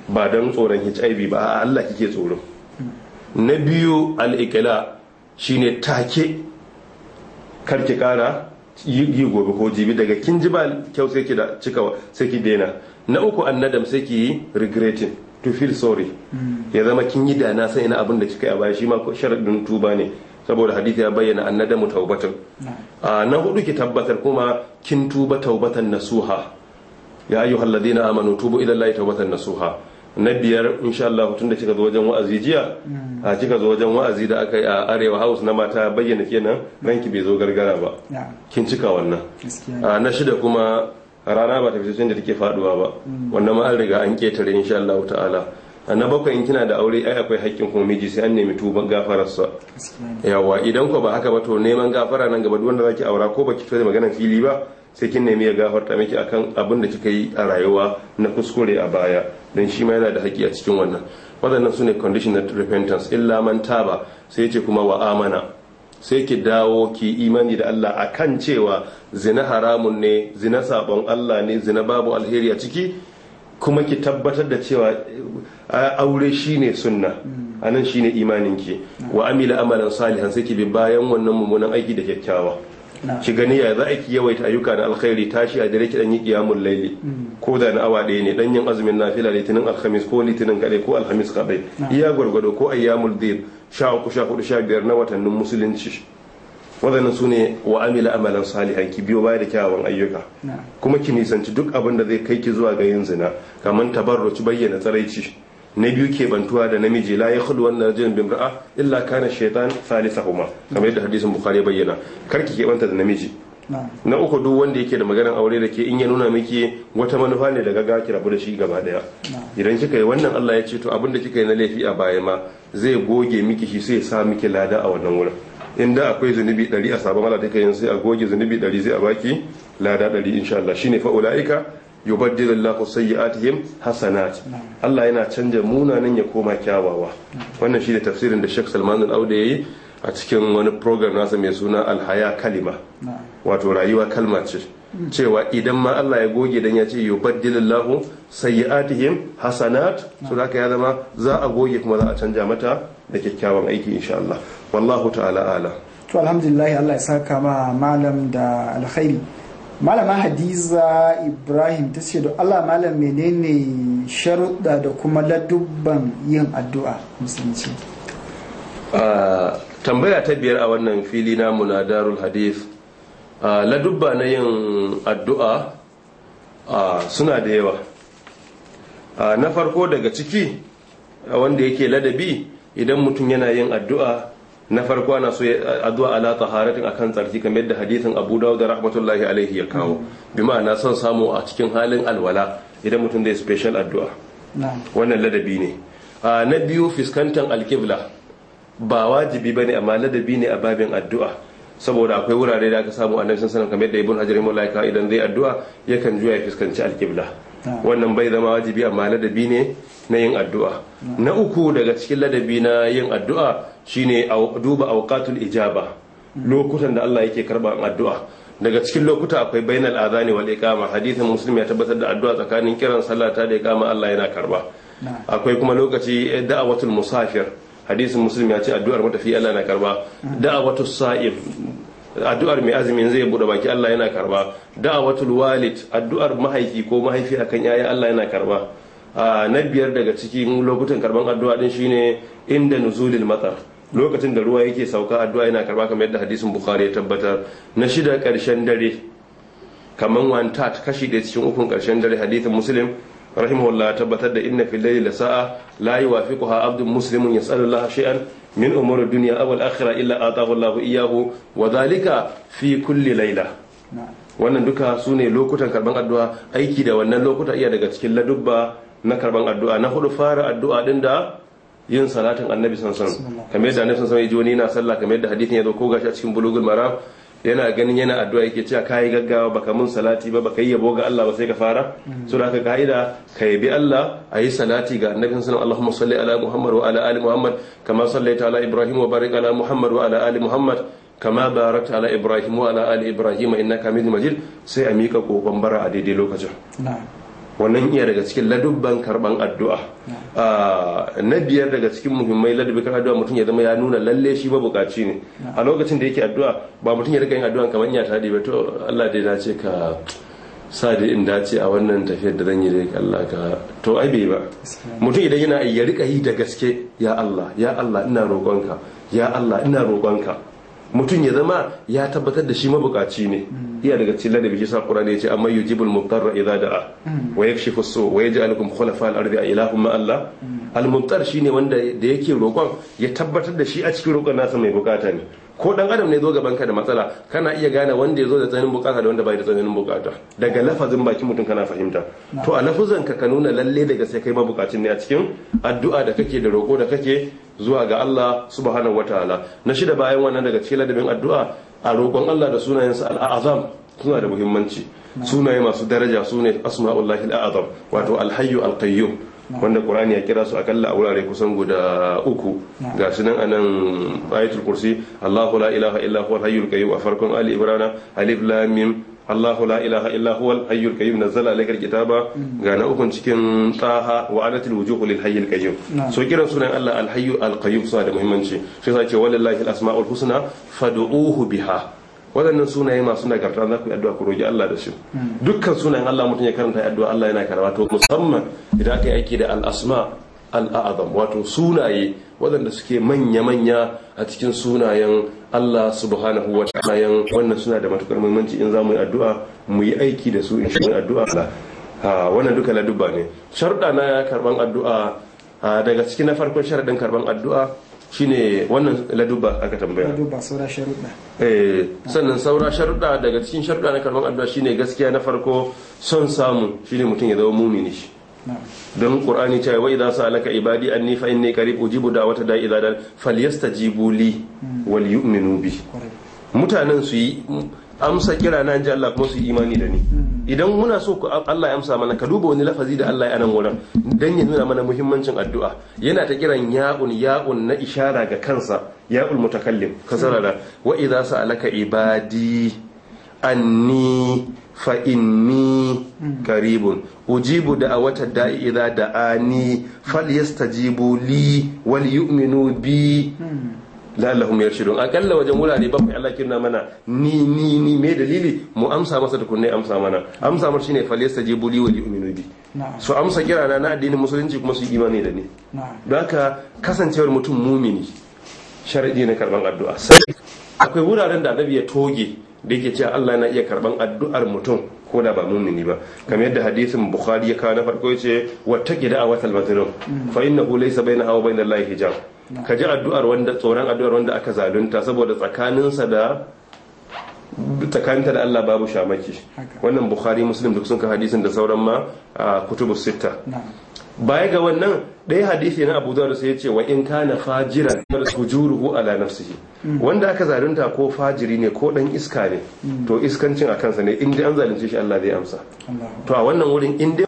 ba dan tsoron HIV ba a Allah kike tsoro na biyu al-iqla shine take karki kara yi gobe ko jibi daga kin ji ba kyau sai ki da cika sai ki daina na uku annadam sai ki yi regretting to feel sorry mm. ya zama kin yi dana sai ina abin da kika yi a shi ma sharadin tuba ne saboda hadisi ya bayyana annadamu taubatan mm. ah, na hudu ki tabbatar kuma kin tuba taubatan nasuha ya ayyuhal ladina amanu tubu ila allahi taubatan nasuha na biyar insha Allah tun da kika zo wajen wa'azi jiya hmm. a kika zo wajen wa'azi da aka yi a arewa house na mata bayyana kenan ranki bai zo gargara ba kin cika wannan na shida kuma rana ba ta fita da take faduwa ba hmm. wannan ma an riga an ketare insha Allah ta'ala a na bakwai in kina da aure ai akwai haƙƙin kuma miji sai an nemi tuban gafararsa yawa idan ko ba haka ba to neman gafara nan gaba duk wanda zaki aura ko baki fita da fili ba sai kin nemi ya gafarta miki akan abin da kika yi a rayuwa na kuskure a baya don shi ma yana da haƙƙi a cikin wannan waɗannan su ne condition na repentance illa man taba sai ce kuma wa amana sai ki dawo ki imani da Allah akan cewa zina haramun ne zina sabon Allah ne zina babu alheri a ciki kuma ki tabbatar da cewa aure shine sunna anan shine imanin ki wa amila amalan salihan sai ki bi bayan wannan mummunan aiki da kyakkyawa ki gani ya za a ki yawaita ayyuka na alkhairi tashi a dare ki yi kiyamun layli mm. ko da na awa ɗaya ne dan yin azumin nafila litinin alhamis ko litinin kaɗai ko alhamis kadai iya gwargwado ko ayyamul dhil sha uku sha hudu sha biyar na watannin musulunci wadannan su ne wa amila amalan salihan ki biyo baya da kyawawan ayyuka kuma ki nisanci duk abin da zai kai ki zuwa ga yin zina kamar tabarruci bayyana tsaraici na biyu ke bantuwa da namiji la khudu wannan rajulun bi imra'a illa kana shaytan thalithahuma kamar yadda hadisin bukhari ya bayyana karki ke banta da namiji na uku duk wanda yake da maganar aure da ke in ya nuna miki wata manufa ne daga ga ki rabu da shi gaba daya idan kika yi wannan Allah ya ce to abinda kika yi na laifi a baya ma zai goge miki shi sai ya sa miki lada a wannan wurin da akwai zunubi dari a sabon Allah take yin sai a goge zunubi ɗari zai a baki lada ɗari insha Allah shine fa ulaika yubaddilu Allahu sayyi'atihim hasanat Allah yana canja munanan ya koma kyawawa wannan shine tafsirin da Sheikh Salman Al-Auda yayi a cikin wani program nasa mai suna Al-Haya Kalima wato rayuwa kalma ce hmm. cewa idan ma Allah ya goge dan ya ce yubaddilu Allahu sayyi'atihim hasanat to zaka ya zama za a goge kuma za a canja mata da kyakkyawan aiki insha Allah wallahu ta'ala ala to alhamdulillah Allah ya saka ma malam da alkhairi malama hadiza ibrahim ta ce da allah malam menene sharuɗa da kuma ladubban yin addu'a musulunci ah, tambaya ta biyar a wannan fili namu na darul hadith ah, ladubba na yin addu'a ah, suna da yawa na farko daga ciki wanda yake ladabi idan mutum yana yin addu'a na farko ana so addu'a ala taharatin akan tsarki kamar yadda hadisin Abu Dawud da rahmatullahi alaihi ya kawo bi ma'ana son samu a cikin halin alwala idan mutum zai special addu'a wannan ladabi ne na biyu fuskantar alkibla ba wajibi bane amma ladabi ne a babin addu'a saboda akwai wurare da aka samu annabi sallallahu alaihi wasallam kamar da ibn hajar mulaika idan zai addu'a yakan juya ya fuskanci alqibla wannan bai zama wajibi amma ladabi ne na yin addu'a na uku daga cikin ladabi na yin addu'a shine duba auqatul ijaba lokutan da Allah yake karban addu'a daga cikin lokuta akwai bainal adhani wal iqama hadithin muslim ya tabbatar da addu'a tsakanin kiran sallata da iqama Allah yana karba akwai kuma lokaci eh, da'awatul musafir hadisin muslim ya ce addu'ar matafi Allah yana karba addu'ar mai azumin zai bude baki Allah yana karba da'awatul walid addu'ar mahaifi ko mahaifi akan yaya Allah yana karba na biyar daga cikin lokutan karban addu'a din shine inda nuzulil matar lokacin da ruwa yake sauka addu'a yana karba kamar yadda hadisin bukhari ya tabbatar na shida karshen dare kamar wanta ta kashi da cikin ukun karshen dare hadisin muslim rahimahullah ya tabbatar da inna fil layli sa'a la yuwafiquha abdun muslimun yas'alu Allah shay'an min umuri dunya aw al-akhirah illa ataahu Allah iyyahu wa dhalika fi kulli layla wannan duka sune lokutan karban addu'a aiki da wannan lokuta iya daga cikin ladubba na karban addu'a na hudu fara addu'a din da yin salatin annabi sansan kamar yadda annabi sansan ya ji wani na sallah kamar yadda hadithin ya zo ko gashi a cikin bulugul mara yana ganin yana addu'a yake cewa kayi gaggawa baka mun salati ba baka yi yabo ga Allah ba sai ka fara mm. so da haka ka'ida ka yabi Allah a yi salati ga annabi sansan alaihi wasallam Allahumma salli ala Muhammad wa ala ali Muhammad kama sallaita ala Ibrahim wa barik ala Muhammad wa ala ali Muhammad kama barakta ala Ibrahim wa ala ali ina innaka Hamidum Majid sai a mika kokon bara a daidai lokacin wannan iya daga cikin ladubban karban addu'a ah, na biyar daga cikin muhimmai ladubban addu'a mutum ya zama ya nuna lalle shi mabukaci ne a lokacin da yake addu'a ba mutum ya riga yin addu'a kamar ya tadi ba to Allah dai na ce ka sa da in dace a wannan tafiyar da zan yi dai Allah ka to ai bai ba mutum idan yana ya rika yi da gaske ya Allah ya Allah ina roƙonka ya Allah ina roƙonka mutum ya zama ya tabbatar da shi mabukaci ne hmm. iya daga cikin ladabi shi sa qur'ani yace amma yujibul mubtarra idza da'a hmm. wa yakshifu su wa yaj'alukum khulafa al-ardi ilahum ma Allah hmm. al-mubtar shine wanda da yake roƙon ya tabbatar da shi a cikin roƙon nasa mai bukata ne ko dan adam ne zo gaban ka da matsala kana iya gane wanda ya zo da tsananin bukata da wanda bai da tsananin bukata daga lafazin bakin mutum kana fahimta to a lafuzan ka ka nuna lalle daga sai kai mabukacin ne a cikin addu'a da kake da roko da kake zuwa ga Allah subhanahu wataala na shida bayan wannan daga cikin ladabin addu'a a roƙon Allah da sunayensa al-azam suna da muhimmanci sunaye masu daraja sune asma'ullahi al-azam wato Alhayyu hayyu wanda qur'ani ya kira su akalla a wurare kusan guda uku ga su nan anan ayatul kursi Allahu la ilaha illa huwa hayyul qayyum a farkon ali ibrana alif lam mim Allahu la ilaha illa huwa hayyul qayyum nazzala alaykal kitaba mm. ga na ukun cikin taha wa adatul wujuhu lil hayyul qayyum so kiran sunan Allah al hayyu qayyum suna da muhimmanci sai sa ce walillahi al asmaul husna fad'uhu biha waɗannan sunaye masu nagarta za ku yi addu'a ku roki Allah da su hmm. dukkan sunayen Allah mutum ya karanta addu'a Allah yana karba to musamman idan aka yi aiki da al-asma al wato sunaye waɗanda suke manya-manya a cikin sunayen Allah subhanahu wa ta'ala wannan suna da matukar muhimmanci in za mu yi addu'a mu yi aiki da su in shi addu'a Allah wannan duka dubba ne sharuɗa na ya karban addu'a daga cikin na farkon sharaɗin karban addu'a shine wannan laduba aka tambaya laduba saura sharuɗa eh sannan saura sharuɗa daga cikin sharuɗa na karban addu'a shine gaskiya na farko son samu shine mutum ya zama mumini shi don qur'ani ta wa idza sa'alaka ibadi anni fa inni qarib ujibu da'wata da'i idza dal falyastajibu li hmm. wal yu'minu bi mutanen su yi amsa kira na ji Allah kuma su imani da ni idan muna so ku Allah ya amsa mana ka duba wani lafazi da Allah ya nan wurin dan ya nuna mana muhimmancin addu'a yana ta kiran ya'un ya'un na ishara ga kansa ya'ul mutakallim ka sarara wa idza sa'alaka ibadi anni fa inni karibun ujibu da wata da'i idza da'ani falyastajibu li wal yu'minu bi don a akalla wajen wurare bakwai Allah kirna mana ni ni ni me dalili mu amsa masa da kunne amsa mana amsa mar shine falyastajibu li buli yu'minu bi su amsa kira na addinin musulunci kuma su imani da ni don haka kasancewar mutum mumini sharadi na karban addu'a sai akwai wuraren da annabi ya toge da yake cewa Allah yana iya karban addu'ar mutum ko da ba mumini ba kamar yadda hadisin bukhari ya kawo na farko yace wattaqi da'awatal mazlum mm. fa innahu laysa bainaha wa bainallahi hijab ka ji addu'ar wanda tsoron addu'ar wanda aka zalunta saboda tsakaninsa da tsakaninta da Allah babu shamaki wannan bukhari muslim duk sun ka hadisin da sauran ma a kutubus sitta baya ga wannan ɗaya hadisi na abu da sai ya ce wa in kana fajiran hujuruhu ala nafsihi mm. wanda aka zalunta ko fajiri ne ko dan iska ne mm. to iskancin a kansa ne in an zalunce shi Allah zai amsa to a wannan wurin